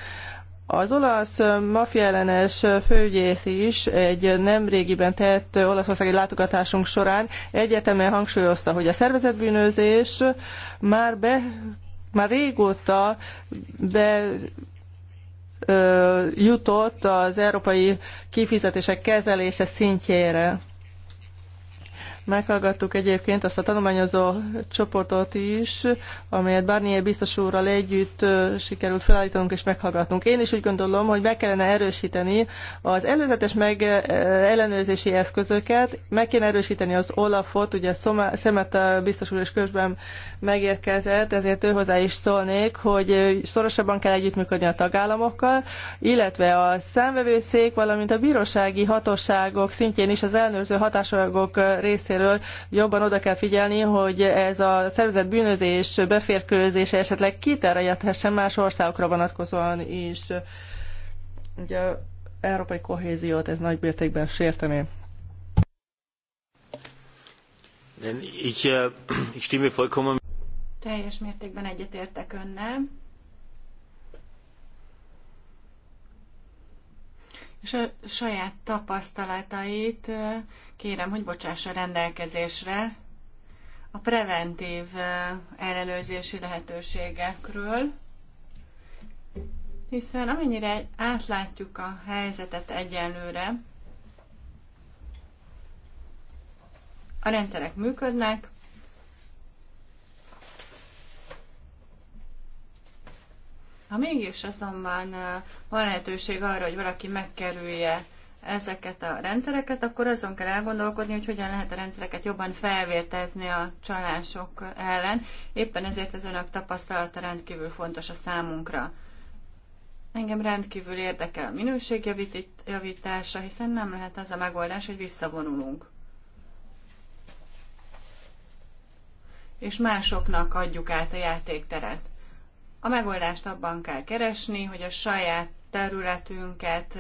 Az olasz mafiellenes főügyész is egy nemrégiben tett olaszországi látogatásunk során egyetemen hangsúlyozta, hogy a szervezetbűnözés már be, már régóta be ö, jutott az európai kifizetések kezelése szintjére. Meghallgattuk egyébként azt a tanulmányozó csoportot is, amelyet Barnier biztos úrral együtt sikerült felállítanunk és meghallgatnunk. Én is úgy gondolom, hogy meg kellene erősíteni az előzetes meg ellenőrzési eszközöket, meg kéne erősíteni az Olafot, ugye Szemet biztos úr is közben megérkezett, ezért ő hozzá is szólnék, hogy szorosabban kell együttműködni a tagállamokkal, illetve a számvevőszék, valamint a bírósági hatóságok szintjén is az ellenőrző hatáságok részét részéről jobban oda kell figyelni, hogy ez a szervezett bűnözés beférkőzése esetleg kiterjedhessen más országokra vonatkozóan is. Ugye európai kohéziót ez nagy mértékben sértené. Ich, így äh, stimme vollkommen. Teljes mértékben egyetértek önnel. és a saját tapasztalatait kérem, hogy bocsássa rendelkezésre a preventív ellenőrzési lehetőségekről, hiszen amennyire átlátjuk a helyzetet egyenlőre, a rendszerek működnek, Ha mégis azonban van lehetőség arra, hogy valaki megkerülje ezeket a rendszereket, akkor azon kell elgondolkodni, hogy hogyan lehet a rendszereket jobban felvértezni a csalások ellen. Éppen ezért az önök tapasztalata rendkívül fontos a számunkra. Engem rendkívül érdekel a minőségjavítása, hiszen nem lehet az a megoldás, hogy visszavonulunk. És másoknak adjuk át a játékteret. A megoldást abban kell keresni, hogy a saját területünket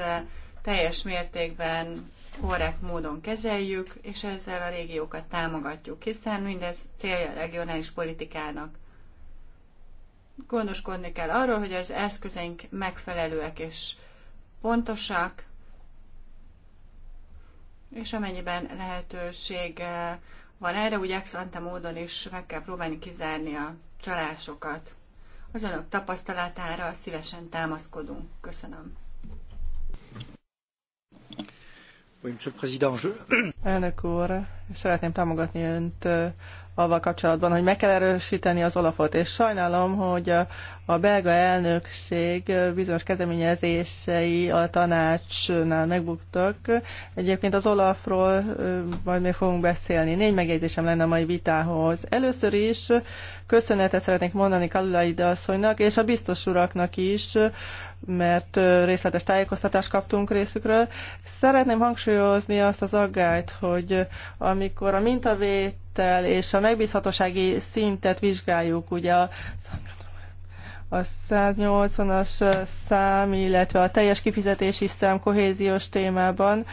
teljes mértékben korrekt módon kezeljük, és ezzel a régiókat támogatjuk, hiszen mindez célja a regionális politikának. Gondoskodni kell arról, hogy az eszközeink megfelelőek és pontosak, és amennyiben lehetőség eh, van erre, úgy ex ante módon is meg kell próbálni kizárni a csalásokat. Az önök tapasztalatára szívesen támaszkodunk. Köszönöm. Elnök úr, szeretném támogatni önt avval kapcsolatban, hogy meg kell erősíteni az Olafot, és sajnálom, hogy a a belga elnökség bizonyos kezdeményezései a tanácsnál megbuktak. Egyébként az Olafról majd még fogunk beszélni. Négy megjegyzésem lenne a mai vitához. Először is köszönetet szeretnék mondani Kalulaid asszonynak és a biztos uraknak is, mert részletes tájékoztatást kaptunk részükről. Szeretném hangsúlyozni azt az aggályt, hogy amikor a mintavét és a megbízhatósági szintet vizsgáljuk, ugye a a 180-as szám, illetve a teljes kifizetési szám kohéziós témában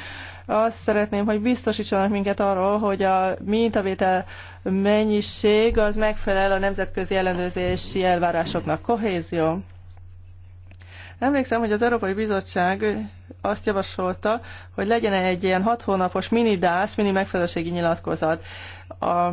azt szeretném, hogy biztosítsanak minket arról, hogy a mintavétel mennyiség az megfelel a nemzetközi ellenőrzési elvárásoknak. Kohézió. Emlékszem, hogy az Európai Bizottság azt javasolta, hogy legyen egy ilyen hat hónapos mini DASZ, mini megfelelőségi nyilatkozat. A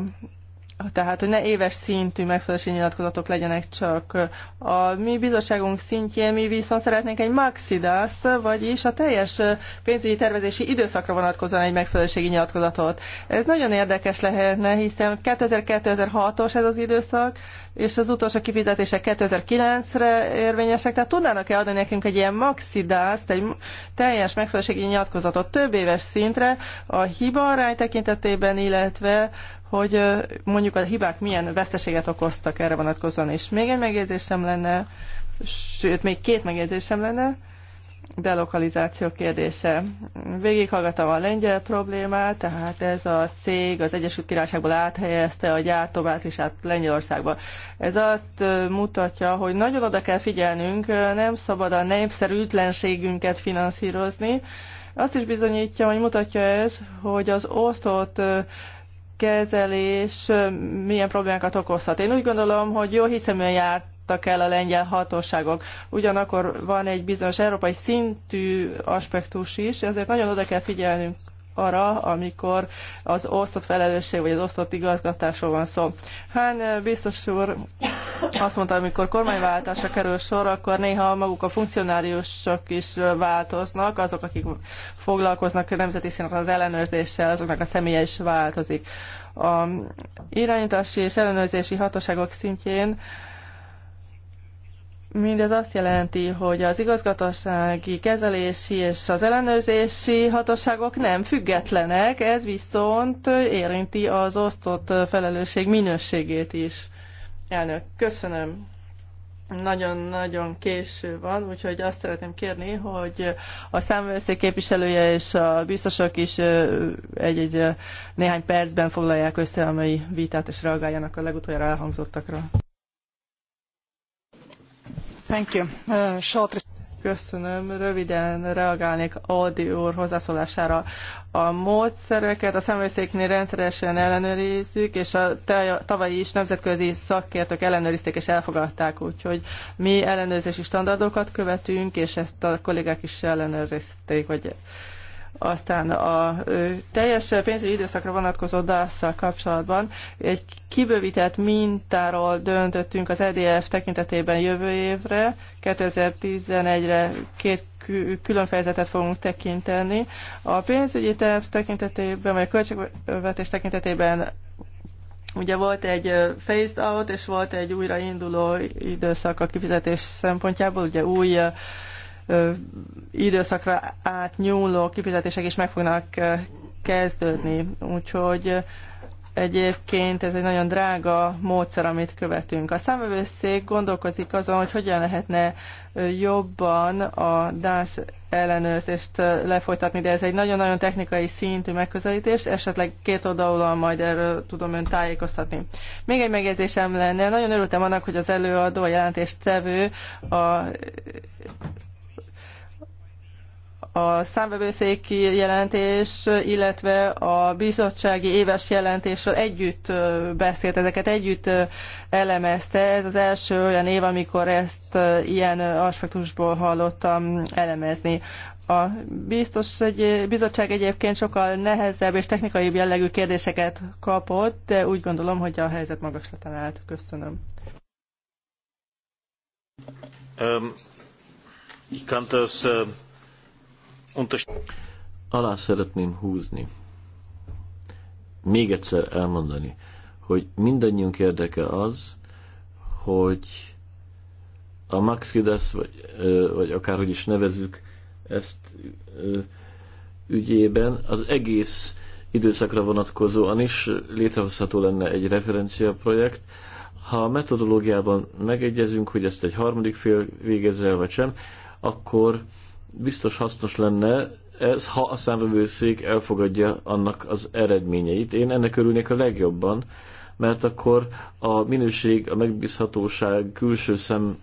tehát, hogy ne éves szintű megfelelési nyilatkozatok legyenek csak. A mi bizottságunk szintjén mi viszont szeretnénk egy maxidaszt, vagyis a teljes pénzügyi tervezési időszakra vonatkozóan egy megfelelőségi nyilatkozatot. Ez nagyon érdekes lehetne, hiszen 2000-2006-os ez az időszak, és az utolsó kifizetések 2009-re érvényesek, tehát tudnának-e adni nekünk egy ilyen maxidászt, egy teljes megfelelőségi nyilatkozatot több éves szintre a hiba arány tekintetében, illetve hogy mondjuk a hibák milyen veszteséget okoztak erre vonatkozóan. És még egy megjegyzésem lenne, sőt, még két megjegyzésem lenne, delokalizáció kérdése. Végighallgatom a lengyel problémát, tehát ez a cég az Egyesült Királyságból áthelyezte a gyártóbázisát Lengyelországba. Ez azt mutatja, hogy nagyon oda kell figyelnünk, nem szabad a népszerűtlenségünket finanszírozni. Azt is bizonyítja, hogy mutatja ez, hogy az osztott kezelés milyen problémákat okozhat. Én úgy gondolom, hogy jó hiszeműen járt fogadtak el a lengyel hatóságok. Ugyanakkor van egy bizonyos európai szintű aspektus is, ezért nagyon oda kell figyelnünk arra, amikor az osztott felelősség vagy az osztott igazgatásról van szó. Hán eh, biztos úr azt mondta, amikor kormányváltásra kerül sor, akkor néha maguk a funkcionáriusok is eh, változnak, azok, akik foglalkoznak a nemzeti szinten az ellenőrzéssel, azoknak a személye is változik. A irányítási és ellenőrzési hatóságok szintjén Mindez azt jelenti, hogy az igazgatósági, kezelési és az ellenőrzési hatóságok nem függetlenek, ez viszont érinti az osztott felelősség minőségét is. Elnök, köszönöm. Nagyon-nagyon késő van, úgyhogy azt szeretném kérni, hogy a számvőszék képviselője és a biztosok is egy-egy néhány percben foglalják össze a mai vitát és reagáljanak a legutoljára elhangzottakra. Uh, Köszönöm. Röviden reagálnék Aldi úr hozzászólására. A módszereket a szemvőszéknél rendszeresen ellenőrizzük, és a tavalyi is nemzetközi szakértők ellenőrizték és elfogadták, úgyhogy mi ellenőrzési standardokat követünk, és ezt a kollégák is ellenőrizték, vagy aztán a teljes pénzügyi időszakra vonatkozó dasz kapcsolatban egy kibővített mintáról döntöttünk az EDF tekintetében jövő évre, 2011-re két külön fejezetet fogunk tekinteni. A pénzügyi terv tekintetében, vagy a költségvetés tekintetében Ugye volt egy phased out, és volt egy újrainduló időszak a kifizetés szempontjából, ugye új időszakra átnyúló kifizetések is meg fognak kezdődni. Úgyhogy egyébként ez egy nagyon drága módszer, amit követünk. A számvevőszék gondolkozik azon, hogy hogyan lehetne jobban a DASZ ellenőrzést lefolytatni, de ez egy nagyon-nagyon technikai szintű megközelítés, esetleg két oldalon majd erről tudom ön tájékoztatni. Még egy megjegyzésem lenne, nagyon örültem annak, hogy az előadó, a jelentést tevő a a számvevőszéki jelentés, illetve a bizottsági éves jelentésről együtt beszélt, ezeket együtt elemezte. Ez az első olyan év, amikor ezt ilyen aspektusból hallottam elemezni. A biztos egy, bizottság egyébként sokkal nehezebb és technikai jellegű kérdéseket kapott, de úgy gondolom, hogy a helyzet magaslatán állt. Köszönöm. Um, ich kann das uh Alá szeretném húzni, még egyszer elmondani, hogy mindannyiunk érdeke az, hogy a Maxides, vagy, vagy akárhogy is nevezük ezt ügyében, az egész időszakra vonatkozóan is létrehozható lenne egy referencia projekt. Ha a metodológiában megegyezünk, hogy ezt egy harmadik fél végezzel vagy sem, akkor biztos hasznos lenne ez, ha a számvevőszék elfogadja annak az eredményeit. Én ennek örülnék a legjobban, mert akkor a minőség, a megbízhatóság külső szem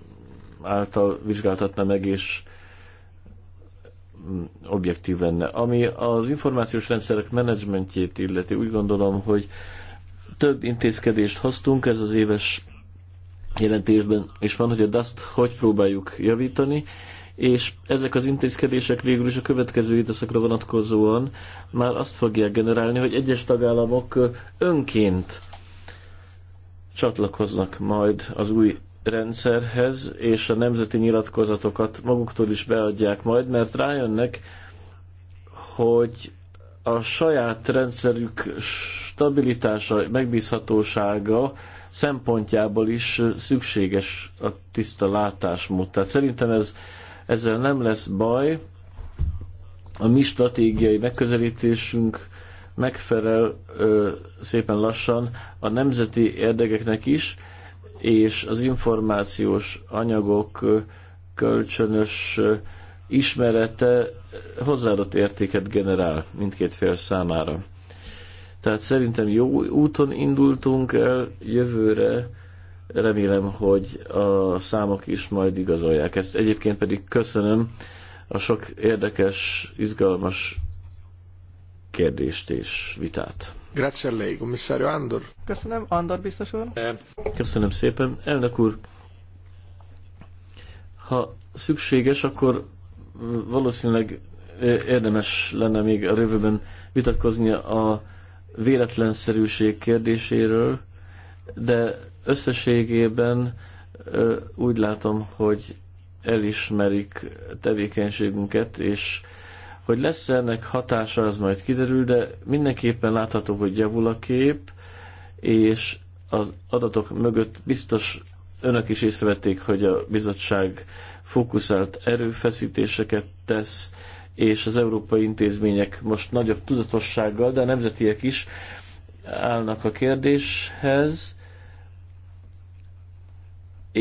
által vizsgáltatna meg, és mm, objektív lenne. Ami az információs rendszerek menedzsmentjét illeti, úgy gondolom, hogy több intézkedést hoztunk, ez az éves jelentésben is van, hogy a DAST hogy próbáljuk javítani, és ezek az intézkedések végül is a következő időszakra vonatkozóan már azt fogják generálni, hogy egyes tagállamok önként csatlakoznak majd az új rendszerhez, és a nemzeti nyilatkozatokat maguktól is beadják majd, mert rájönnek, hogy a saját rendszerük stabilitása, megbízhatósága szempontjából is szükséges a tiszta látásmód. Tehát szerintem ez ezzel nem lesz baj, a mi stratégiai megközelítésünk megfelel ö, szépen lassan a nemzeti érdekeknek is, és az információs anyagok ö, kölcsönös ö, ismerete hozzáadott értéket generál mindkét fél számára. Tehát szerintem jó úton indultunk el, jövőre Remélem, hogy a számok is majd igazolják ezt. Egyébként pedig köszönöm a sok érdekes, izgalmas kérdést és vitát. Grazie a lei, commissario Andor. Köszönöm, Andor biztos úr. Eh. Köszönöm szépen. Elnök úr, ha szükséges, akkor valószínűleg eh, érdemes lenne még a rövőben vitatkozni a véletlenszerűség kérdéséről, de Összességében úgy látom, hogy elismerik tevékenységünket, és hogy lesz ennek hatása, az majd kiderül, de mindenképpen látható, hogy javul a kép, és az adatok mögött biztos önök is észrevették, hogy a bizottság fókuszált erőfeszítéseket tesz, és az európai intézmények most nagyobb tudatossággal, de a nemzetiek is állnak a kérdéshez,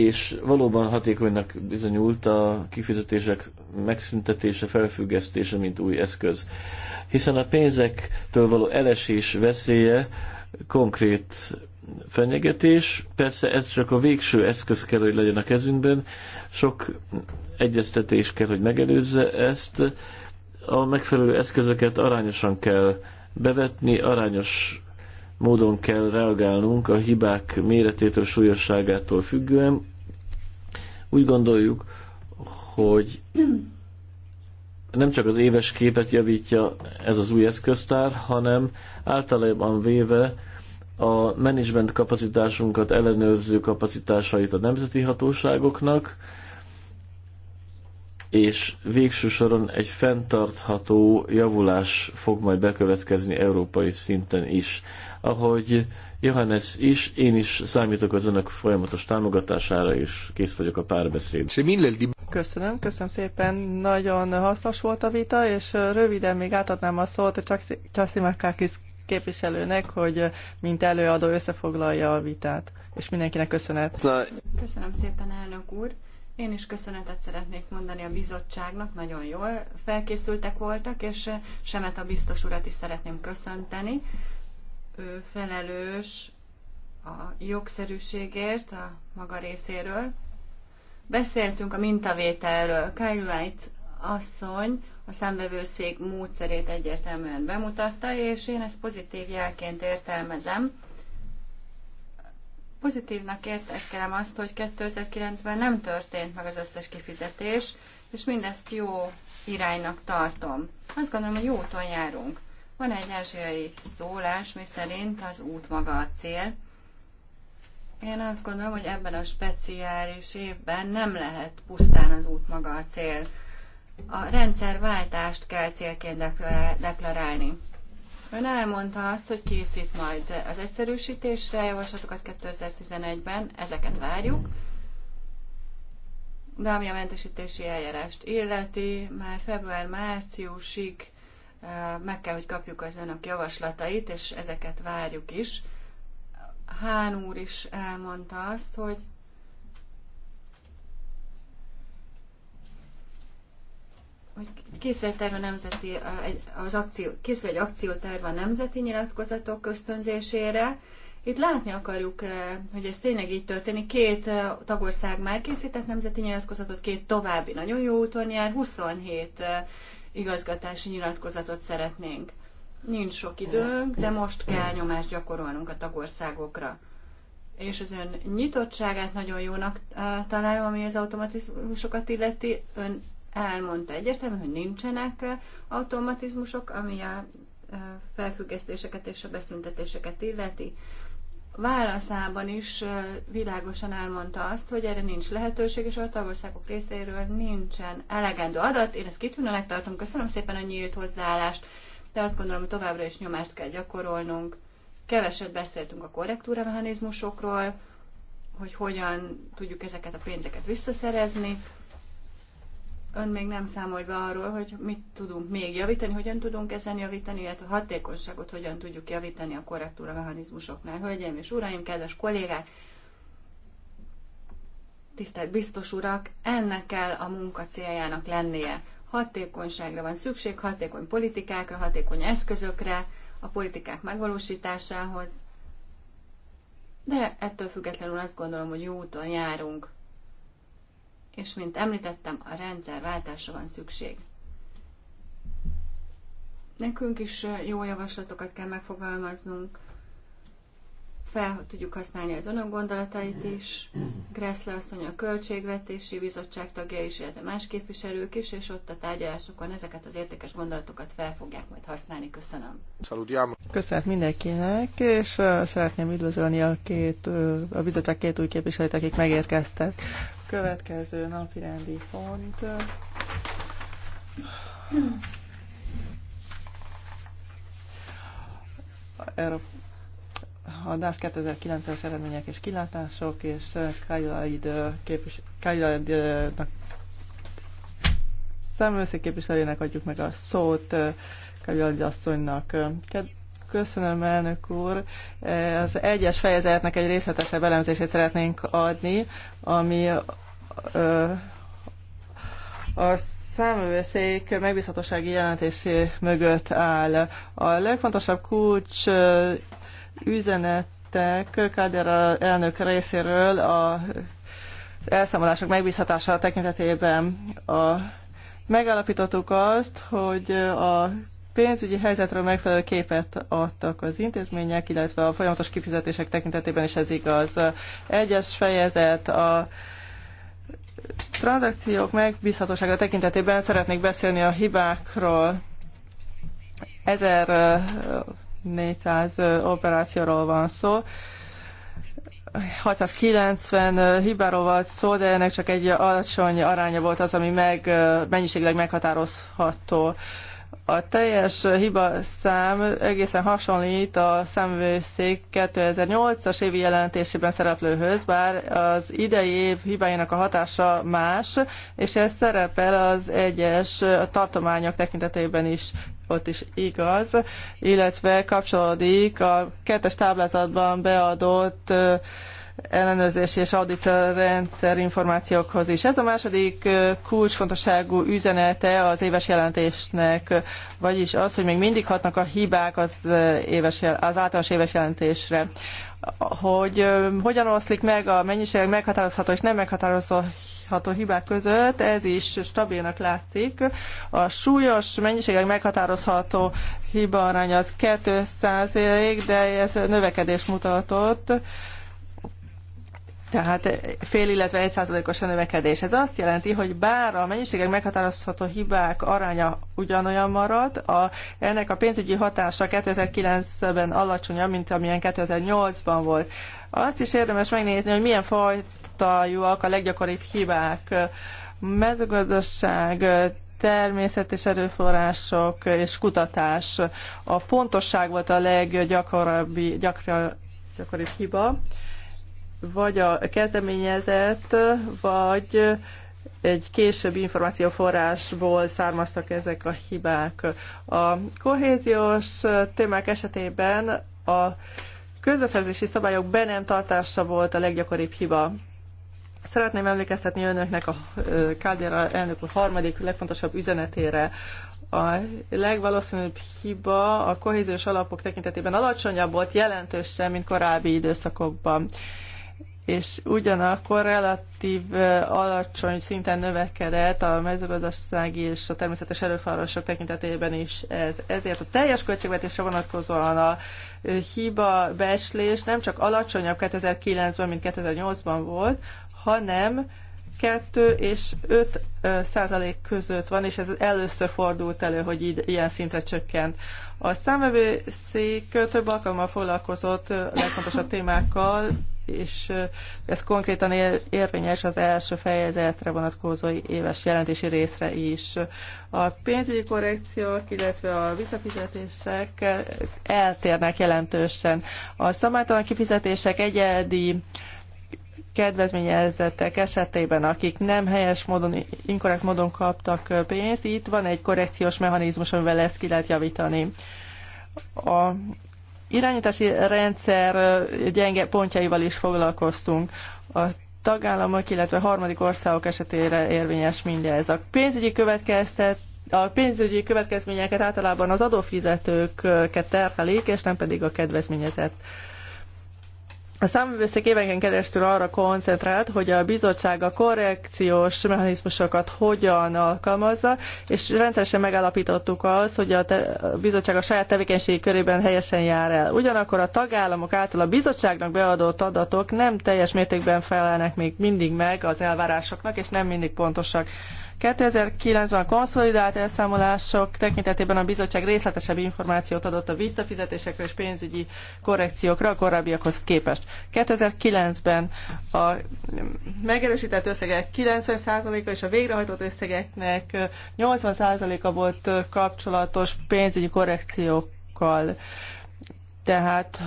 és valóban hatékonynak bizonyult a kifizetések megszüntetése, felfüggesztése, mint új eszköz. Hiszen a pénzektől való elesés veszélye konkrét fenyegetés. Persze ez csak a végső eszköz kell, hogy legyen a kezünkben. Sok egyeztetés kell, hogy megelőzze ezt. A megfelelő eszközöket arányosan kell bevetni, arányos módon kell reagálnunk a hibák méretétől, súlyosságától függően. Úgy gondoljuk, hogy nem csak az éves képet javítja ez az új eszköztár, hanem általában véve a menedzsment kapacitásunkat ellenőrző kapacitásait a nemzeti hatóságoknak, és végső soron egy fenntartható javulás fog majd bekövetkezni európai szinten is. Ahogy Johannes is, én is számítok az önök folyamatos támogatására, és kész vagyok a párbeszéd. Köszönöm, köszönöm szépen. Nagyon hasznos volt a vita, és röviden még átadnám a szót csak Csassimakakis képviselőnek, hogy mint előadó összefoglalja a vitát. És mindenkinek köszönet. Köszönöm szépen, elnök úr. Én is köszönetet szeretnék mondani a bizottságnak, nagyon jól felkészültek voltak, és eh, Semet a biztos urat is szeretném köszönteni. Ő felelős a jogszerűségért a maga részéről. Beszéltünk a mintavételről. Kyle White asszony a szembevőszék módszerét egyértelműen bemutatta, és én ezt pozitív jelként értelmezem Pozitívnak értekelem azt, hogy 2009-ben nem történt meg az összes kifizetés, és mindezt jó iránynak tartom. Azt gondolom, hogy jó úton járunk. Van egy ázsiai szólás, szerint az út maga a cél. Én azt gondolom, hogy ebben a speciális évben nem lehet pusztán az út maga a cél. A rendszerváltást kell célként deklarálni. Ön elmondta azt, hogy készít majd az egyszerűsítésre javaslatokat 2011-ben, ezeket várjuk. De ami a mentesítési eljárást illeti, már február-márciusig meg kell, hogy kapjuk az önök javaslatait, és ezeket várjuk is. Hán úr is elmondta azt, hogy hogy egy terve nemzeti, az akció, készül egy akcióterv a nemzeti nyilatkozatok ösztönzésére. Itt látni akarjuk, eh, hogy ez tényleg így történik. Két eh, tagország már készített nemzeti nyilatkozatot, két további nagyon jó úton jár, 27 eh, igazgatási nyilatkozatot szeretnénk. Nincs sok időnk, de most kell nyomást gyakorolnunk a tagországokra. És az ön nyitottságát nagyon jónak találom, ami az automatizmusokat illeti. Ön elmondta egyértelműen, hogy nincsenek automatizmusok, ami a e, felfüggesztéseket és a beszüntetéseket illeti. Válaszában is e, világosan elmondta azt, hogy erre nincs lehetőség, és a tagországok részéről nincsen elegendő adat. Én ezt kitűnőnek tartom, köszönöm szépen a nyílt hozzáállást, de azt gondolom, hogy továbbra is nyomást kell gyakorolnunk. Keveset beszéltünk a korrektúra mechanizmusokról, hogy hogyan tudjuk ezeket a pénzeket visszaszerezni Ön még nem számolt be arról, hogy mit tudunk még javítani, hogyan tudunk ezen javítani, illetve a hatékonyságot hogyan tudjuk javítani a korrektúra mechanizmusoknál. Hölgyeim és uraim, kedves kollégák, tisztelt biztos urak, ennek kell a munka céljának lennie. Hatékonyságra van szükség, hatékony politikákra, hatékony eszközökre, a politikák megvalósításához, de ettől függetlenül azt gondolom, hogy jó úton járunk és mint említettem, a rendszerváltásra van szükség. Nekünk is jó javaslatokat kell megfogalmaznunk, fel tudjuk használni az önök gondolatait is, Gressle asszony a Költségvetési Bizottság tagja is, illetve más képviselők is, és ott a tárgyalásokon ezeket az értékes gondolatokat fel fogják majd használni. Köszönöm. Köszönöm mindenkinek, és szeretném üdvözölni a, két, a bizottság két új képviselőt, akik megérkeztek következő napi rendi pont. A DASZ 2009-es eredmények és kilátások, és eh, Kajlaid eh, képvis... Kajlaidnak eh, szemőszék képviselőjének adjuk meg a szót, Kajlaid asszonynak. Ked Köszönöm, elnök úr. Az egyes fejezetnek egy részletesebb elemzését szeretnénk adni, ami a számövőszék megbízhatósági jelentésé mögött áll. A legfontosabb kulcs üzenetek Kádár elnök részéről a elszámolások megbízhatása tekintetében a megállapítottuk azt, hogy a pénzügyi helyzetről megfelelő képet adtak az intézmények, illetve a folyamatos kifizetések tekintetében is ez igaz. Egyes fejezet a tranzakciók megbízhatósága tekintetében szeretnék beszélni a hibákról. 1400 operációról van szó. 690 hibáról volt szó, de ennek csak egy alacsony aránya volt az, ami meg, mennyiségleg meghatározható. A teljes hiba szám egészen hasonlít a számvőszék 2008-as évi jelentésében szereplőhöz, bár az idei év hibáinak a hatása más, és ez szerepel az egyes tartományok tekintetében is ott is igaz, illetve kapcsolódik a kettes táblázatban beadott ellenőrzési és audit rendszer információkhoz is. Ez a második kulcsfontosságú üzenete az éves jelentésnek, vagyis az, hogy még mindig hatnak a hibák az, éves, az általános éves jelentésre hogy hogyan oszlik meg a mennyiség meghatározható és nem meghatározható hibák között, ez is stabilnak látszik. A súlyos mennyiségek meghatározható hiba arány az 200 de ez növekedés mutatott. Tehát fél, illetve egy százalékos a növekedés. Ez azt jelenti, hogy bár a mennyiségek meghatározható hibák aránya ugyanolyan marad, a, ennek a pénzügyi hatása 2009-ben alacsonyabb, mint amilyen 2008-ban volt. Azt is érdemes megnézni, hogy milyen fajtajúak a leggyakoribb hibák. Mezőgazdaság, természet és erőforrások és kutatás. A pontosság volt a leggyakoribb gyakoribb hiba vagy a kezdeményezett, vagy egy későbbi információforrásból származtak ezek a hibák. A kohéziós témák esetében a közbeszerzési szabályok be nem tartása volt a leggyakoribb hiba. Szeretném emlékeztetni önöknek a Kádéra elnök a harmadik legfontosabb üzenetére. A legvalószínűbb hiba a kohéziós alapok tekintetében alacsonyabb volt jelentősen, mint korábbi időszakokban és ugyanakkor relatív alacsony szinten növekedett a mezőgazdasági és a természetes erőforrások tekintetében is ez. Ezért a teljes költségvetésre vonatkozóan a hiba beslés nem csak alacsonyabb 2009-ben, mint 2008-ban volt, hanem 2 és 5 százalék között van, és ez először fordult elő, hogy így, ilyen szintre csökkent. A számvevőszék több alkalommal foglalkozott legfontosabb témákkal, és ez konkrétan érvényes az első fejezetre vonatkozó éves jelentési részre is. A pénzügyi korrekciók, illetve a visszafizetések eltérnek jelentősen. A szabálytalan kifizetések egyedi kedvezményezettek esetében, akik nem helyes módon, inkorrekt módon kaptak pénzt, itt van egy korrekciós mechanizmus, amivel ezt ki lehet javítani. A irányítási rendszer gyenge pontjaival is foglalkoztunk. A tagállamok, illetve harmadik országok esetére érvényes mindez. A pénzügyi következtet a pénzügyi következményeket általában az adófizetőket terhelik, és nem pedig a kedvezményezett a számvevőszék éveken keresztül arra koncentrált, hogy a bizottság a korrekciós mechanizmusokat hogyan alkalmazza, és rendszeresen megállapítottuk azt, hogy a, a bizottság a saját tevékenységi körében helyesen jár el. Ugyanakkor a tagállamok által a bizottságnak beadott adatok nem teljes mértékben felelnek még mindig meg az elvárásoknak, és nem mindig pontosak. 2009-ben a konszolidált elszámolások tekintetében a bizottság részletesebb információt adott a visszafizetésekre és pénzügyi korrekciókra a korábbiakhoz képest. 2009-ben a megerősített összegek 90%-a és a végrehajtott összegeknek 80%-a volt kapcsolatos pénzügyi korrekciókkal. Tehát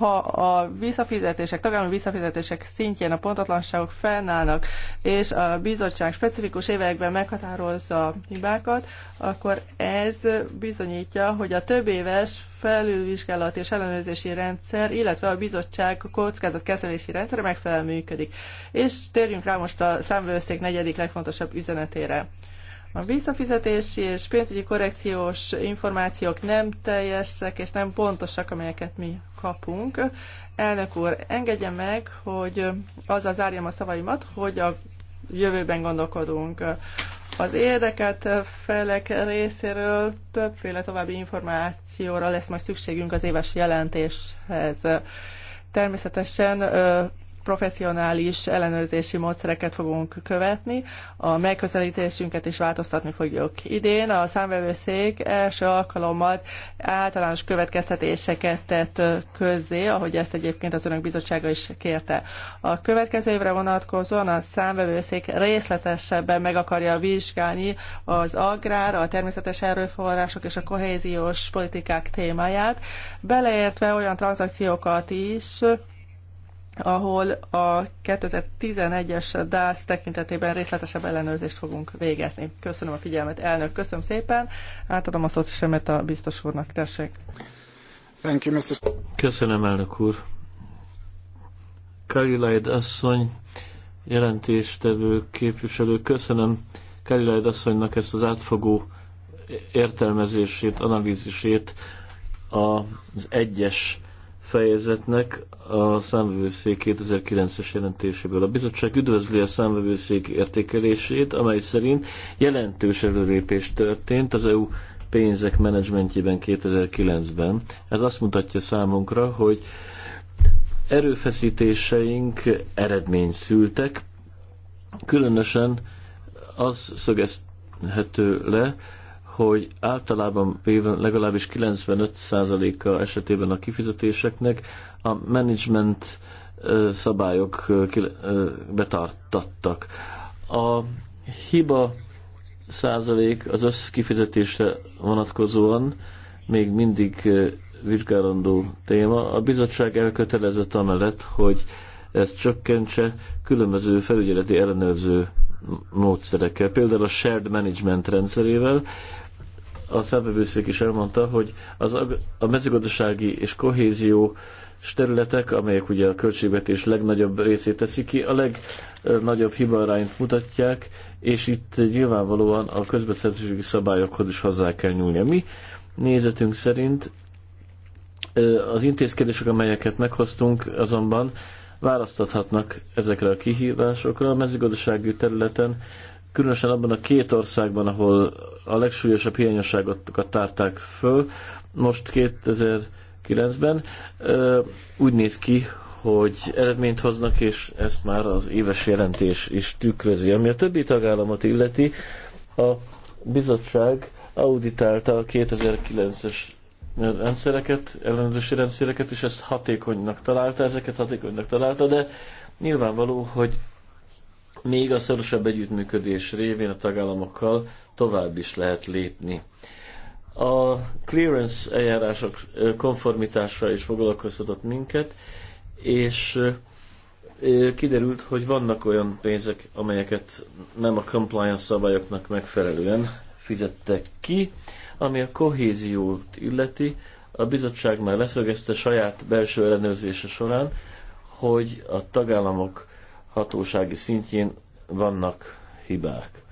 ha a visszafizetések, tagállami visszafizetések szintjén a pontatlanságok fennállnak, és a bizottság specifikus években meghatározza a hibákat, akkor ez bizonyítja, hogy a több éves felülvizsgálat és ellenőrzési rendszer, illetve a bizottság kockázatkezelési rendszer megfelelően működik. És térjünk rá most a számvőszék negyedik legfontosabb üzenetére. A visszafizetési és pénzügyi korrekciós információk nem teljesek és nem pontosak, amelyeket mi kapunk. Elnök úr, engedje meg, hogy azzal zárjam a szavaimat, hogy a jövőben gondolkodunk. Az érdeket felek részéről többféle további információra lesz majd szükségünk az éves jelentéshez. Természetesen professzionális ellenőrzési módszereket fogunk követni, a megközelítésünket is változtatni fogjuk. Idén a számvevőszék első alkalommal általános következtetéseket tett közzé, ahogy ezt egyébként az önök bizottsága is kérte. A következő évre vonatkozóan a számvevőszék részletesebben meg akarja vizsgálni az agrár, a természetes erőforrások és a kohéziós politikák témáját, beleértve olyan tranzakciókat is, ahol a 2011-es DASZ tekintetében részletesebb ellenőrzést fogunk végezni. Köszönöm a figyelmet, elnök, köszönöm szépen. Átadom a szót semet a biztos úrnak, tessék. Thank you, Mr. Köszönöm, elnök úr. Kalilaid asszony, jelentéstevő képviselő, köszönöm Kalilaid asszonynak ezt az átfogó értelmezését, analízisét az egyes fejezetnek a számvevőszék 2009-es jelentéséből. A bizottság üdvözli a számvevőszék értékelését, amely szerint jelentős előrépés történt az EU pénzek menedzsmentjében 2009-ben. Ez azt mutatja számunkra, hogy erőfeszítéseink eredmény szültek, különösen az szögezhető le, hogy általában véve legalábbis 95%-a esetében a kifizetéseknek a management szabályok betartattak. A hiba százalék az összkifizetésre vonatkozóan még mindig vizsgálandó téma. A bizottság elkötelezett amellett, hogy ez csökkentse különböző felügyeleti ellenőrző módszerekkel, például a shared management rendszerével, a számbevőszék is elmondta, hogy az a mezőgazdasági és kohézió területek, amelyek ugye a költségvetés legnagyobb részét teszik ki, a legnagyobb hibarányt mutatják, és itt nyilvánvalóan a közbeszerzési szabályokhoz is hozzá kell nyúlnia. Mi nézetünk szerint az intézkedések, amelyeket meghoztunk, azonban választathatnak ezekre a kihívásokra. A mezőgazdasági területen különösen abban a két országban, ahol a legsúlyosabb hiányosságokat tárták föl, most 2009-ben úgy néz ki, hogy eredményt hoznak, és ezt már az éves jelentés is tükrözi. Ami a többi tagállamot illeti, a bizottság auditálta a 2009-es rendszereket, ellenőrzési rendszereket, és ezt hatékonynak találta, ezeket hatékonynak találta, de nyilvánvaló, hogy még a szorosabb együttműködés révén a tagállamokkal tovább is lehet lépni. A clearance eljárások konformitásra is foglalkoztatott minket, és kiderült, hogy vannak olyan pénzek, amelyeket nem a compliance szabályoknak megfelelően fizettek ki, ami a kohéziót illeti. A bizottság már leszögezte saját belső ellenőrzése során, hogy a tagállamok hatósági szintjén vannak hibák.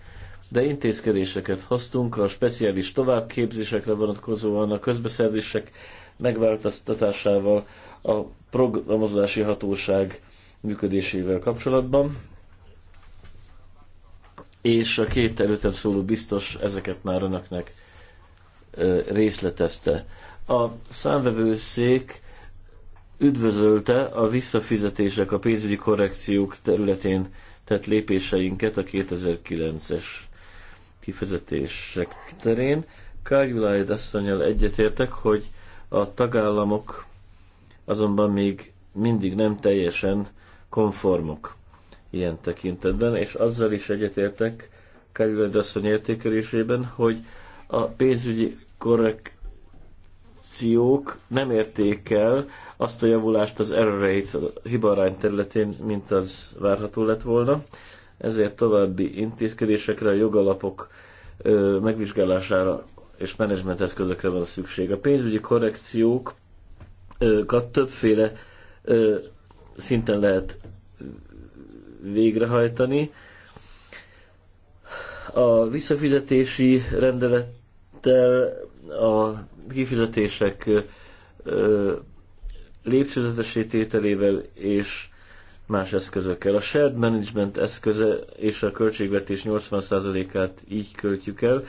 De intézkedéseket hoztunk a speciális továbbképzésekre vonatkozóan, a közbeszerzések megváltoztatásával, a programozási hatóság működésével kapcsolatban, és a két előttem szóló biztos ezeket már önöknek részletezte. A számvevőszék üdvözölte a visszafizetések a pénzügyi korrekciók területén tett lépéseinket a 2009-es kifizetések terén. Kárgyulájad asszonyjal egyetértek, hogy a tagállamok azonban még mindig nem teljesen konformok ilyen tekintetben, és azzal is egyetértek Kárgyulájad asszony értékelésében, hogy a pénzügyi korrekciók funkciók nem érték el azt a javulást az error rate, a hibarány területén, mint az várható lett volna. Ezért további intézkedésekre, a jogalapok ö, megvizsgálására és menedzsment eszközökre van szükség. A pénzügyi korrekciókat többféle ö, szinten lehet végrehajtani. A visszafizetési rendelettel a kifizetések lépcsőzetesítételével és más eszközökkel. A shared management eszköze és a költségvetés 80%-át így költjük el.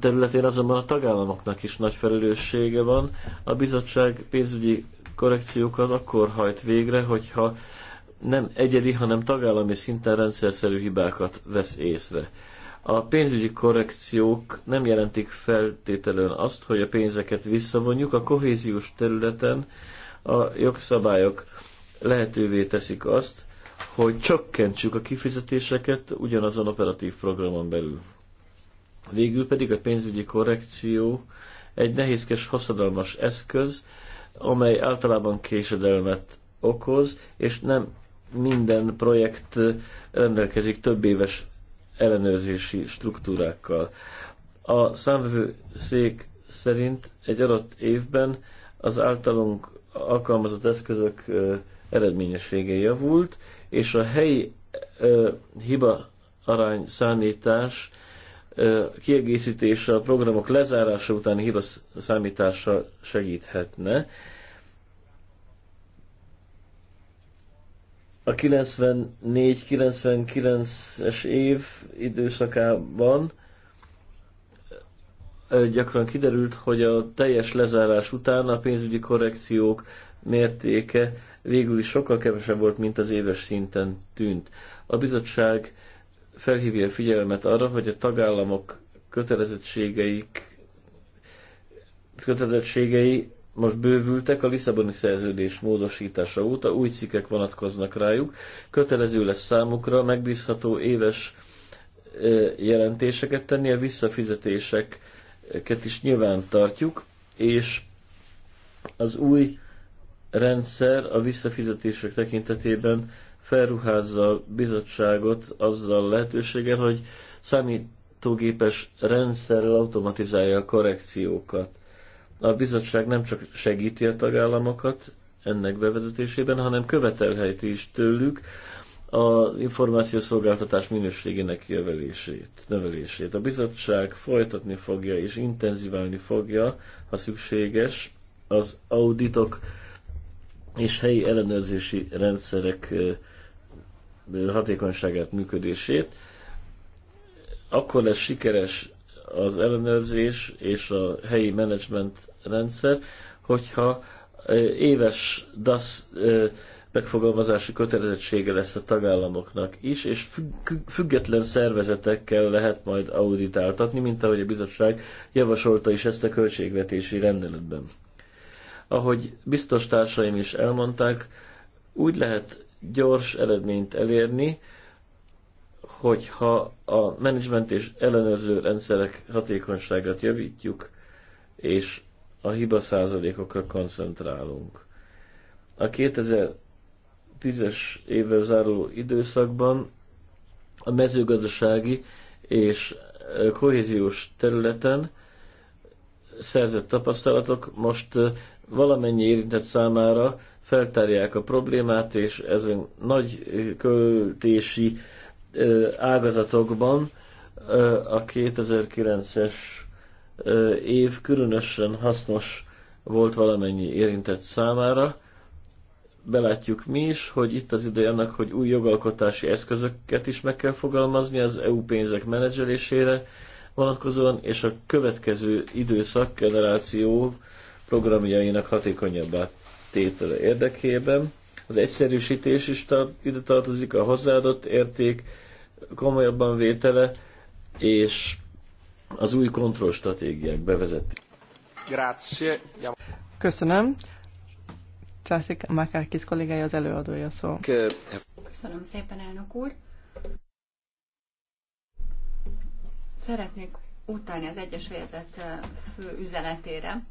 Területén azonban a tagállamoknak is nagy felelőssége van. A bizottság pénzügyi korrekciókat akkor hajt végre, hogyha nem egyedi, hanem tagállami szinten rendszerszerű hibákat vesz észre. A pénzügyi korrekciók nem jelentik feltételően azt, hogy a pénzeket visszavonjuk. A kohéziós területen a jogszabályok lehetővé teszik azt, hogy csökkentsük a kifizetéseket ugyanazon operatív programon belül. Végül pedig a pénzügyi korrekció egy nehézkes, hosszadalmas eszköz, amely általában késedelmet okoz, és nem minden projekt rendelkezik több éves ellenőrzési struktúrákkal. A számvevőszék szerint egy adott évben az általunk alkalmazott eszközök eredményessége javult, és a helyi hiba arány számítás kiegészítése a programok lezárása utáni hiba számítása segíthetne. a 94-99-es év időszakában gyakran kiderült, hogy a teljes lezárás után a pénzügyi korrekciók mértéke végül is sokkal kevesebb volt, mint az éves szinten tűnt. A bizottság felhívja a figyelmet arra, hogy a tagállamok kötelezettségeik kötelezettségei most bővültek a Lisszaboni szerződés módosítása óta, új cikkek vonatkoznak rájuk, kötelező lesz számukra megbízható éves jelentéseket tenni, a visszafizetéseket is nyilván tartjuk, és az új rendszer a visszafizetések tekintetében felruházza a bizottságot azzal lehetőséggel, hogy számítógépes rendszerrel automatizálja a korrekciókat a bizottság nem csak segíti a tagállamokat ennek bevezetésében, hanem követelheti is tőlük az információszolgáltatás minőségének jövelését, növelését. A bizottság folytatni fogja és intenzíválni fogja, ha szükséges, az auditok és helyi ellenőrzési rendszerek hatékonyságát, működését. Akkor lesz sikeres az ellenőrzés és a helyi menedzsment rendszer, hogyha éves DAS megfogalmazási kötelezettsége lesz a tagállamoknak is, és független szervezetekkel lehet majd auditáltatni, mint ahogy a bizottság javasolta is ezt a költségvetési rendeletben. Ahogy biztos társaim is elmondták, úgy lehet gyors eredményt elérni, hogyha a menedzsment és ellenőrző rendszerek hatékonyságát javítjuk, és a hiba százalékokra koncentrálunk. A 2010-es évvel záruló időszakban a mezőgazdasági és kohéziós területen szerzett tapasztalatok most valamennyi érintett számára feltárják a problémát, és ezen nagy költési ágazatokban a 2009-es év különösen hasznos volt valamennyi érintett számára. Belátjuk mi is, hogy itt az ideje annak, hogy új jogalkotási eszközöket is meg kell fogalmazni az EU pénzek menedzselésére vonatkozóan, és a következő időszak generáció programjainak hatékonyabbá tétele érdekében. Az egyszerűsítés is tar- ide tartozik, a hozzáadott érték komolyabban vétele, és az új kontrollstratégiák bevezetik. Grazie. Köszönöm. Császik Makárkis kollégája az előadója szó. Köszönöm szépen, elnök úr. Szeretnék utalni az egyes fejezet eh, fő üzenetére.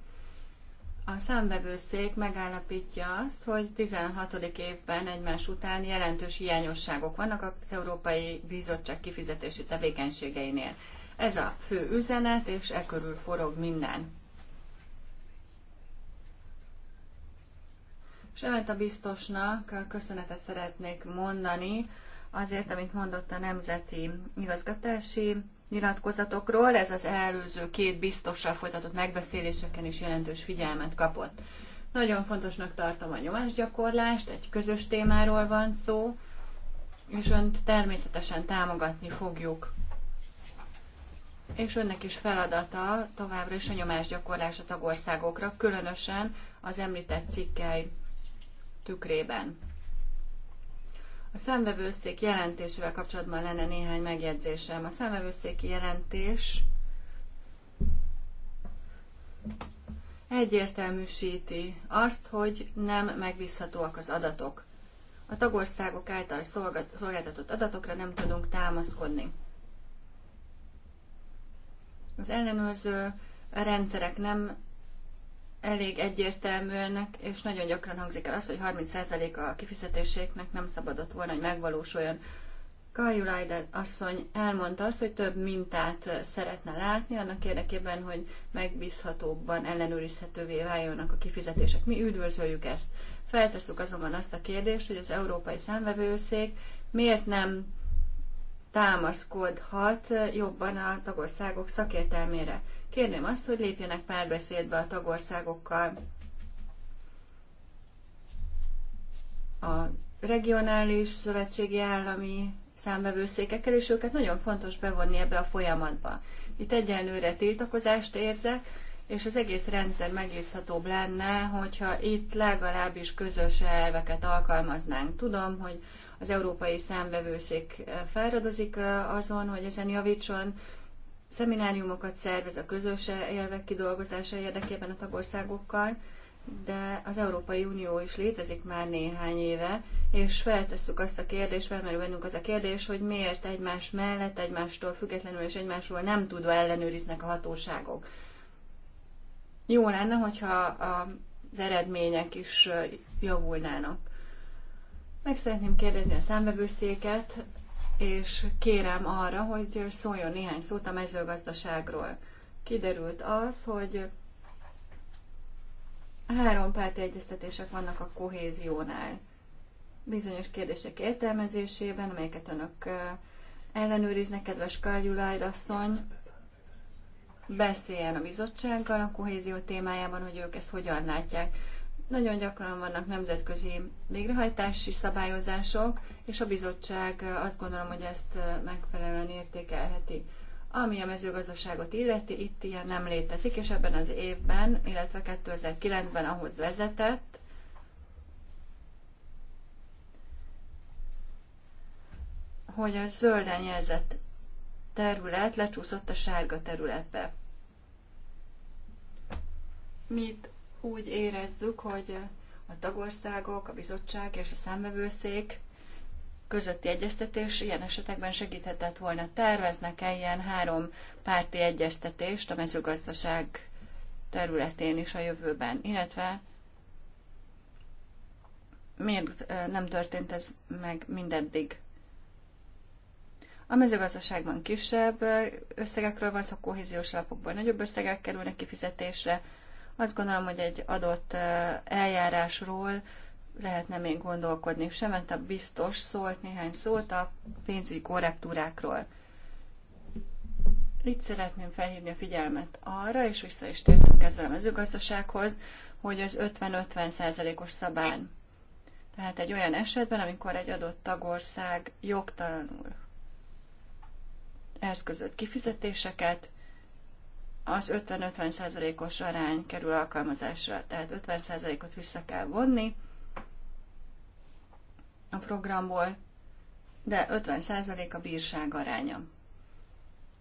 A számvevőszék megállapítja azt, hogy 16. évben egymás után jelentős hiányosságok vannak az Európai Bizottság kifizetési tevékenységeinél. Ez a fő üzenet, és e körül forog minden. a biztosnak köszönetet szeretnék mondani azért, amit mondott a Nemzeti Igazgatási nyilatkozatokról. Ez az előző két biztossal folytatott megbeszéléseken is jelentős figyelmet kapott. Nagyon fontosnak tartom a nyomásgyakorlást, egy közös témáról van szó, és önt természetesen támogatni fogjuk. És önnek is feladata továbbra is a nyomásgyakorlás a tagországokra, különösen az említett cikkei tükrében. A szemvevőszék jelentésével kapcsolatban lenne néhány megjegyzésem. A számvevőszéki jelentés egyértelműsíti azt, hogy nem megbízhatóak az adatok. A tagországok által szolgáltatott adatokra nem tudunk támaszkodni. Az ellenőrző rendszerek nem elég egyértelműenek, és nagyon gyakran hangzik el az, hogy 30% a kifizetéséknek nem szabadott volna, hogy megvalósuljon. Kajulajd asszony elmondta azt, hogy több mintát szeretne látni, annak érdekében, hogy megbízhatóbban ellenőrizhetővé váljanak a kifizetések. Mi üdvözöljük ezt. Feltesszük azonban azt a kérdést, hogy az Európai Számvevőszék miért nem támaszkodhat jobban a tagországok szakértelmére. Kérném azt, hogy lépjenek párbeszédbe a tagországokkal. A regionális szövetségi állami számbevőszékekkel, és őket nagyon fontos bevonni ebbe a folyamatba. Itt egyenlőre tiltakozást érzek, és az egész rendszer megbízhatóbb lenne, hogyha itt legalábbis közös elveket alkalmaznánk. Tudom, hogy az Európai Számvevőszék eh, fáradozik eh, azon, hogy ezen javítson, szemináriumokat szervez a közös elvek kidolgozása érdekében a tagországokkal, de az Európai Unió is létezik már néhány éve, és feltesszük azt a kérdést, felmerül bennünk az a kérdés, hogy miért egymás mellett, egymástól függetlenül és egymásról nem tudva ellenőriznek a hatóságok. Jó lenne, hogyha az eredmények is eh, javulnának. Meg szeretném kérdezni a számvevőszéket, és kérem arra, hogy szóljon néhány szót a mezőgazdaságról. Kiderült az, hogy három párti egyeztetések vannak a kohéziónál. Bizonyos kérdések értelmezésében, amelyeket önök ellenőriznek, kedves Kargyulájd asszony, beszéljen a bizottsággal a kohézió témájában, hogy ők ezt hogyan látják. Nagyon gyakran vannak nemzetközi végrehajtási szabályozások, és a bizottság azt gondolom, hogy ezt megfelelően értékelheti. Ami a mezőgazdaságot illeti, itt ilyen nem létezik, és ebben az évben, illetve 2009-ben ahhoz vezetett, hogy a zölden jelzett terület lecsúszott a sárga területbe. Mi úgy érezzük, hogy a tagországok, a bizottság és a számvevőszék közötti egyeztetés ilyen esetekben segíthetett volna. Terveznek-e ilyen három párti egyeztetést a mezőgazdaság területén is a jövőben, illetve miért nem történt ez meg mindeddig? A mezőgazdaságban kisebb összegekről van szó, kohéziós alapokból nagyobb összegek kerülnek kifizetésre, azt gondolom, hogy egy adott eljárásról lehetne még gondolkodni. Semet a biztos szólt néhány szót a pénzügyi korrektúrákról. Itt szeretném felhívni a figyelmet arra, és vissza is tértünk ezzel a mezőgazdasághoz, hogy az 50-50 százalékos -50 szabály. Tehát egy olyan esetben, amikor egy adott tagország jogtalanul eszközött kifizetéseket, az 50-50 százalékos -50 arány kerül alkalmazásra, tehát 50 százalékot vissza kell vonni a programból, de 50 százalék a bírság aránya.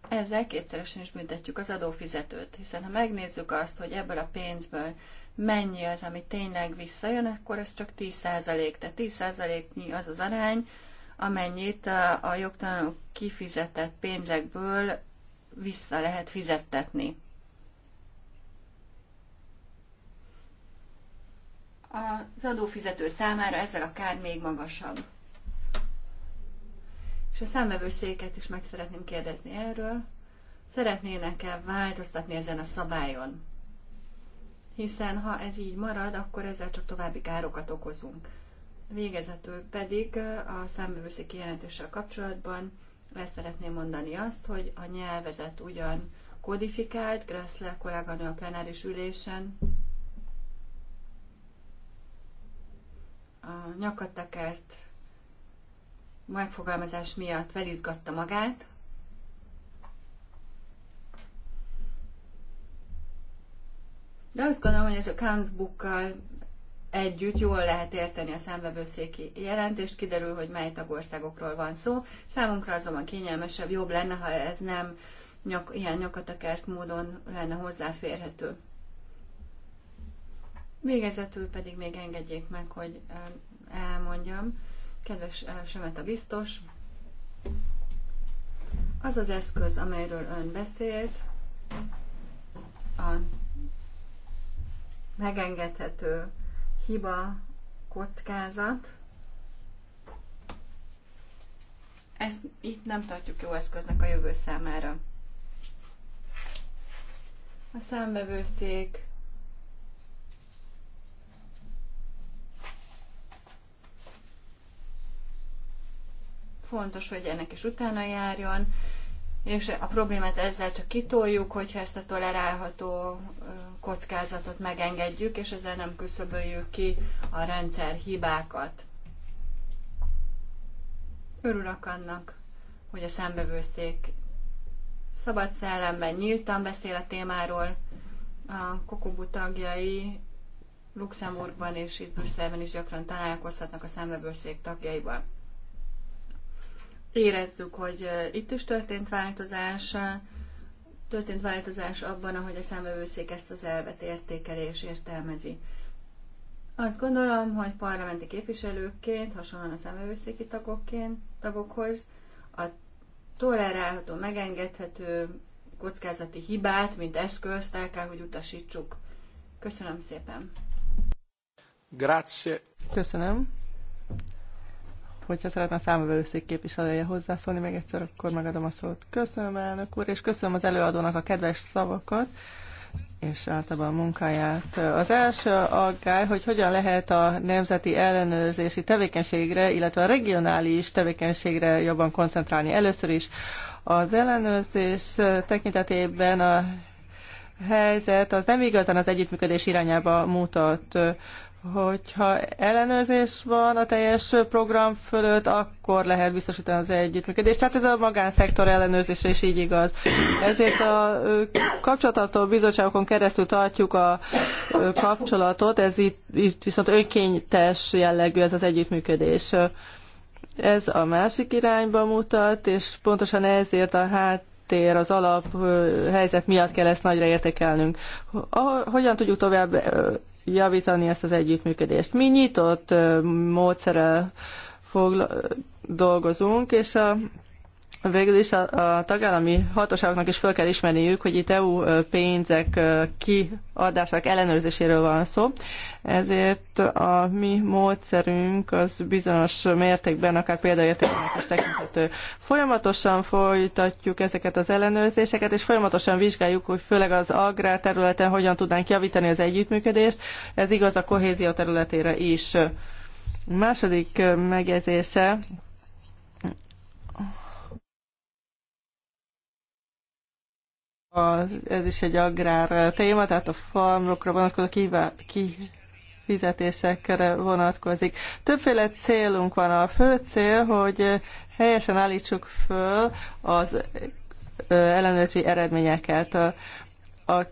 Ezzel kétszeresen is büntetjük az adófizetőt, hiszen ha megnézzük azt, hogy ebből a pénzből mennyi az, ami tényleg visszajön, akkor ez csak 10 százalék. Tehát 10 százaléknyi az az arány, amennyit a jogtalanul kifizetett pénzekből vissza lehet fizettetni. Az adófizető számára ezzel a kár még magasabb. És a számvevőszéket is meg szeretném kérdezni erről. Szeretnének-e változtatni ezen a szabályon? Hiszen ha ez így marad, akkor ezzel csak további károkat okozunk. Végezetül pedig a számvevőszéki jelentéssel kapcsolatban le szeretném mondani azt, hogy a nyelvezet ugyan kodifikált, Gressler kolléganő a plenáris ülésen a nyakatakert megfogalmazás miatt felizgatta magát, de azt gondolom, hogy ez a Counts book együtt jól lehet érteni a számvevőszéki jelentést, kiderül, hogy mely tagországokról van szó. Számunkra azonban kényelmesebb, jobb lenne, ha ez nem nyak, ilyen nyakatakert módon lenne hozzáférhető. Végezetül pedig még engedjék meg, hogy elmondjam, kedves a biztos, az az eszköz, amelyről ön beszélt, a megengedhető hiba kockázat. Ezt itt nem tartjuk jó eszköznek a jövő számára. A számbevőszék fontos, hogy ennek is utána járjon és a problémát ezzel csak kitoljuk, hogyha ezt a tolerálható kockázatot megengedjük, és ezzel nem küszöböljük ki a rendszer hibákat. Örülök annak, hogy a szembevőszék szabad szellemben nyíltan beszél a témáról. A Kokobu tagjai Luxemburgban és itt Brüsszelben is gyakran találkozhatnak a szembevőszék tagjaival érezzük, hogy itt is történt változás, történt változás abban, ahogy a számövőszék ezt az elvet értékeli és értelmezi. Azt gondolom, hogy parlamenti képviselőként, hasonlóan a számövőszéki tagokként, tagokhoz, a tolerálható, megengedhető kockázati hibát, mint eszközt el kell, hogy utasítsuk. Köszönöm szépen. Grazie. Köszönöm hogyha szeretne a számövőszék képviselője hozzászólni, még egyszer akkor megadom a szót. Köszönöm, elnök úr, és köszönöm az előadónak a kedves szavakat és általában a munkáját. Az első aggály, hogy hogyan lehet a nemzeti ellenőrzési tevékenységre, illetve a regionális tevékenységre jobban koncentrálni. Először is az ellenőrzés tekintetében a helyzet az nem igazán az együttműködés irányába mutat. Hogyha ellenőrzés van a teljes program fölött, akkor lehet biztosítani az együttműködést. Tehát ez a magánszektor ellenőrzése is így igaz. Ezért a kapcsolatartó bizottságokon keresztül tartjuk a kapcsolatot, ez itt, itt viszont önkénytes jellegű ez az együttműködés. Ez a másik irányba mutat, és pontosan ezért a hát háttér, az alap helyzet miatt kell ezt nagyra értékelnünk. Hogyan tudjuk tovább javítani ezt az együttműködést. Mi nyitott módszerrel dolgozunk, és a Végül is a, a tagállami hatóságoknak is fel kell ismerniük, hogy itt EU pénzek kiadásának ellenőrzéséről van szó, ezért a mi módszerünk az bizonyos mértékben akár példaértéknek is tekinthető. Folyamatosan folytatjuk ezeket az ellenőrzéseket, és folyamatosan vizsgáljuk, hogy főleg az agrár területen hogyan tudnánk javítani az együttműködést. Ez igaz a kohézió területére is. Második megjegyzése, A, ez is egy agrár téma, tehát a farmokra vonatkozó kivá, kifizetésekre vonatkozik. Többféle célunk van. A fő cél, hogy helyesen állítsuk föl az ellenőrzési eredményeket. A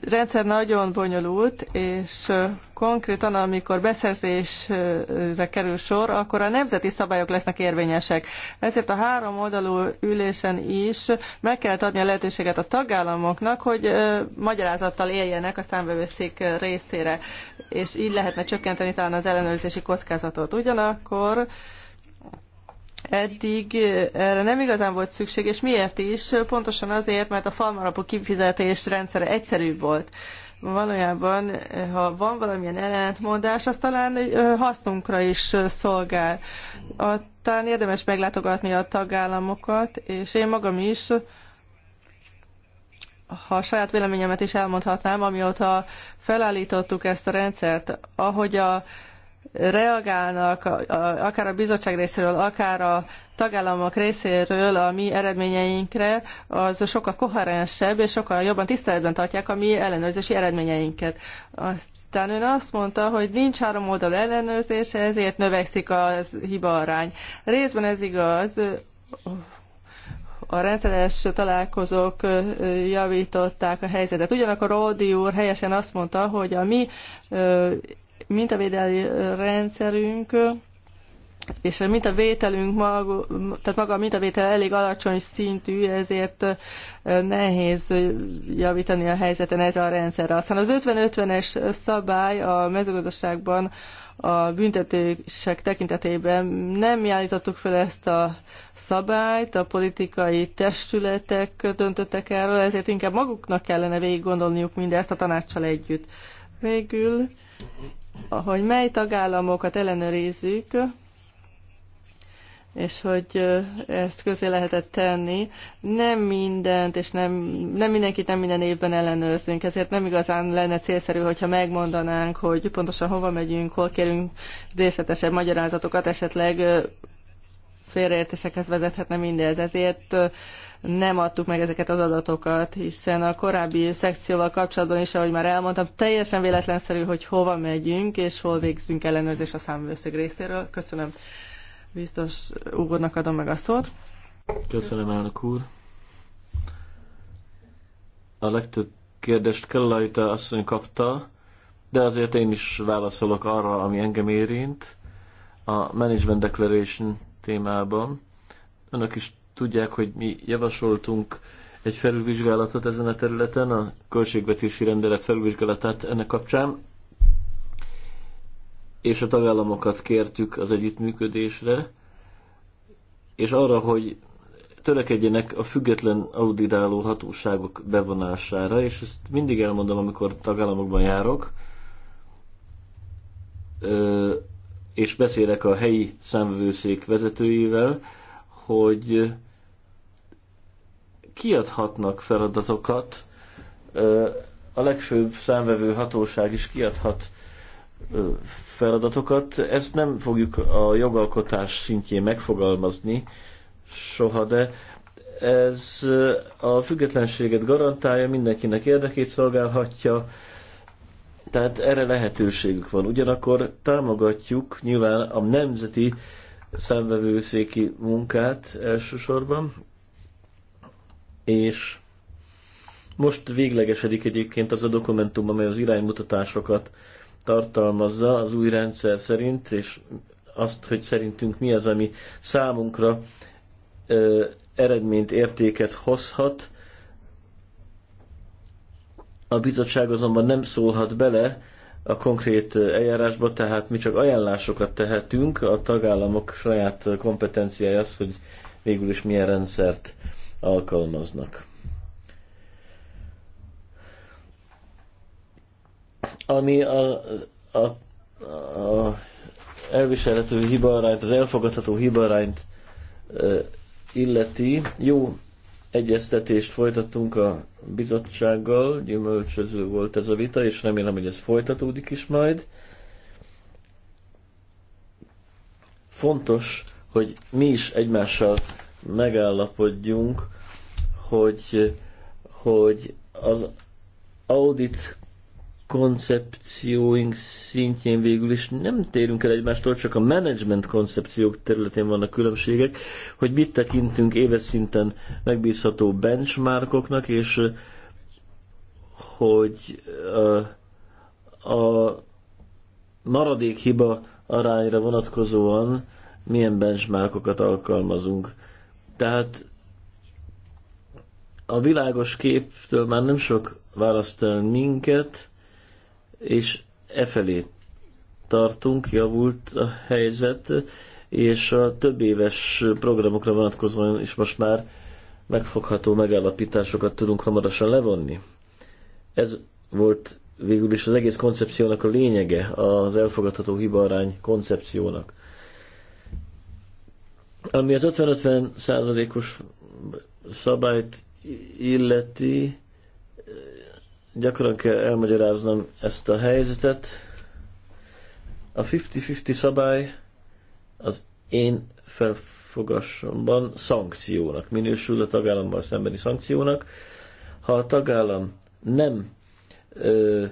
rendszer nagyon bonyolult, és konkrétan, amikor beszerzésre kerül sor, akkor a nemzeti szabályok lesznek érvényesek. Ezért a három oldalú ülésen is meg kell adni a lehetőséget a tagállamoknak, hogy magyarázattal éljenek a számvevőszék részére, és így lehetne csökkenteni talán az ellenőrzési kockázatot. Ugyanakkor eddig eh, erre nem igazán volt szükség, és miért is? Pontosan azért, mert a falmarapú kifizetés rendszere egyszerűbb volt. Valójában, eh, ha van valamilyen ellentmondás, az talán eh, hasznunkra is szolgál. A, talán érdemes meglátogatni a tagállamokat, és én magam is, ha a saját véleményemet is elmondhatnám, amióta felállítottuk ezt a rendszert, ahogy a reagálnak, akár a bizottság részéről, akár a tagállamok részéről a mi eredményeinkre, az sokkal koherensebb és sokkal jobban tiszteletben tartják a mi ellenőrzési eredményeinket. Aztán ön azt mondta, hogy nincs három oldal ellenőrzése, ezért növekszik a hiba arány. Részben ez igaz, a rendszeres találkozók javították a helyzetet. Ugyanakkor Ródi úr helyesen azt mondta, hogy a mi mintavédelmi rendszerünk és a mintavételünk, maga, tehát maga a mintavétel elég alacsony szintű, ezért nehéz javítani a helyzeten ez a rendszer. Aztán az 50-50-es szabály a mezőgazdaságban a büntetések tekintetében nem állítottuk fel ezt a szabályt, a politikai testületek döntöttek erről, ezért inkább maguknak kellene végig gondolniuk mindezt a tanácssal együtt. Végül hogy mely tagállamokat ellenőrizzük, és hogy ezt közé lehetett tenni. Nem mindent, és nem, nem mindenkit nem minden évben ellenőrzünk, ezért nem igazán lenne célszerű, hogyha megmondanánk, hogy pontosan hova megyünk, hol kérünk részletesebb magyarázatokat, esetleg félreértésekhez vezethetne mindez. Ezért nem adtuk meg ezeket az adatokat, hiszen a korábbi szekcióval kapcsolatban is, ahogy már elmondtam, teljesen véletlenszerű, hogy hova megyünk és hol végzünk ellenőrzés a számvőszög részéről. Köszönöm. Biztos úrnak adom meg a szót. Köszönöm, elnök úr. A legtöbb kérdést Kellajta asszony kapta, de azért én is válaszolok arra, ami engem érint. A Management Declaration témában önök is tudják, hogy mi javasoltunk egy felülvizsgálatot ezen a területen, a költségvetési rendelet felülvizsgálatát ennek kapcsán, és a tagállamokat kértük az együttműködésre, és arra, hogy törekedjenek a független auditáló hatóságok bevonására, és ezt mindig elmondom, amikor tagállamokban járok, és beszélek a helyi számvőszék vezetőivel, hogy kiadhatnak feladatokat, a legfőbb számvevő hatóság is kiadhat feladatokat. Ezt nem fogjuk a jogalkotás szintjén megfogalmazni soha, de ez a függetlenséget garantálja, mindenkinek érdekét szolgálhatja, tehát erre lehetőségük van. Ugyanakkor támogatjuk nyilván a nemzeti számvevőszéki munkát elsősorban, és most véglegesedik egyébként az a dokumentum, amely az iránymutatásokat tartalmazza az új rendszer szerint, és azt, hogy szerintünk mi az, ami számunkra ö, eredményt, értéket hozhat. A bizottság azonban nem szólhat bele a konkrét eljárásba, tehát mi csak ajánlásokat tehetünk, a tagállamok saját kompetenciája az, hogy végül is milyen rendszert alkalmaznak. Ami a, a, a elviselhető hibarányt, az elfogadható hibarányt illeti, jó egyeztetést folytattunk a bizottsággal, gyümölcsöző volt ez a vita, és remélem, hogy ez folytatódik is majd. Fontos, hogy mi is egymással megállapodjunk, hogy, hogy az audit koncepcióink szintjén végül is nem térünk el egymástól, csak a management koncepciók területén vannak különbségek, hogy mit tekintünk éves szinten megbízható benchmarkoknak, és hogy a, maradék hiba arányra vonatkozóan milyen benchmarkokat alkalmazunk. Tehát a világos képtől már nem sok választ el minket, és e felé tartunk, javult a helyzet, és a több éves programokra vonatkozóan is most már megfogható megállapításokat tudunk hamarosan levonni. Ez volt végül is az egész koncepciónak a lényege, az elfogadható hibarány koncepciónak. Ami az 50-50 százalékos -50 szabályt illeti, gyakran kell elmagyaráznom ezt a helyzetet. A 50-50 szabály az én felfogásomban szankciónak minősül a tagállammal szembeni szankciónak. Ha a tagállam nem ö,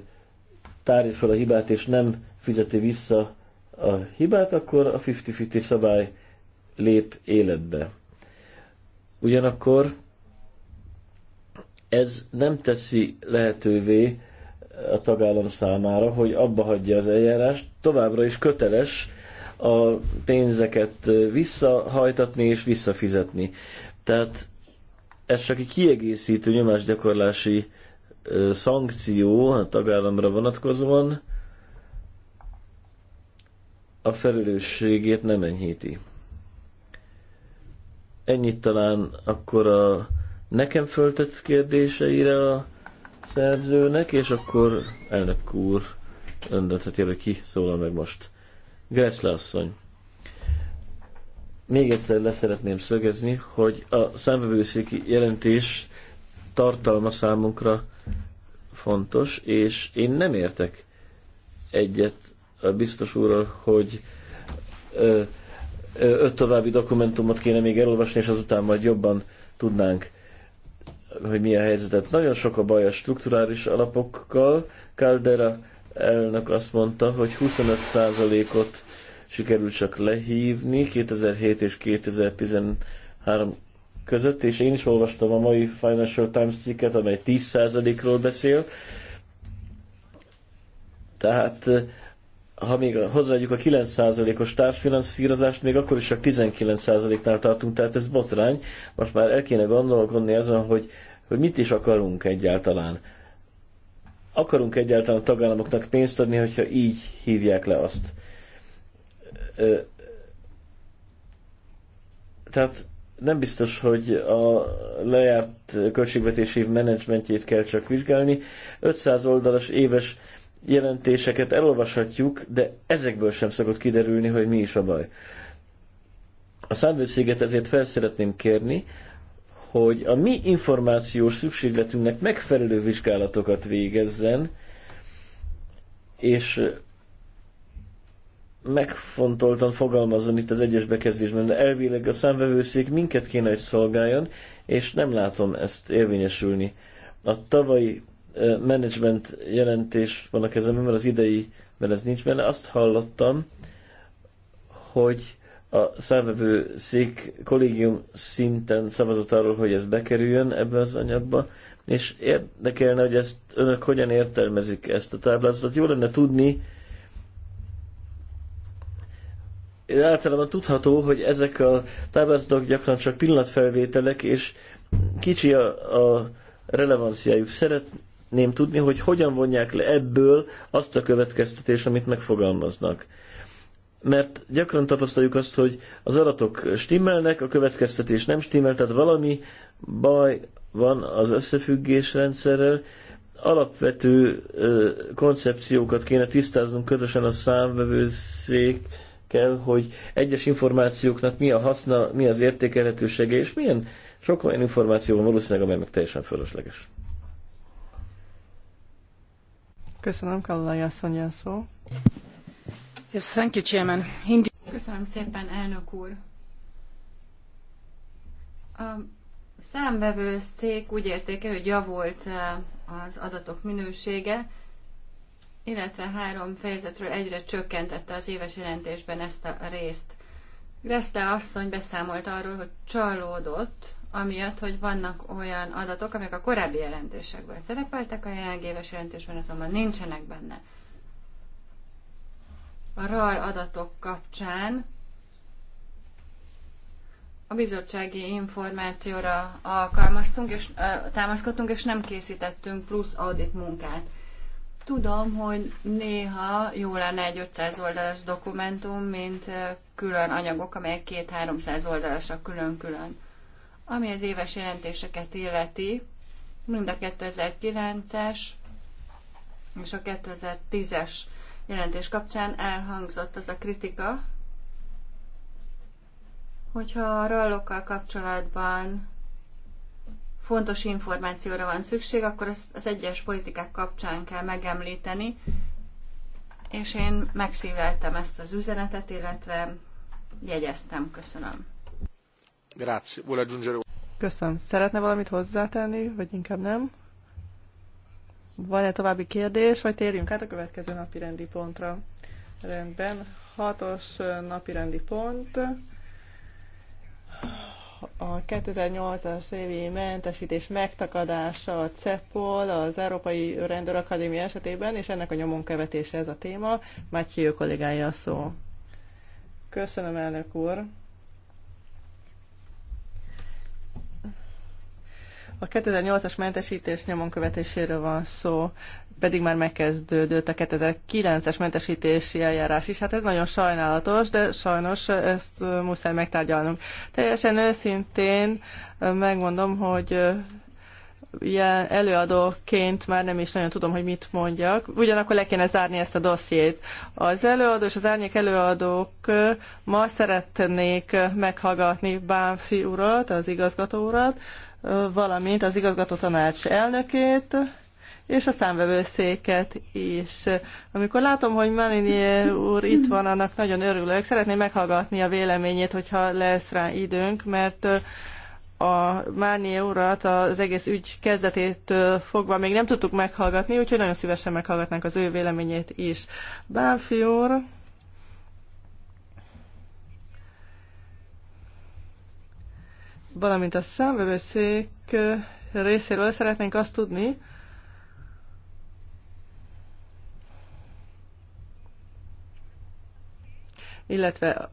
tárja fel a hibát és nem fizeti vissza a hibát, akkor a 50-50 szabály lép életbe. Ugyanakkor ez nem teszi lehetővé a tagállam számára, hogy abba hagyja az eljárást, továbbra is köteles a pénzeket visszahajtatni és visszafizetni. Tehát ez csak egy kiegészítő nyomásgyakorlási szankció a tagállamra vonatkozóan a felelősségét nem enyhíti. Ennyit talán akkor a nekem föltett kérdéseire a szerzőnek, és akkor elnök úr öndetet hogy ki szólal meg most. Gressle asszony. Még egyszer leszeretném szögezni, hogy a számvevőszéki jelentés tartalma számunkra fontos, és én nem értek egyet a biztos úrral, hogy öt további dokumentumot kéne még elolvasni, és azután majd jobban tudnánk hogy mi a helyzetet. Nagyon sok a baj a strukturális alapokkal. Caldera elnök azt mondta, hogy 25%-ot sikerült csak lehívni 2007 és 2013 között, és én is olvastam a mai Financial Times cikket, amely 10%-ról beszél. Tehát ha még hozzáadjuk a 9%-os társfinanszírozást, még akkor is csak 19%-nál tartunk, tehát ez botrány. Most már el kéne gondolkodni azon, hogy hogy mit is akarunk egyáltalán. Akarunk egyáltalán a tagállamoknak pénzt adni, hogyha így hívják le azt. Tehát nem biztos, hogy a lejárt költségvetési menedzsmentjét kell csak vizsgálni. 500 oldalas éves jelentéseket elolvashatjuk, de ezekből sem szokott kiderülni, hogy mi is a baj. A Szándvőszéget ezért fel szeretném kérni, hogy a mi információs szükségletünknek megfelelő vizsgálatokat végezzen, és megfontoltan fogalmazon itt az egyes bekezdésben, de elvileg a számvevőszék minket kéne, hogy szolgáljon, és nem látom ezt érvényesülni. A tavalyi management jelentés van a kezemben, mert az idei, mert ez nincs benne, azt hallottam, hogy a számvevő szék kollégium szinten szavazott arról, hogy ez bekerüljön ebbe az anyagba, és érdekelne, hogy ezt önök hogyan értelmezik ezt a táblázatot. Jó lenne tudni, általában tudható, hogy ezek a táblázatok gyakran csak pillanatfelvételek, és kicsi a, a relevanciájuk. Szeretném tudni, hogy hogyan vonják le ebből azt a következtetést, amit megfogalmaznak mert gyakran tapasztaljuk azt, hogy az adatok stimmelnek, a következtetés nem stimmel, tehát valami baj van az összefüggésrendszerrel. Alapvető koncepciókat kéne tisztáznunk közösen a számvevőszék kell, hogy egyes információknak mi a haszna, mi az értékelhetősége, és milyen sok olyan információ van valószínűleg, amely meg teljesen fölösleges. Köszönöm, Kallai asszony szó. Köszönöm szépen, elnök úr. A számvevő szék úgy értéke, hogy javult eh, az adatok minősége, illetve három fejezetről egyre csökkentette az éves jelentésben ezt a részt. Greszle asszony beszámolt arról, hogy csalódott, amiatt, hogy vannak olyan adatok, amelyek a korábbi jelentésekben szerepeltek, a jelenleg éves jelentésben azonban nincsenek benne a RAL adatok kapcsán a bizottsági információra alkalmaztunk és támaszkodtunk, és nem készítettünk plusz audit munkát. Tudom, hogy néha jó lenne egy 500 oldalas dokumentum, mint külön anyagok, amelyek 2-300 oldalasak külön-külön. Ami az éves jelentéseket illeti, mind a 2009-es és a 2010-es jelentés kapcsán elhangzott az a kritika, hogyha a rallokkal kapcsolatban fontos információra van szükség, akkor ezt az egyes politikák kapcsán kell megemlíteni, és én megszíveltem ezt az üzenetet, illetve jegyeztem. Köszönöm. Grazie. Köszönöm. Szeretne valamit hozzátenni, vagy inkább nem? Van-e további kérdés, vagy térjünk át a következő napi rendi pontra? Rendben, hatos napi rendi pont. A 2008-as évi mentesítés megtakadása a CEPOL, az Európai Rendőrakadémia esetében, és ennek a nyomon követése ez a téma. Mátyi kollégája a szó. Köszönöm, elnök úr! A 2008-as mentesítés nyomon követéséről van szó, pedig már megkezdődött a 2009-es mentesítési eljárás is. Hát ez nagyon sajnálatos, de sajnos ezt muszáj megtárgyalnunk. Teljesen őszintén megmondom, hogy ilyen előadóként már nem is nagyon tudom, hogy mit mondjak. Ugyanakkor le kéne zárni ezt a dossziét. Az előadó és az árnyék előadók ma szeretnék meghallgatni Bánfi urat, az igazgató urat, valamint az igazgató tanács elnökét, és a számvevőszéket is. Amikor látom, hogy Malini úr itt van, annak nagyon örülök. Szeretném meghallgatni a véleményét, hogyha lesz rá időnk, mert a Márnyi urat az egész ügy kezdetétől fogva még nem tudtuk meghallgatni, úgyhogy nagyon szívesen meghallgatnánk az ő véleményét is. Bánfi úr, valamint a számvevőszék részéről szeretnénk azt tudni, illetve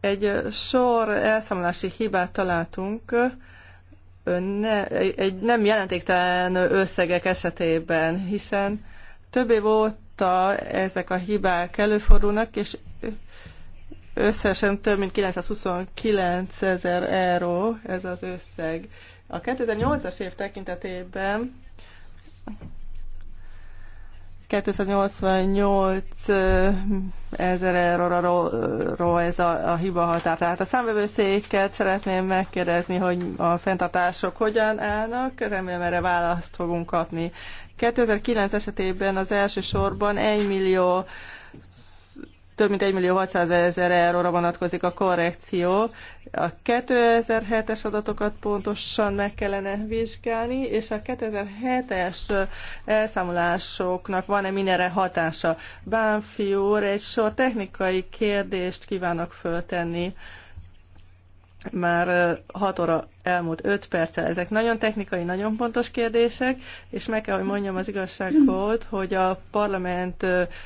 egy sor elszámolási hibát találtunk ne, egy nem jelentéktelen összegek esetében, hiszen több év óta ezek a hibák előfordulnak, és összesen több mint 929 ezer euró ez az összeg. A 2008-as év tekintetében 288 ezer euróra ez a, a hiba határ. Tehát a számvevőszéket szeretném megkérdezni, hogy a fenntartások hogyan állnak, remélem erre választ fogunk kapni. 2009 esetében az első sorban 1 millió több mint 1 millió 600 ezer euróra vonatkozik a korrekció. A 2007-es adatokat pontosan meg kellene vizsgálni, és a 2007-es elszámolásoknak van-e mindenre hatása. Bánfi úr, egy sor technikai kérdést kívánok föltenni már 6 óra elmúlt 5 perccel. Ezek nagyon technikai, nagyon pontos kérdések, és meg kell, hogy mondjam az igazságot, hogy a parlament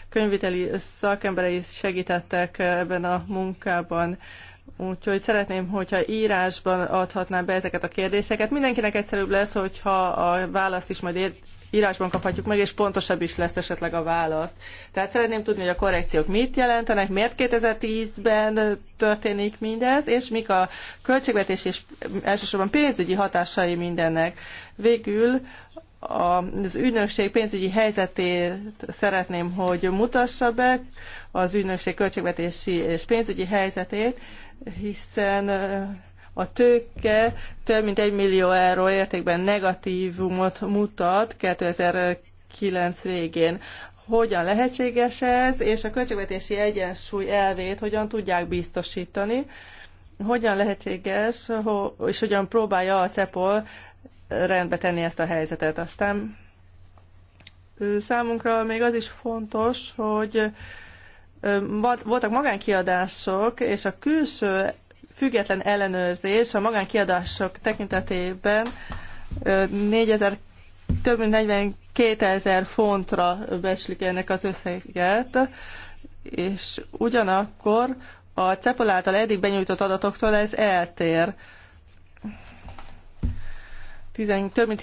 könyviteli szakemberei segítettek ebben a munkában. Úgyhogy szeretném, hogyha írásban adhatnám be ezeket a kérdéseket. Mindenkinek egyszerűbb lesz, hogyha a választ is majd írásban kaphatjuk meg, és pontosabb is lesz esetleg a válasz. Tehát szeretném tudni, hogy a korrekciók mit jelentenek, miért 2010-ben történik mindez, és mik a költségvetés és elsősorban pénzügyi hatásai mindennek. Végül az ügynökség pénzügyi helyzetét szeretném, hogy mutassa be, az ügynökség költségvetési és pénzügyi helyzetét, hiszen a tőke több mint 1 millió euró értékben negatívumot mutat 2009 végén. Hogyan lehetséges ez, és a költségvetési egyensúly elvét hogyan tudják biztosítani? Hogyan lehetséges, és hogyan próbálja a CEPOL rendbe tenni ezt a helyzetet? Aztán számunkra még az is fontos, hogy voltak magánkiadások, és a külső független ellenőrzés a magánkiadások tekintetében 4000 több mint 42 ezer fontra beslik ennek az összeget, és ugyanakkor a CEPOL által eddig benyújtott adatoktól ez eltér. 10, több mint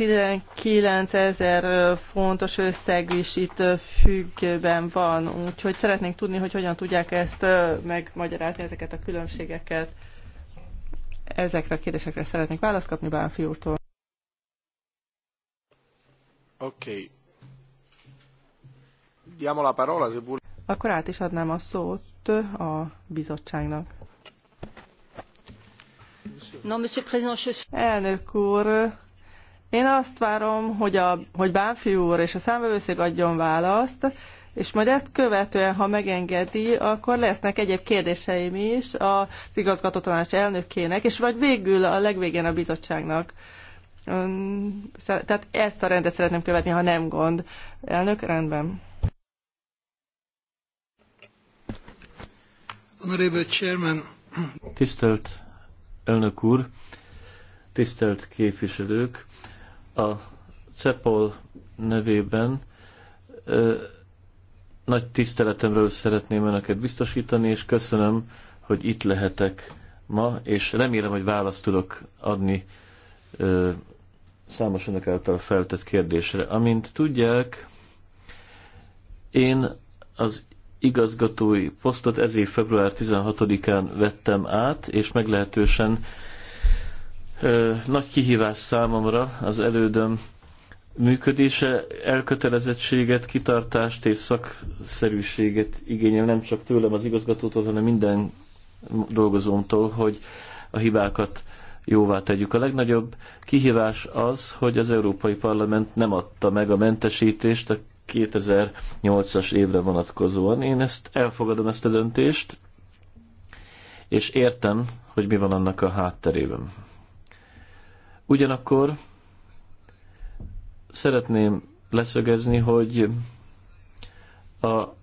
19 ezer fontos összeg is itt függőben van, úgyhogy szeretnénk tudni, hogy hogyan tudják ezt megmagyarázni, ezeket a különbségeket. Ezekre a kérdésekre szeretnék választ kapni Bánfi úrtól. Oké. Okay. Diamo la parola, Akkor át is adnám a szót a bizottságnak. Non, monsieur président, Elnök úr, én azt várom, hogy, a, hogy Bánfi úr és a számvevőszék adjon választ, és majd ezt követően, ha megengedi, akkor lesznek egyéb kérdéseim is az igazgatótanács elnökének, és vagy végül a legvégén a bizottságnak. Tehát ezt a rendet szeretném követni, ha nem gond. Elnök, rendben. Honorable Chairman. Tisztelt elnök úr, tisztelt képviselők, a CEPOL nevében nagy tiszteletemről szeretném Önöket biztosítani, és köszönöm, hogy itt lehetek ma, és remélem, hogy választ tudok adni ö, számos Önök által feltett kérdésre. Amint tudják, én az igazgatói posztot ez év február 16-án vettem át, és meglehetősen ö, nagy kihívás számomra az elődöm működése elkötelezettséget, kitartást és szakszerűséget igényel nem csak tőlem az igazgatótól, hanem minden dolgozómtól, hogy a hibákat jóvá tegyük. A legnagyobb kihívás az, hogy az Európai Parlament nem adta meg a mentesítést a 2008-as évre vonatkozóan. Én ezt elfogadom, ezt a döntést, és értem, hogy mi van annak a hátterében. Ugyanakkor szeretném leszögezni, hogy a, a,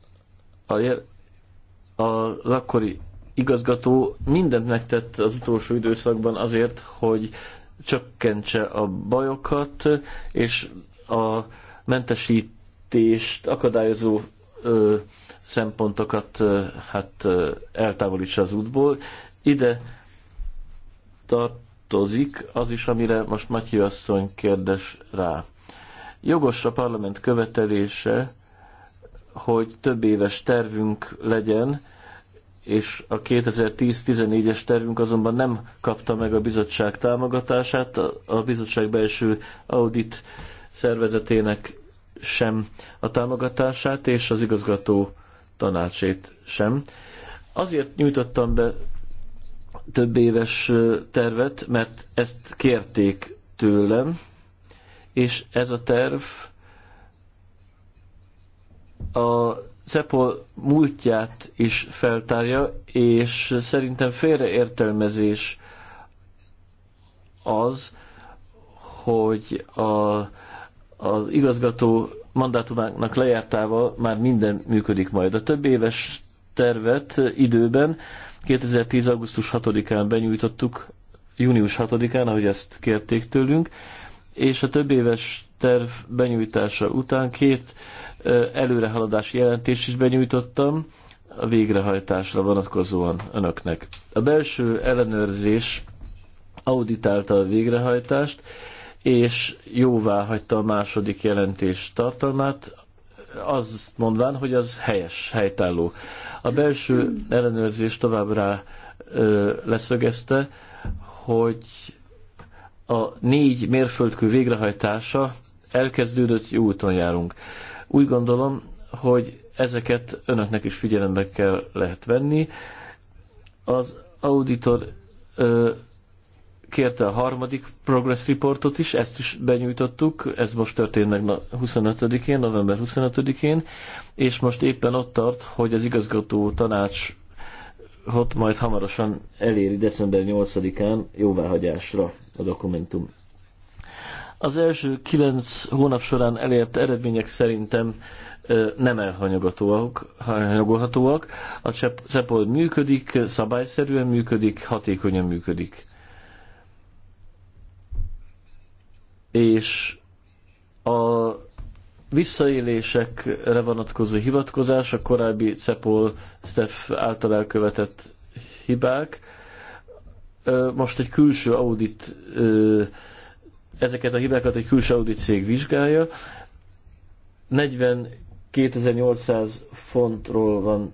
a, az akkori igazgató mindent megtett az utolsó időszakban azért, hogy csökkentse a bajokat, és a mentesítést akadályozó ö, szempontokat ö, hát ö, eltávolítsa az útból. Ide tartozik az is, amire most Matyi asszony kérdes rá. Jogos a parlament követelése, hogy több éves tervünk legyen, és a 2010-14-es tervünk azonban nem kapta meg a bizottság támogatását, a bizottság belső audit szervezetének sem a támogatását, és az igazgató tanácsét sem. Azért nyújtottam be több éves tervet, mert ezt kérték tőlem, és ez a terv a CEPOL múltját is feltárja, és szerintem félreértelmezés az, hogy a, az igazgató mandátumának lejártával már minden működik majd. A több éves tervet időben 2010. augusztus 6-án benyújtottuk, június 6-án, ahogy ezt kérték tőlünk, és a több éves terv benyújtása után két előrehaladási jelentést is benyújtottam a végrehajtásra vonatkozóan önöknek. A belső ellenőrzés auditálta a végrehajtást, és jóvá hagyta a második jelentés tartalmát, az mondván, hogy az helyes, helytálló. A belső ellenőrzés továbbra leszögezte, hogy a négy mérföldkő végrehajtása elkezdődött, jó úton járunk. Úgy gondolom, hogy ezeket önöknek is figyelembe kell lehet venni. Az auditor ö, kérte a harmadik progress reportot is, ezt is benyújtottuk, ez most történt meg 25-én, november 25-én, és most éppen ott tart, hogy az igazgató tanács ott majd hamarosan eléri december 8-án jóváhagyásra a dokumentum. Az első kilenc hónap során elért eredmények szerintem nem elhanyagolhatóak. A CEPOL működik, szabályszerűen működik, hatékonyan működik. És a visszaélésekre vonatkozó hivatkozás, a korábbi CEPOL STEF által elkövetett hibák. Most egy külső audit, ezeket a hibákat egy külső audit cég vizsgálja. 42.800 fontról van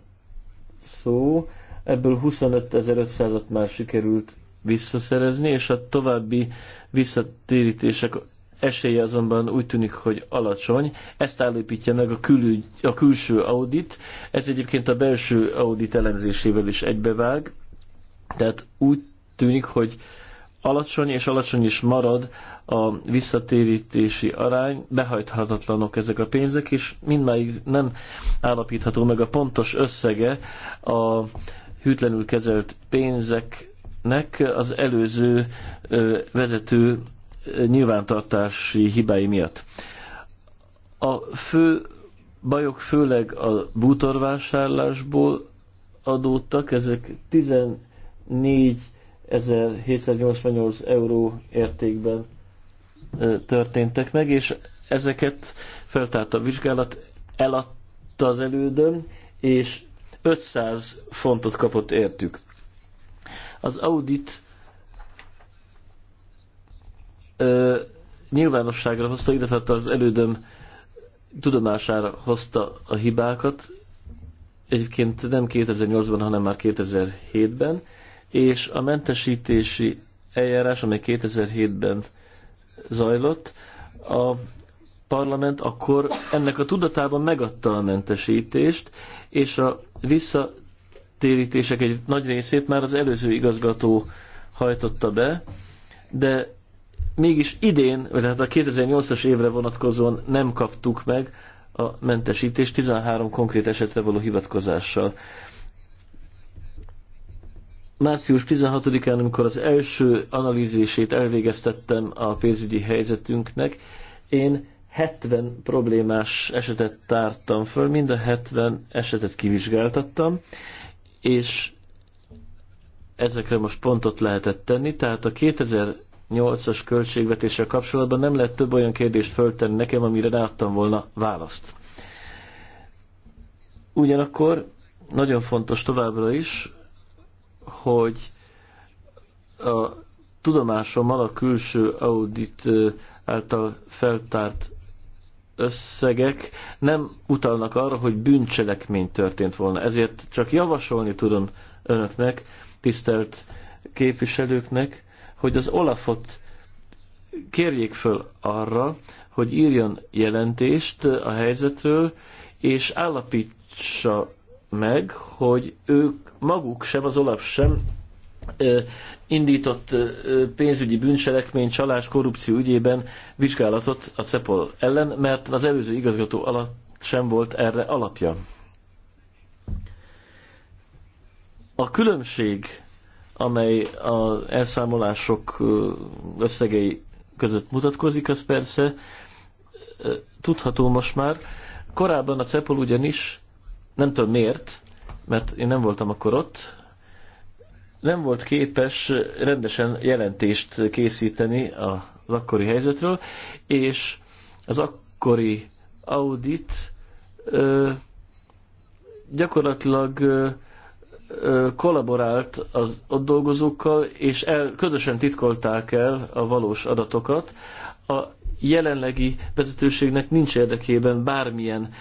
szó, ebből 25.500-at már sikerült visszaszerezni, és a további visszatérítések esélye azonban úgy tűnik, hogy alacsony. Ezt állapítja meg a, külügy, a külső audit. Ez egyébként a belső audit elemzésével is egybevág. Tehát úgy tűnik, hogy alacsony és alacsony is marad a visszatérítési arány, behajthatatlanok ezek a pénzek, és mindmáig nem állapítható meg a pontos összege a hűtlenül kezelt pénzeknek az előző vezető nyilvántartási hibái miatt. A fő bajok főleg a bútorvásárlásból adódtak, ezek 14.788 euró értékben történtek meg, és ezeket feltárt a vizsgálat, eladta az elődöm, és 500 fontot kapott értük. Az audit ö, nyilvánosságra hozta, illetve hát az elődöm tudomására hozta a hibákat, egyébként nem 2008-ban, hanem már 2007-ben, és a mentesítési eljárás, amely 2007-ben zajlott, a parlament akkor ennek a tudatában megadta a mentesítést, és a visszatérítések egy nagy részét már az előző igazgató hajtotta be, de mégis idén, vagy hát a 2008-as évre vonatkozóan nem kaptuk meg a mentesítést 13 konkrét esetre való hivatkozással. Március 16-án, amikor az első analízisét elvégeztettem a pénzügyi helyzetünknek, én 70 problémás esetet tártam föl, mind a 70 esetet kivizsgáltattam, és ezekre most pontot lehetett tenni, tehát a 2000 8 as költségvetéssel kapcsolatban nem lehet több olyan kérdést föltenni nekem, amire ráadtam volna választ. Ugyanakkor nagyon fontos továbbra is, hogy a tudomásom a külső audit által feltárt összegek nem utalnak arra, hogy bűncselekmény történt volna. Ezért csak javasolni tudom önöknek, tisztelt képviselőknek, hogy az Olafot kérjék föl arra, hogy írjon jelentést a helyzetről, és állapítsa meg, hogy ők maguk sem, az Olaf sem indított pénzügyi bűncselekmény, csalás, korrupció ügyében vizsgálatot a CEPOL ellen, mert az előző igazgató alatt sem volt erre alapja. A különbség amely az elszámolások összegei között mutatkozik, az persze tudható most már. Korábban a CEPOL ugyanis, nem tudom miért, mert én nem voltam akkor ott, nem volt képes rendesen jelentést készíteni az akkori helyzetről, és az akkori audit ö, gyakorlatilag ö, kollaborált az ott dolgozókkal, és el, közösen titkolták el a valós adatokat. A jelenlegi vezetőségnek nincs érdekében bármilyen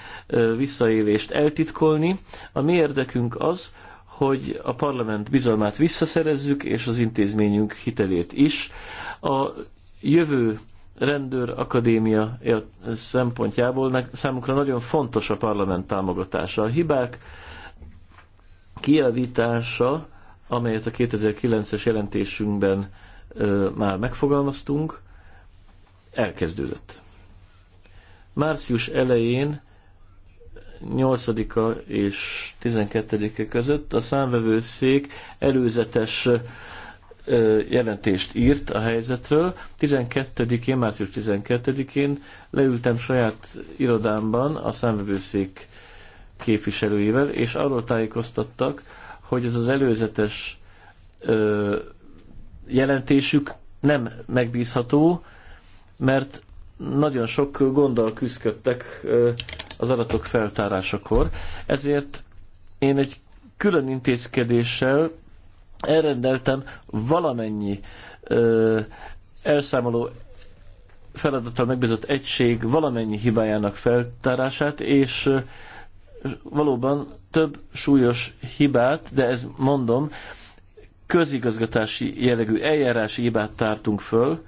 visszaélést eltitkolni. A mi érdekünk az, hogy a parlament bizalmát visszaszerezzük, és az intézményünk hitelét is. A jövő rendőr akadémia szempontjából számunkra nagyon fontos a parlament támogatása. A hibák kiavítása, amelyet a 2009-es jelentésünkben ö, már megfogalmaztunk, elkezdődött. Március elején 8-a és 12-e között a számvevőszék előzetes jelentést írt a helyzetről. 12-én, március 12-én leültem saját irodámban a számvevőszék képviselőivel, és arról tájékoztattak, hogy ez az előzetes ö, jelentésük nem megbízható, mert nagyon sok gonddal küzdködtek ö, az adatok feltárásakor. Ezért én egy külön intézkedéssel elrendeltem valamennyi ö, elszámoló feladattal megbízott egység valamennyi hibájának feltárását, és valóban több súlyos hibát, de ez mondom, közigazgatási jellegű eljárási hibát tártunk föl.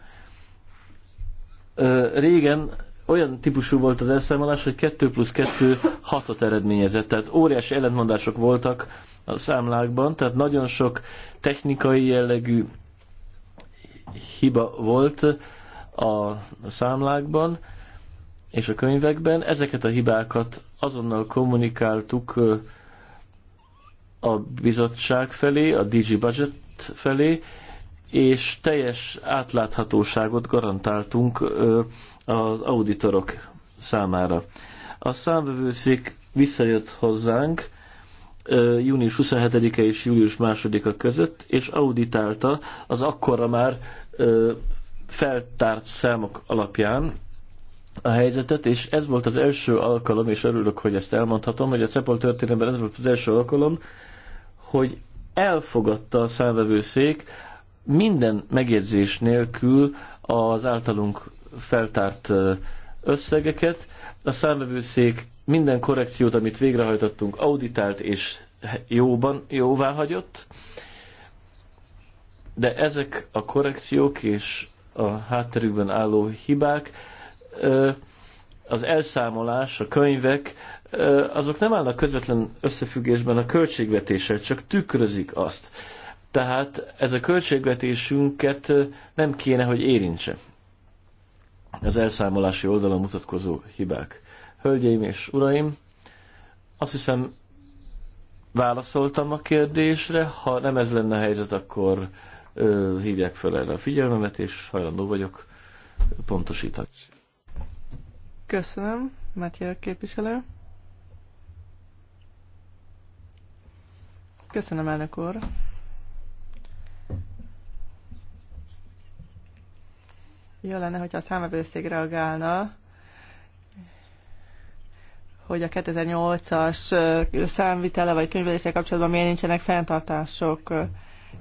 Régen olyan típusú volt az elszámolás, hogy 2 plusz 2 hatot eredményezett. Tehát óriási ellentmondások voltak a számlákban, tehát nagyon sok technikai jellegű hiba volt a számlákban és a könyvekben. Ezeket a hibákat azonnal kommunikáltuk a bizottság felé, a DG Budget felé, és teljes átláthatóságot garantáltunk az auditorok számára. A számvevőszék visszajött hozzánk június 27-e és július 2-a között, és auditálta az akkora már feltárt számok alapján a helyzetet, és ez volt az első alkalom, és örülök, hogy ezt elmondhatom, hogy a CEPOL történetben ez volt az első alkalom, hogy elfogadta a számvevőszék minden megjegyzés nélkül az általunk feltárt összegeket. A számvevőszék minden korrekciót, amit végrehajtottunk, auditált és jóban, jóvá hagyott, de ezek a korrekciók és a hátterükben álló hibák az elszámolás, a könyvek, azok nem állnak közvetlen összefüggésben a költségvetéssel, csak tükrözik azt. Tehát ez a költségvetésünket nem kéne, hogy érintse. Az elszámolási oldalon mutatkozó hibák. Hölgyeim és uraim, azt hiszem válaszoltam a kérdésre, ha nem ez lenne a helyzet, akkor ö, hívják fel erre a figyelmemet, és hajlandó vagyok pontosítani. Köszönöm, Mátyá képviselő. Köszönöm, elnök úr. Jó lenne, hogyha a számvevőszék reagálna, hogy a 2008-as számvitele vagy könyveléssel kapcsolatban miért nincsenek fenntartások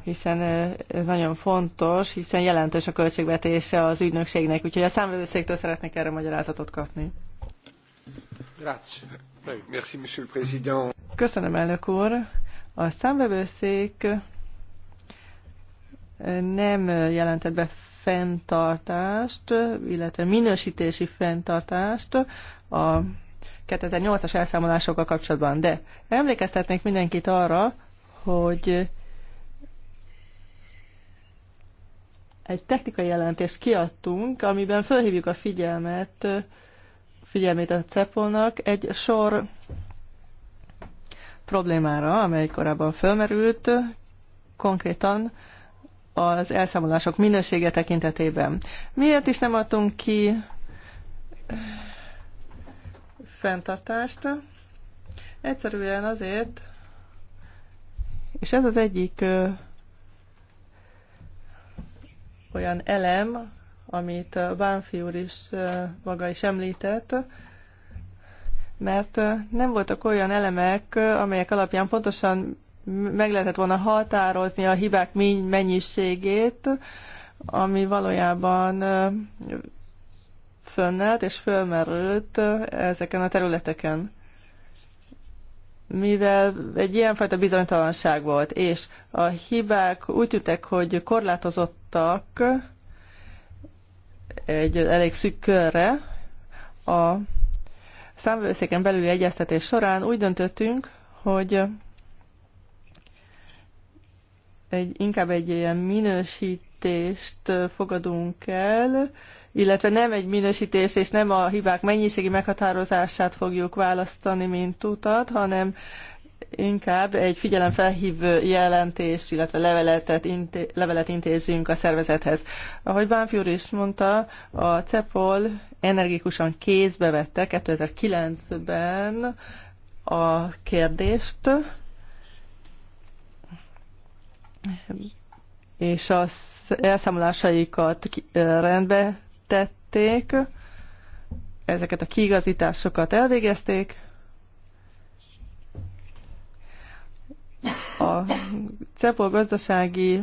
hiszen ez nagyon fontos, hiszen jelentős a költségvetése az ügynökségnek, úgyhogy a számvevőszéktől szeretnék erre magyarázatot kapni. Köszönöm, elnök úr. A számvevőszék nem jelentett be fenntartást, illetve minősítési fenntartást a 2008-as elszámolásokkal kapcsolatban. De emlékeztetnék mindenkit arra, hogy egy technikai jelentést kiadtunk, amiben felhívjuk a figyelmet, figyelmét a CEPOL-nak egy sor problémára, amely korábban felmerült, konkrétan az elszámolások minősége tekintetében. Miért is nem adtunk ki fenntartást? Egyszerűen azért, és ez az egyik olyan elem, amit Bánfi úr is maga is említett, mert nem voltak olyan elemek, amelyek alapján pontosan meg lehetett volna határozni a hibák mennyiségét, ami valójában fönnelt és fölmerült ezeken a területeken mivel egy ilyenfajta bizonytalanság volt, és a hibák úgy tűntek, hogy korlátozottak egy elég szűk körre, a számvőszéken belüli egyeztetés során úgy döntöttünk, hogy egy, inkább egy ilyen minősítést fogadunk el, illetve nem egy minősítés és nem a hibák mennyiségi meghatározását fogjuk választani, mint utat, hanem inkább egy figyelemfelhívő jelentést, illetve inté- levelet intézünk a szervezethez. Ahogy Bánfi úr is mondta, a CEPOL energikusan kézbe vette 2009-ben a kérdést, és az elszámolásaikat rendbe tették, ezeket a kiigazításokat elvégezték. A CEPOL gazdasági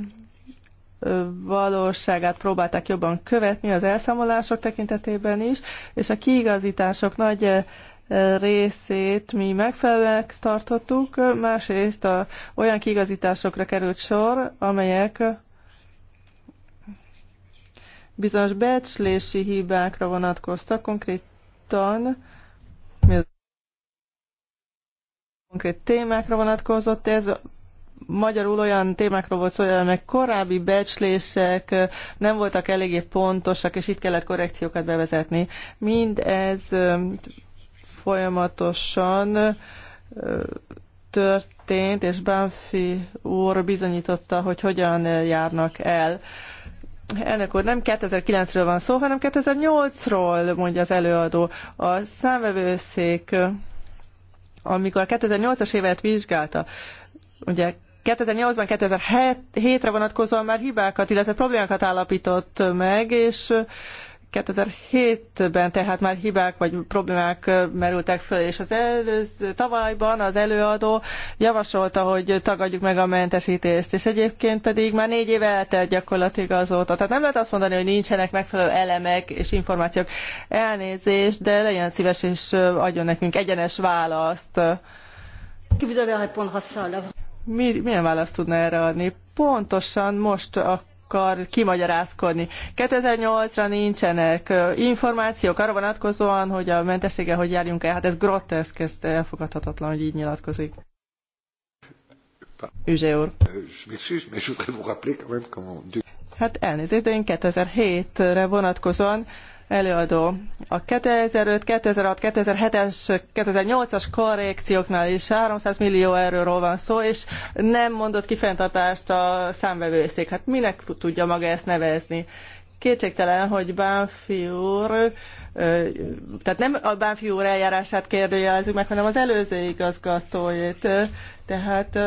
valóságát próbálták jobban követni az elszámolások tekintetében is, és a kiigazítások nagy részét mi megfelelően tartottuk, másrészt a, olyan kiigazításokra került sor, amelyek bizonyos becslési hibákra vonatkoztak, konkrétan konkrét témákra vonatkozott, ez magyarul olyan témákról volt szó, amelyek korábbi becslések nem voltak eléggé pontosak, és itt kellett korrekciókat bevezetni. Mindez folyamatosan történt, és Banfi úr bizonyította, hogy hogyan járnak el. Elnök úr, nem 2009-ről van szó, hanem 2008-ról mondja az előadó. A számvevőszék, amikor 2008-as évet vizsgálta, ugye 2008-ban, 2007-re vonatkozóan már hibákat, illetve problémákat állapított meg, és 2007-ben tehát már hibák vagy problémák merültek föl, és az előző tavalyban az előadó javasolta, hogy tagadjuk meg a mentesítést, és egyébként pedig már négy éve eltelt gyakorlatilag azóta. Tehát nem lehet azt mondani, hogy nincsenek megfelelő elemek és információk. Elnézést, de legyen szíves és adjon nekünk egyenes választ. Ki milyen választ tudna erre adni? Pontosan most a akar kimagyarázkodni. 2008-ra nincsenek információk arra vonatkozóan, hogy a mentessége hogy járjunk el. Hát ez groteszk, ez elfogadhatatlan, hogy így nyilatkozik. Üzsé úr. Hát elnézést, de én 2007-re vonatkozóan előadó. A 2005, 2006, 2007-es, 2008-as korrekcióknál is 300 millió euróról van szó, és nem mondott kifenntartást a számvevőszék. Hát minek tudja maga ezt nevezni? Kétségtelen, hogy Bánfi úr, tehát nem a Bánfi úr eljárását kérdőjelezzük meg, hanem az előző igazgatójét. Tehát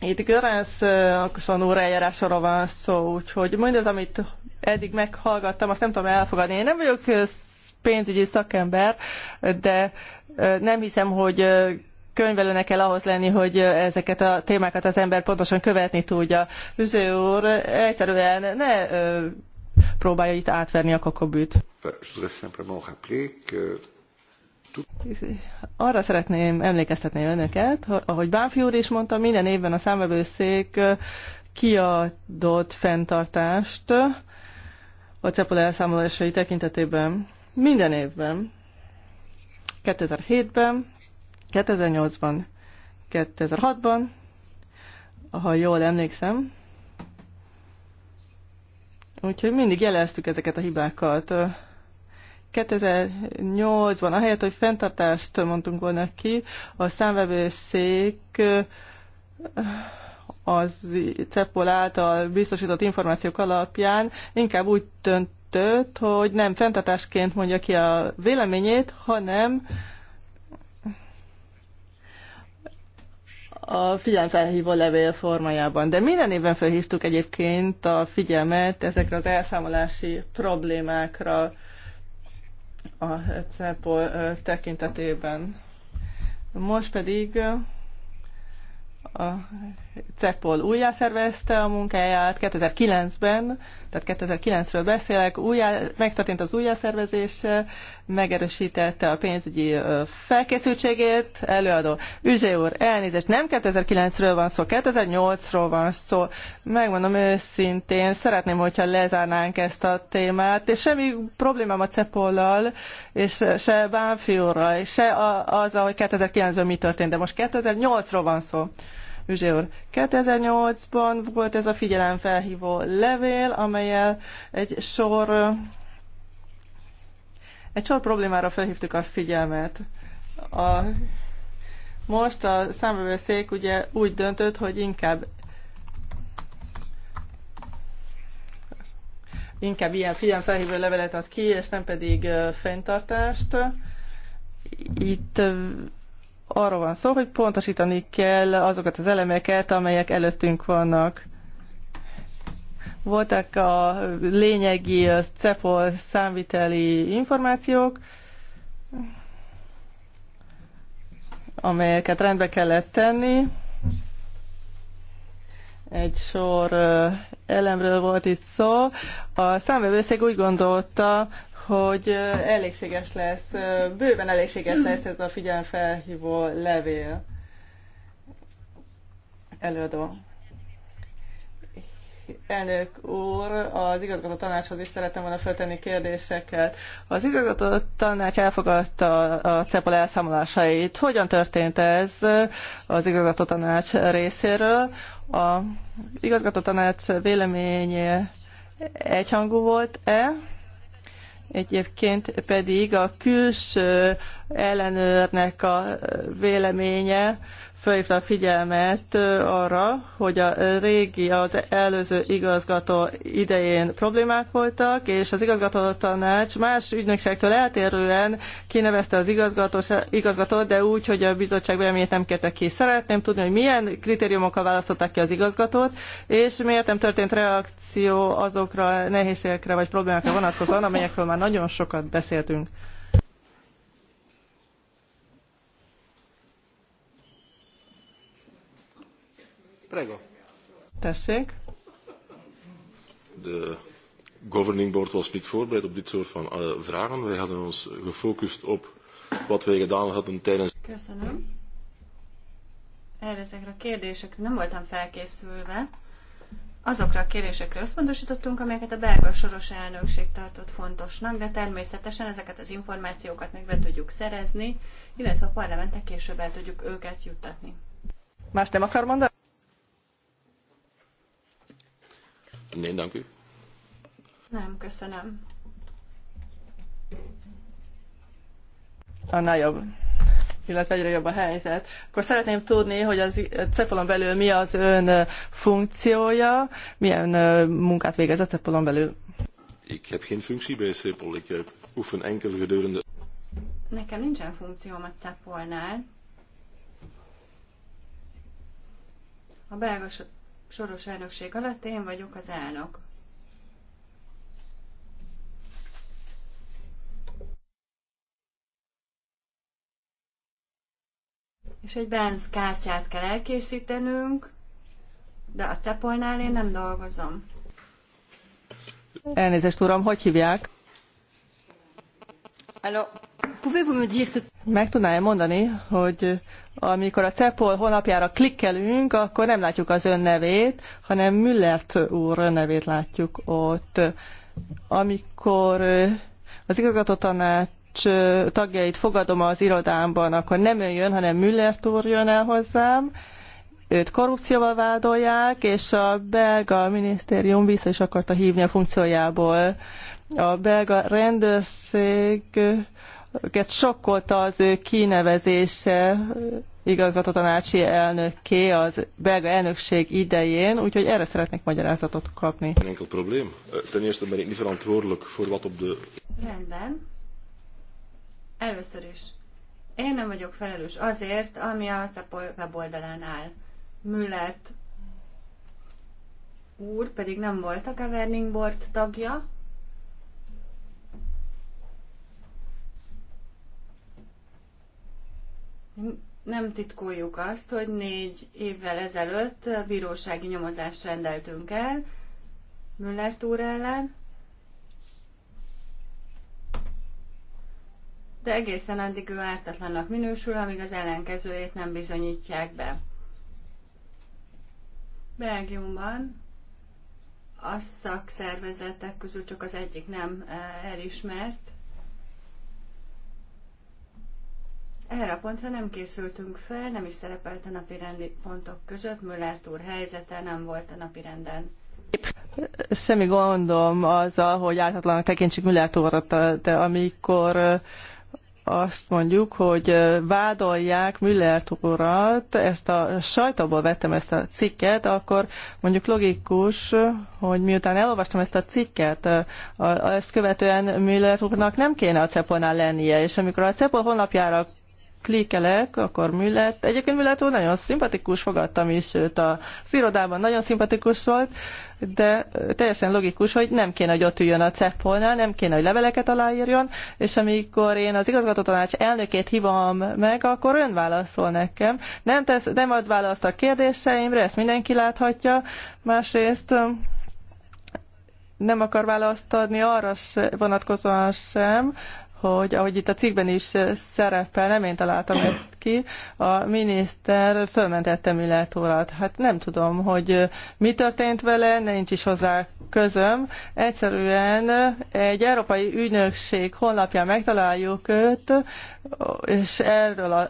itt Görensz úr eljárásról van szó, úgyhogy mindaz amit eddig meghallgattam, azt nem tudom elfogadni. Én nem vagyok pénzügyi szakember, de nem hiszem, hogy könyvelőnek kell ahhoz lenni, hogy ezeket a témákat az ember pontosan követni tudja. Üző úr, egyszerűen ne próbálja itt átverni a kakobűt. Arra szeretném emlékeztetni önöket, ahogy Bánfi úr is mondta, minden évben a számvevőszék kiadott fenntartást a CEPOL elszámolásai tekintetében minden évben, 2007-ben, 2008-ban, 2006-ban, ha jól emlékszem, Úgyhogy mindig jeleztük ezeket a hibákat. 2008-ban, ahelyett, hogy fenntartást mondtunk volna ki, a számvevőszék az CEPOL által biztosított információk alapján inkább úgy döntött, hogy nem fenntartásként mondja ki a véleményét, hanem a figyelemfelhívó levél formájában. De minden évben felhívtuk egyébként a figyelmet ezekre az elszámolási problémákra a CEPOL tekintetében. Most pedig a CEPOL újjászervezte a munkáját 2009-ben, tehát 2009-ről beszélek, újjá, megtörtént az újjászervezés, megerősítette a pénzügyi felkészültségét, előadó. Üzsé úr, elnézést, nem 2009-ről van szó, 2008-ról van szó. Megmondom őszintén, szeretném, hogyha lezárnánk ezt a témát, és semmi problémám a CEPOL-lal, és se Bánfi se se az hogy 2009-ben mi történt, de most 2008-ról van szó. Üzsé úr. 2008-ban volt ez a figyelemfelhívó levél, amelyel egy sor egy sor problémára felhívtuk a figyelmet. A, most a számvevőszék ugye úgy döntött, hogy inkább inkább ilyen figyelemfelhívó levelet ad ki, és nem pedig fenntartást. Itt Arról van szó, hogy pontosítani kell azokat az elemeket, amelyek előttünk vannak. Voltak a lényegi CEPOL számviteli információk, amelyeket rendbe kellett tenni. Egy sor elemről volt itt szó. A számvevőszék úgy gondolta, hogy elégséges lesz, bőven elégséges lesz ez a figyelemfelhívó levél. Előadó. Elnök úr, az igazgató tanácshoz is szeretem volna feltenni kérdéseket. Az igazgató tanács elfogadta a CEPOL elszámolásait. Hogyan történt ez az igazgató tanács részéről? A igazgató tanács véleménye egyhangú volt-e? Egyébként pedig a külső ellenőrnek a véleménye felhívta a figyelmet arra, hogy a régi, az előző igazgató idején problémák voltak, és az igazgató tanács más ügynökségtől eltérően kinevezte az igazgatót, de úgy, hogy a bizottság véleményét nem kérte ki. Szeretném tudni, hogy milyen kritériumokkal választották ki az igazgatót, és miért nem történt reakció azokra a nehézségekre vagy problémákra vonatkozóan, amelyekről már nagyon sokat beszéltünk. Prego. Tessék. De governing board was niet voorbereid op dit soort van uh, vragen. Wij hadden ons gefocust op wat wij gedaan hadden tijdens... Köszönöm. Erre ezekre a kérdésekre nem voltam felkészülve. Azokra a kérdésekre összpontosítottunk, amelyeket a belga soros elnökség tartott fontosnak, de természetesen ezeket az információkat meg be tudjuk szerezni, illetve a parlamentek később el tudjuk őket juttatni. Más nem akar mondani? Nee, Nem, köszönöm. Annál jobb illetve egyre jobb a helyzet. Akkor szeretném tudni, hogy az cepolon belül mi az ön funkciója, milyen munkát végez a cepolon belül? Ik heb geen functie bij Cepol, eh, enkel gedurende... Nekem nincsen funkcióm a Cepolnál. A belga soros elnökség alatt én vagyok az elnök. És egy Benz kártyát kell elkészítenünk, de a Cepolnál én nem dolgozom. Elnézést, uram, hogy hívják? Alors, pouvez-vous me dire que... Meg tudná -e mondani, hogy amikor a CEPOL honlapjára klikkelünk, akkor nem látjuk az ön nevét, hanem Müllert úr nevét látjuk ott. Amikor az igazgatótanács tagjait fogadom az irodámban, akkor nem ön jön, hanem Müllert úr jön el hozzám, őt korrupcióval vádolják, és a belga minisztérium vissza is akarta hívni a funkciójából. A belga rendőrség őket sokkolta az ő kinevezése igazgatótanácsi elnökké az belga elnökség idején, úgyhogy erre szeretnék magyarázatot kapni. Enkel probleem. Eh, ten eerste ben ik niet verantwoordelijk voor wat op de... Rendben. Először is. Én nem vagyok felelős azért, ami a CEPOL weboldalán áll. Müllert úr pedig nem volt a Governing Board tagja, nem titkoljuk azt, hogy négy évvel ezelőtt bírósági nyomozást rendeltünk el Müller túr ellen, de egészen addig ő ártatlannak minősül, amíg az ellenkezőjét nem bizonyítják be. Belgiumban a szakszervezetek közül csak az egyik nem eh, elismert Erre a pontra nem készültünk fel, nem is szerepelt a napi rendi pontok között, Müller úr helyzete nem volt a napi renden. Semmi gondom azzal, hogy áltatlanak tekintsük Müller úrat, de amikor azt mondjuk, hogy vádolják Müller urat, ezt a sajtóból vettem ezt a cikket, akkor mondjuk logikus, hogy miután elolvastam ezt a cikket, ezt követően Müller úrnak nem kéne a Cepolnál lennie, és amikor a Cepol honlapjára klikkelek, akkor Müllert, egyébként Müllert úr nagyon szimpatikus, fogadtam is őt a irodában, nagyon szimpatikus volt, de teljesen logikus, hogy nem kéne, hogy ott üljön a cepolnál, nem kéne, hogy leveleket aláírjon, és amikor én az igazgatótanács elnökét hívom meg, akkor ön válaszol nekem. Nem, tesz, nem ad választ a kérdéseimre, ezt mindenki láthatja. Másrészt nem akar választ adni arra se, vonatkozóan sem, hogy ahogy itt a cikkben is eh, szerepel, nem én találtam ezt ki, a miniszter fölmentette Millet urat. Hát nem tudom, hogy eh, mi történt vele, nincs is hozzá közöm. Egyszerűen eh, egy európai ügynökség honlapján megtaláljuk őt, és erről a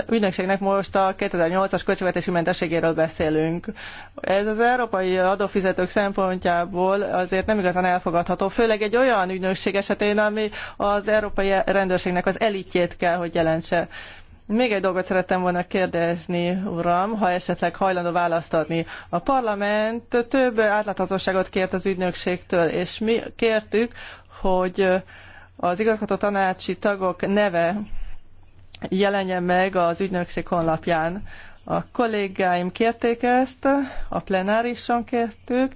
ügynökségnek most a 2008-as költségvetési mentességéről beszélünk. Ez az európai adófizetők szempontjából azért nem igazán elfogadható, főleg egy olyan ügynökség esetén, ami az európai rendőrségnek az elitjét kell, hogy jelentse. Még egy dolgot szerettem volna kérdezni, uram, ha esetleg hajlandó választ adni. A parlament több átláthatóságot kért az ügynökségtől, és mi kértük, hogy az igazgató tanácsi tagok neve jelenjen meg az ügynökség honlapján. A kollégáim kérték ezt, a plenárison kértük,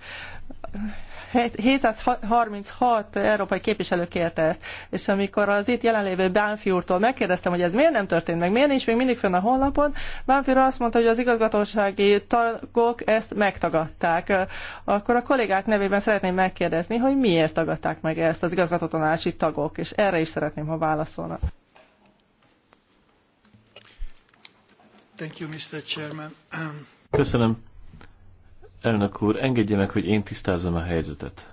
736 európai képviselő kérte ezt, és amikor az itt jelenlévő Bánfi úrtól megkérdeztem, hogy ez miért nem történt meg, miért nincs még mindig fönn a honlapon, Bánfi úr azt mondta, hogy az igazgatósági tagok ezt megtagadták. Akkor a kollégák nevében szeretném megkérdezni, hogy miért tagadták meg ezt az igazgatótanási tagok, és erre is szeretném, ha válaszolnak. Thank you, Mr. Chairman. Köszönöm. Elnök úr, engedje meg, hogy én tisztázom a helyzetet.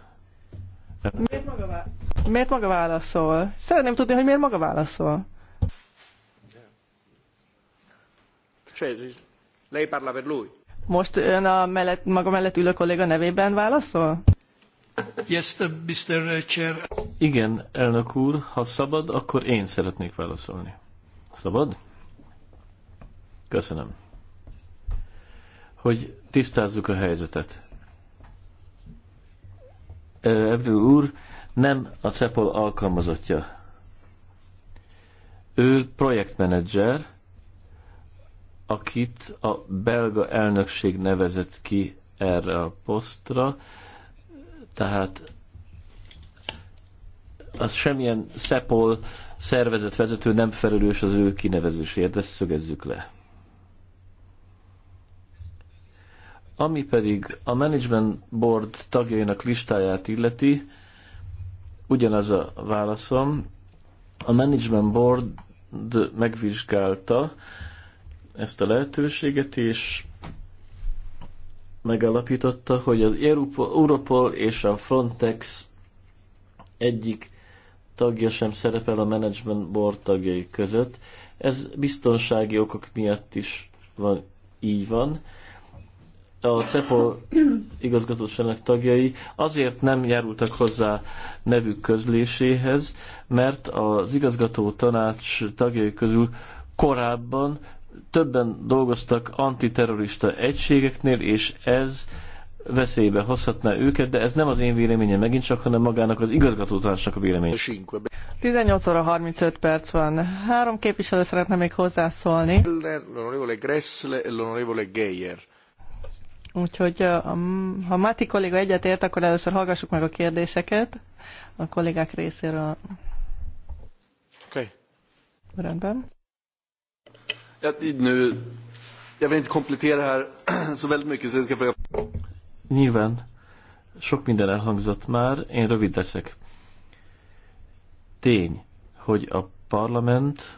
Miért maga, vá- miért maga válaszol? Szeretném tudni, hogy miért maga válaszol. Most ön a mellett, maga mellett ülő kolléga nevében válaszol? Yes, Mr. Uh, Chair. Igen, elnök úr, ha szabad, akkor én szeretnék válaszolni. Szabad? Köszönöm. Hogy tisztázzuk a helyzetet. Evdő úr nem a CEPOL alkalmazottja. Ő projektmenedzser, akit a belga elnökség nevezett ki erre a posztra, tehát az semmilyen CEPOL szervezetvezető nem felelős az ő kinevezéséért, ezt szögezzük le. Ami pedig a Management Board tagjainak listáját illeti, ugyanaz a válaszom. A Management Board megvizsgálta ezt a lehetőséget, és megalapította, hogy az Europol és a Frontex egyik tagja sem szerepel a Management Board tagjai között. Ez biztonsági okok miatt is van, így van a CEPO igazgatóságnak tagjai azért nem járultak hozzá nevük közléséhez, mert az igazgató tanács tagjai közül korábban többen dolgoztak antiterrorista egységeknél, és ez veszélybe hozhatná őket, de ez nem az én véleményem megint csak, hanem magának az igazgatótársnak a véleménye. 18 óra 35 perc van. Három képviselő szeretne még hozzászólni. L'onorevole Gressle e l'onorevole Geyer. Úgyhogy ha Mati kolléga egyetért, akkor először hallgassuk meg a kérdéseket a kollégák részéről. Oké. Okay. Rendben. Ja, nu, jag vill inte komplettera här så väldigt mycket, så jag ska fråga... Nyilván sok minden elhangzott már, én rövid leszek. Tény, hogy a parlament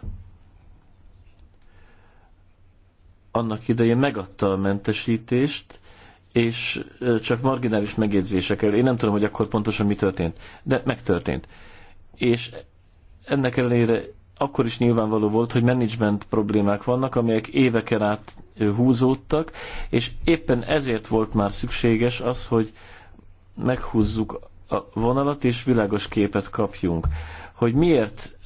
annak idején megadta a mentesítést, és csak marginális megjegyzésekkel. Én nem tudom, hogy akkor pontosan mi történt, de megtörtént. És ennek ellenére akkor is nyilvánvaló volt, hogy management problémák vannak, amelyek éveken át húzódtak, és éppen ezért volt már szükséges az, hogy meghúzzuk a vonalat, és világos képet kapjunk. Hogy miért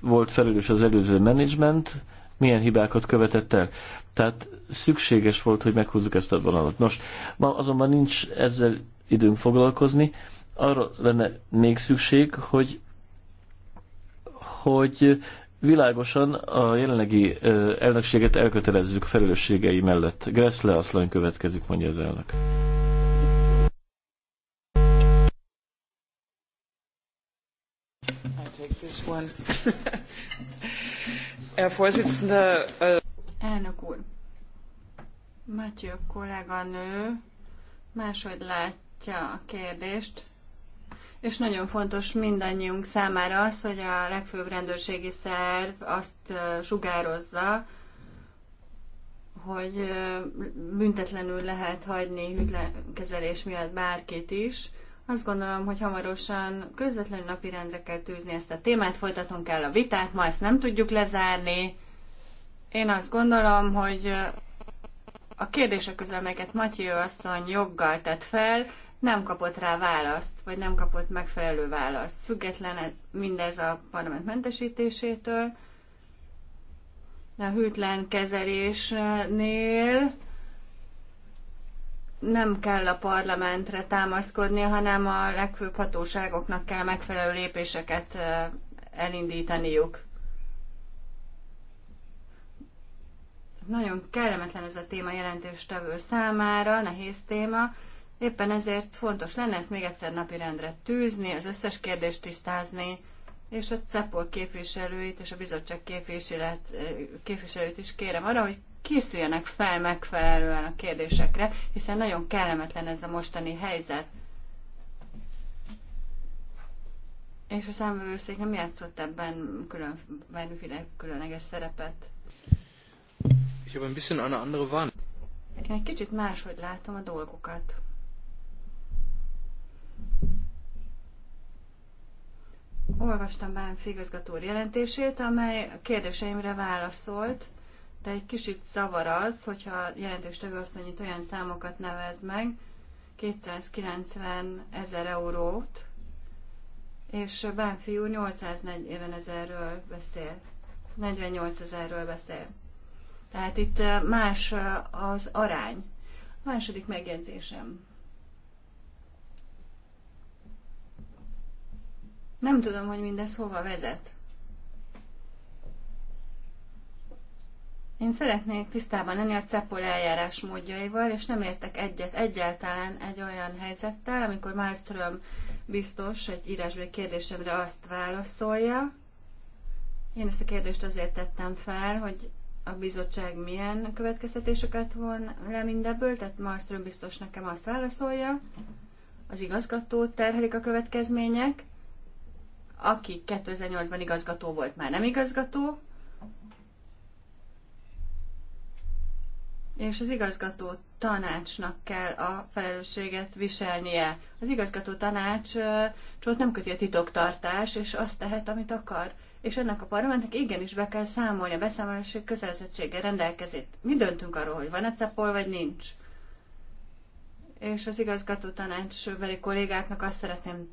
volt felelős az előző management, milyen hibákat követett el. Tehát szükséges volt, hogy meghúzzuk ezt a vonalat. Nos, ma azonban nincs ezzel időnk foglalkozni. Arra lenne még szükség, hogy, hogy világosan a jelenlegi elnökséget elkötelezzük felelősségei mellett. Gressle Aszlany következik, mondja az elnök. Äh, elnök úr, Mátyő kolléganő máshogy látja a kérdést, és nagyon fontos mindannyiunk számára az, hogy a legfőbb rendőrségi szerv azt sugározza, hogy büntetlenül lehet hagyni kezelés miatt bárkit is. Azt gondolom, hogy hamarosan közvetlenül napirendre kell tűzni ezt a témát, folytatunk kell a vitát, ma ezt nem tudjuk lezárni. Én azt gondolom, hogy a kérdések közül, amelyeket Matyi asszony joggal tett fel, nem kapott rá választ, vagy nem kapott megfelelő választ. Független e- mindez a parlament mentesítésétől, a hűtlen kezelésnél nem kell a parlamentre támaszkodni, hanem a legfőbb hatóságoknak kell a megfelelő lépéseket e, elindítaniuk. Nagyon kellemetlen ez a téma jelentéstevő számára, nehéz téma. Éppen ezért fontos lenne ezt még egyszer napirendre tűzni, az összes kérdést tisztázni, és a CEPOL képviselőit és a bizottság eh, képviselőit is kérem arra, hogy készüljenek fel megfelelően a kérdésekre, hiszen nagyon kellemetlen ez a mostani helyzet. És a számvevőszék nem játszott ebben külön, különleges szerepet. Ich habe ein bisschen eine andere Wand. Én egy kicsit máshogy látom a dolgokat. Olvastam Bán főigazgató jelentését, amely a kérdéseimre válaszolt, de egy kicsit zavar az, hogyha jelentéstevő asszony itt olyan számokat nevez meg, 290 ezer eurót, és Bánfi úr 840 ezerről beszél, 48 ezerről beszél. Tehát itt más az arány. A második megjegyzésem. Nem tudom, hogy mindez hova vezet. Én szeretnék tisztában lenni a CEPOL eljárás módjaival, és nem értek egyet egyáltalán egy olyan helyzettel, amikor Maestrom biztos egy írásbeli kérdésemre azt válaszolja. Én ezt a kérdést azért tettem fel, hogy a bizottság milyen következtetéseket von le mindebből, tehát Marström biztos nekem azt válaszolja, az igazgatót terhelik a következmények, aki 2008-ban igazgató volt, már nem igazgató, és az igazgató tanácsnak kell a felelősséget viselnie. Az igazgató tanács csak nem köti a titoktartás, és azt tehet, amit akar és ennek a parlamentnek igenis be kell számolni, a beszámolási kötelezettséggel rendelkezét. Mi döntünk arról, hogy van cepol, vagy nincs? És az igazgató tanácsbeli kollégáknak azt szeretném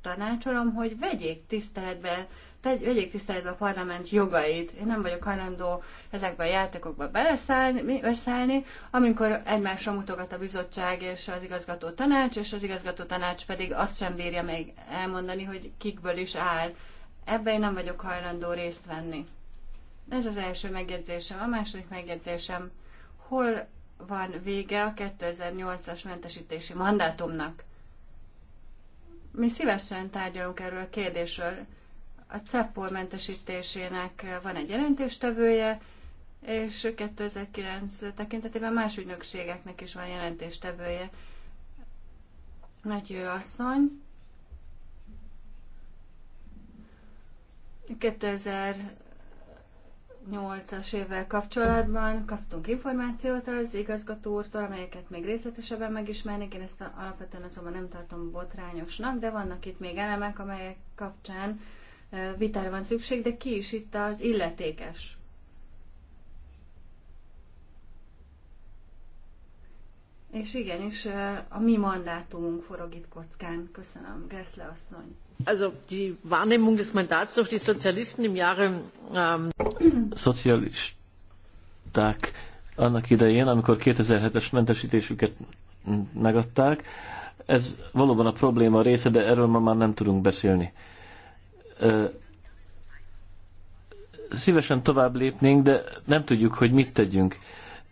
tanácsolom, hogy vegyék tiszteletbe, tegy, vegyék tiszteletbe a parlament jogait. Én nem vagyok hajlandó ezekbe a játékokba beleszállni, beszállni, amikor egymásra mutogat a bizottság és az igazgató tanács, és az igazgató tanács pedig azt sem bírja még elmondani, hogy kikből is áll Ebben én nem vagyok hajlandó részt venni. Ez az első megjegyzésem. A második megjegyzésem, hol van vége a 2008-as mentesítési mandátumnak? Mi szívesen tárgyalunk erről a kérdésről. A CEPOL mentesítésének van egy jelentéstevője, és 2009 tekintetében más ügynökségeknek is van jelentéstevője. Nagy asszony, 2008-as évvel kapcsolatban kaptunk információt az igazgató úrtól, amelyeket még részletesebben megismernék. Én ezt alapvetően azonban nem tartom botrányosnak, de vannak itt még elemek, amelyek kapcsán vitára van szükség, de ki is itt az illetékes? És igenis, a mi mandátumunk forog itt kockán. Köszönöm, Gressle asszony. Also die Wahrnehmung des Mandats durch die Sozialisten im Jahre... Ähm Szocialisták annak idején, amikor 2007-es mentesítésüket megadták, ez valóban a probléma része, de erről ma már nem tudunk beszélni. Szívesen tovább lépnénk, de nem tudjuk, hogy mit tegyünk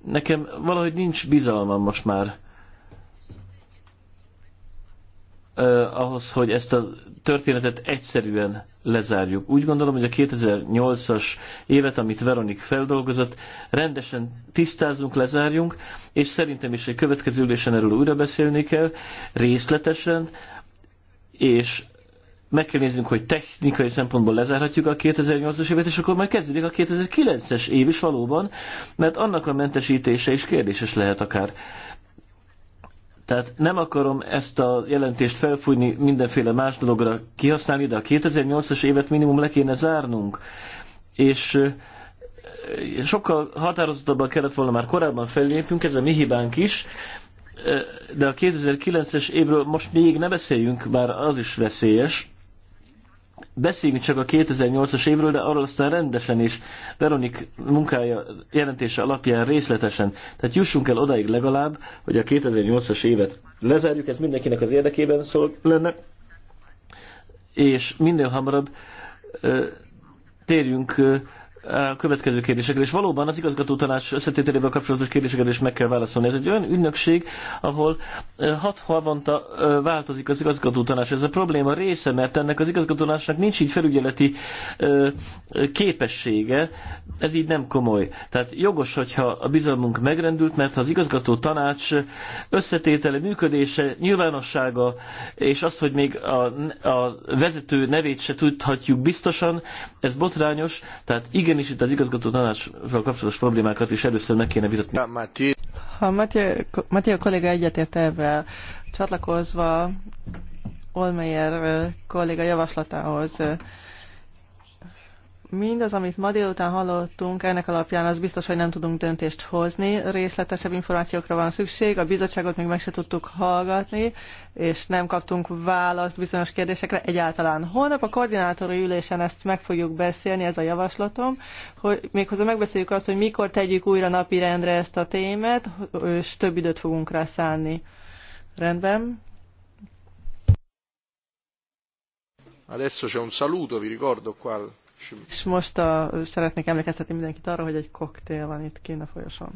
nekem valahogy nincs bizalmam most már eh, ahhoz, hogy ezt a történetet egyszerűen lezárjuk. Úgy gondolom, hogy a 2008-as évet, amit Veronik feldolgozott, rendesen tisztázunk, lezárjunk, és szerintem is egy következő ülésen erről újra beszélni kell, részletesen, és meg kell néznünk, hogy technikai szempontból lezárhatjuk a 2008-as évet, és akkor már kezdődik a 2009-es év is valóban, mert annak a mentesítése is kérdéses lehet akár. Tehát nem akarom ezt a jelentést felfújni mindenféle más dologra kihasználni, de a 2008-as évet minimum le kéne zárnunk. És eh, sokkal határozottabban kellett volna már korábban fellépünk, ez a mi hibánk is, eh, de a 2009-es évről most még ne beszéljünk, bár az is veszélyes beszéljünk csak a 2008-as évről, de arról aztán rendesen is Veronik munkája, jelentése alapján részletesen. Tehát jussunk el odaig legalább, hogy a 2008-as évet lezárjuk, ez mindenkinek az érdekében szól lenne, és minél hamarabb ö, térjünk a következő kérdésekre, és valóban az igazgató tanács összetételével kapcsolatos kérdéseket is meg kell válaszolni. Ez egy olyan ünnökség, ahol hat havonta változik az igazgató tanács. Ez a probléma része, mert ennek az igazgató tanácsnak nincs így felügyeleti képessége, ez így nem komoly. Tehát jogos, hogyha a bizalmunk megrendült, mert ha az igazgató tanács összetétele, működése, nyilvánossága, és az, hogy még a, a vezető nevét se tudhatjuk biztosan, ez botrányos, tehát igen igenis itt az igazgató tanácsról kapcsolatos problémákat is először meg kéne vitatni. Ha a kolléga egyetért ebben, csatlakozva Olmeyer kolléga javaslatához mindaz, amit ma délután hallottunk, ennek alapján az biztos, hogy nem tudunk döntést hozni. Részletesebb információkra van szükség, a bizottságot még meg se tudtuk hallgatni, és nem kaptunk választ bizonyos kérdésekre egyáltalán. Holnap a koordinátori ülésen ezt meg fogjuk beszélni, ez a javaslatom, hogy méghozzá megbeszéljük azt, hogy mikor tegyük újra napirendre ezt a témet, és több időt fogunk rá szánni. Rendben? Adesso c'è un saluto, vi ricordo qua és most a, szeretnék emlékeztetni mindenkit arra, hogy egy koktél van itt kint a folyosón.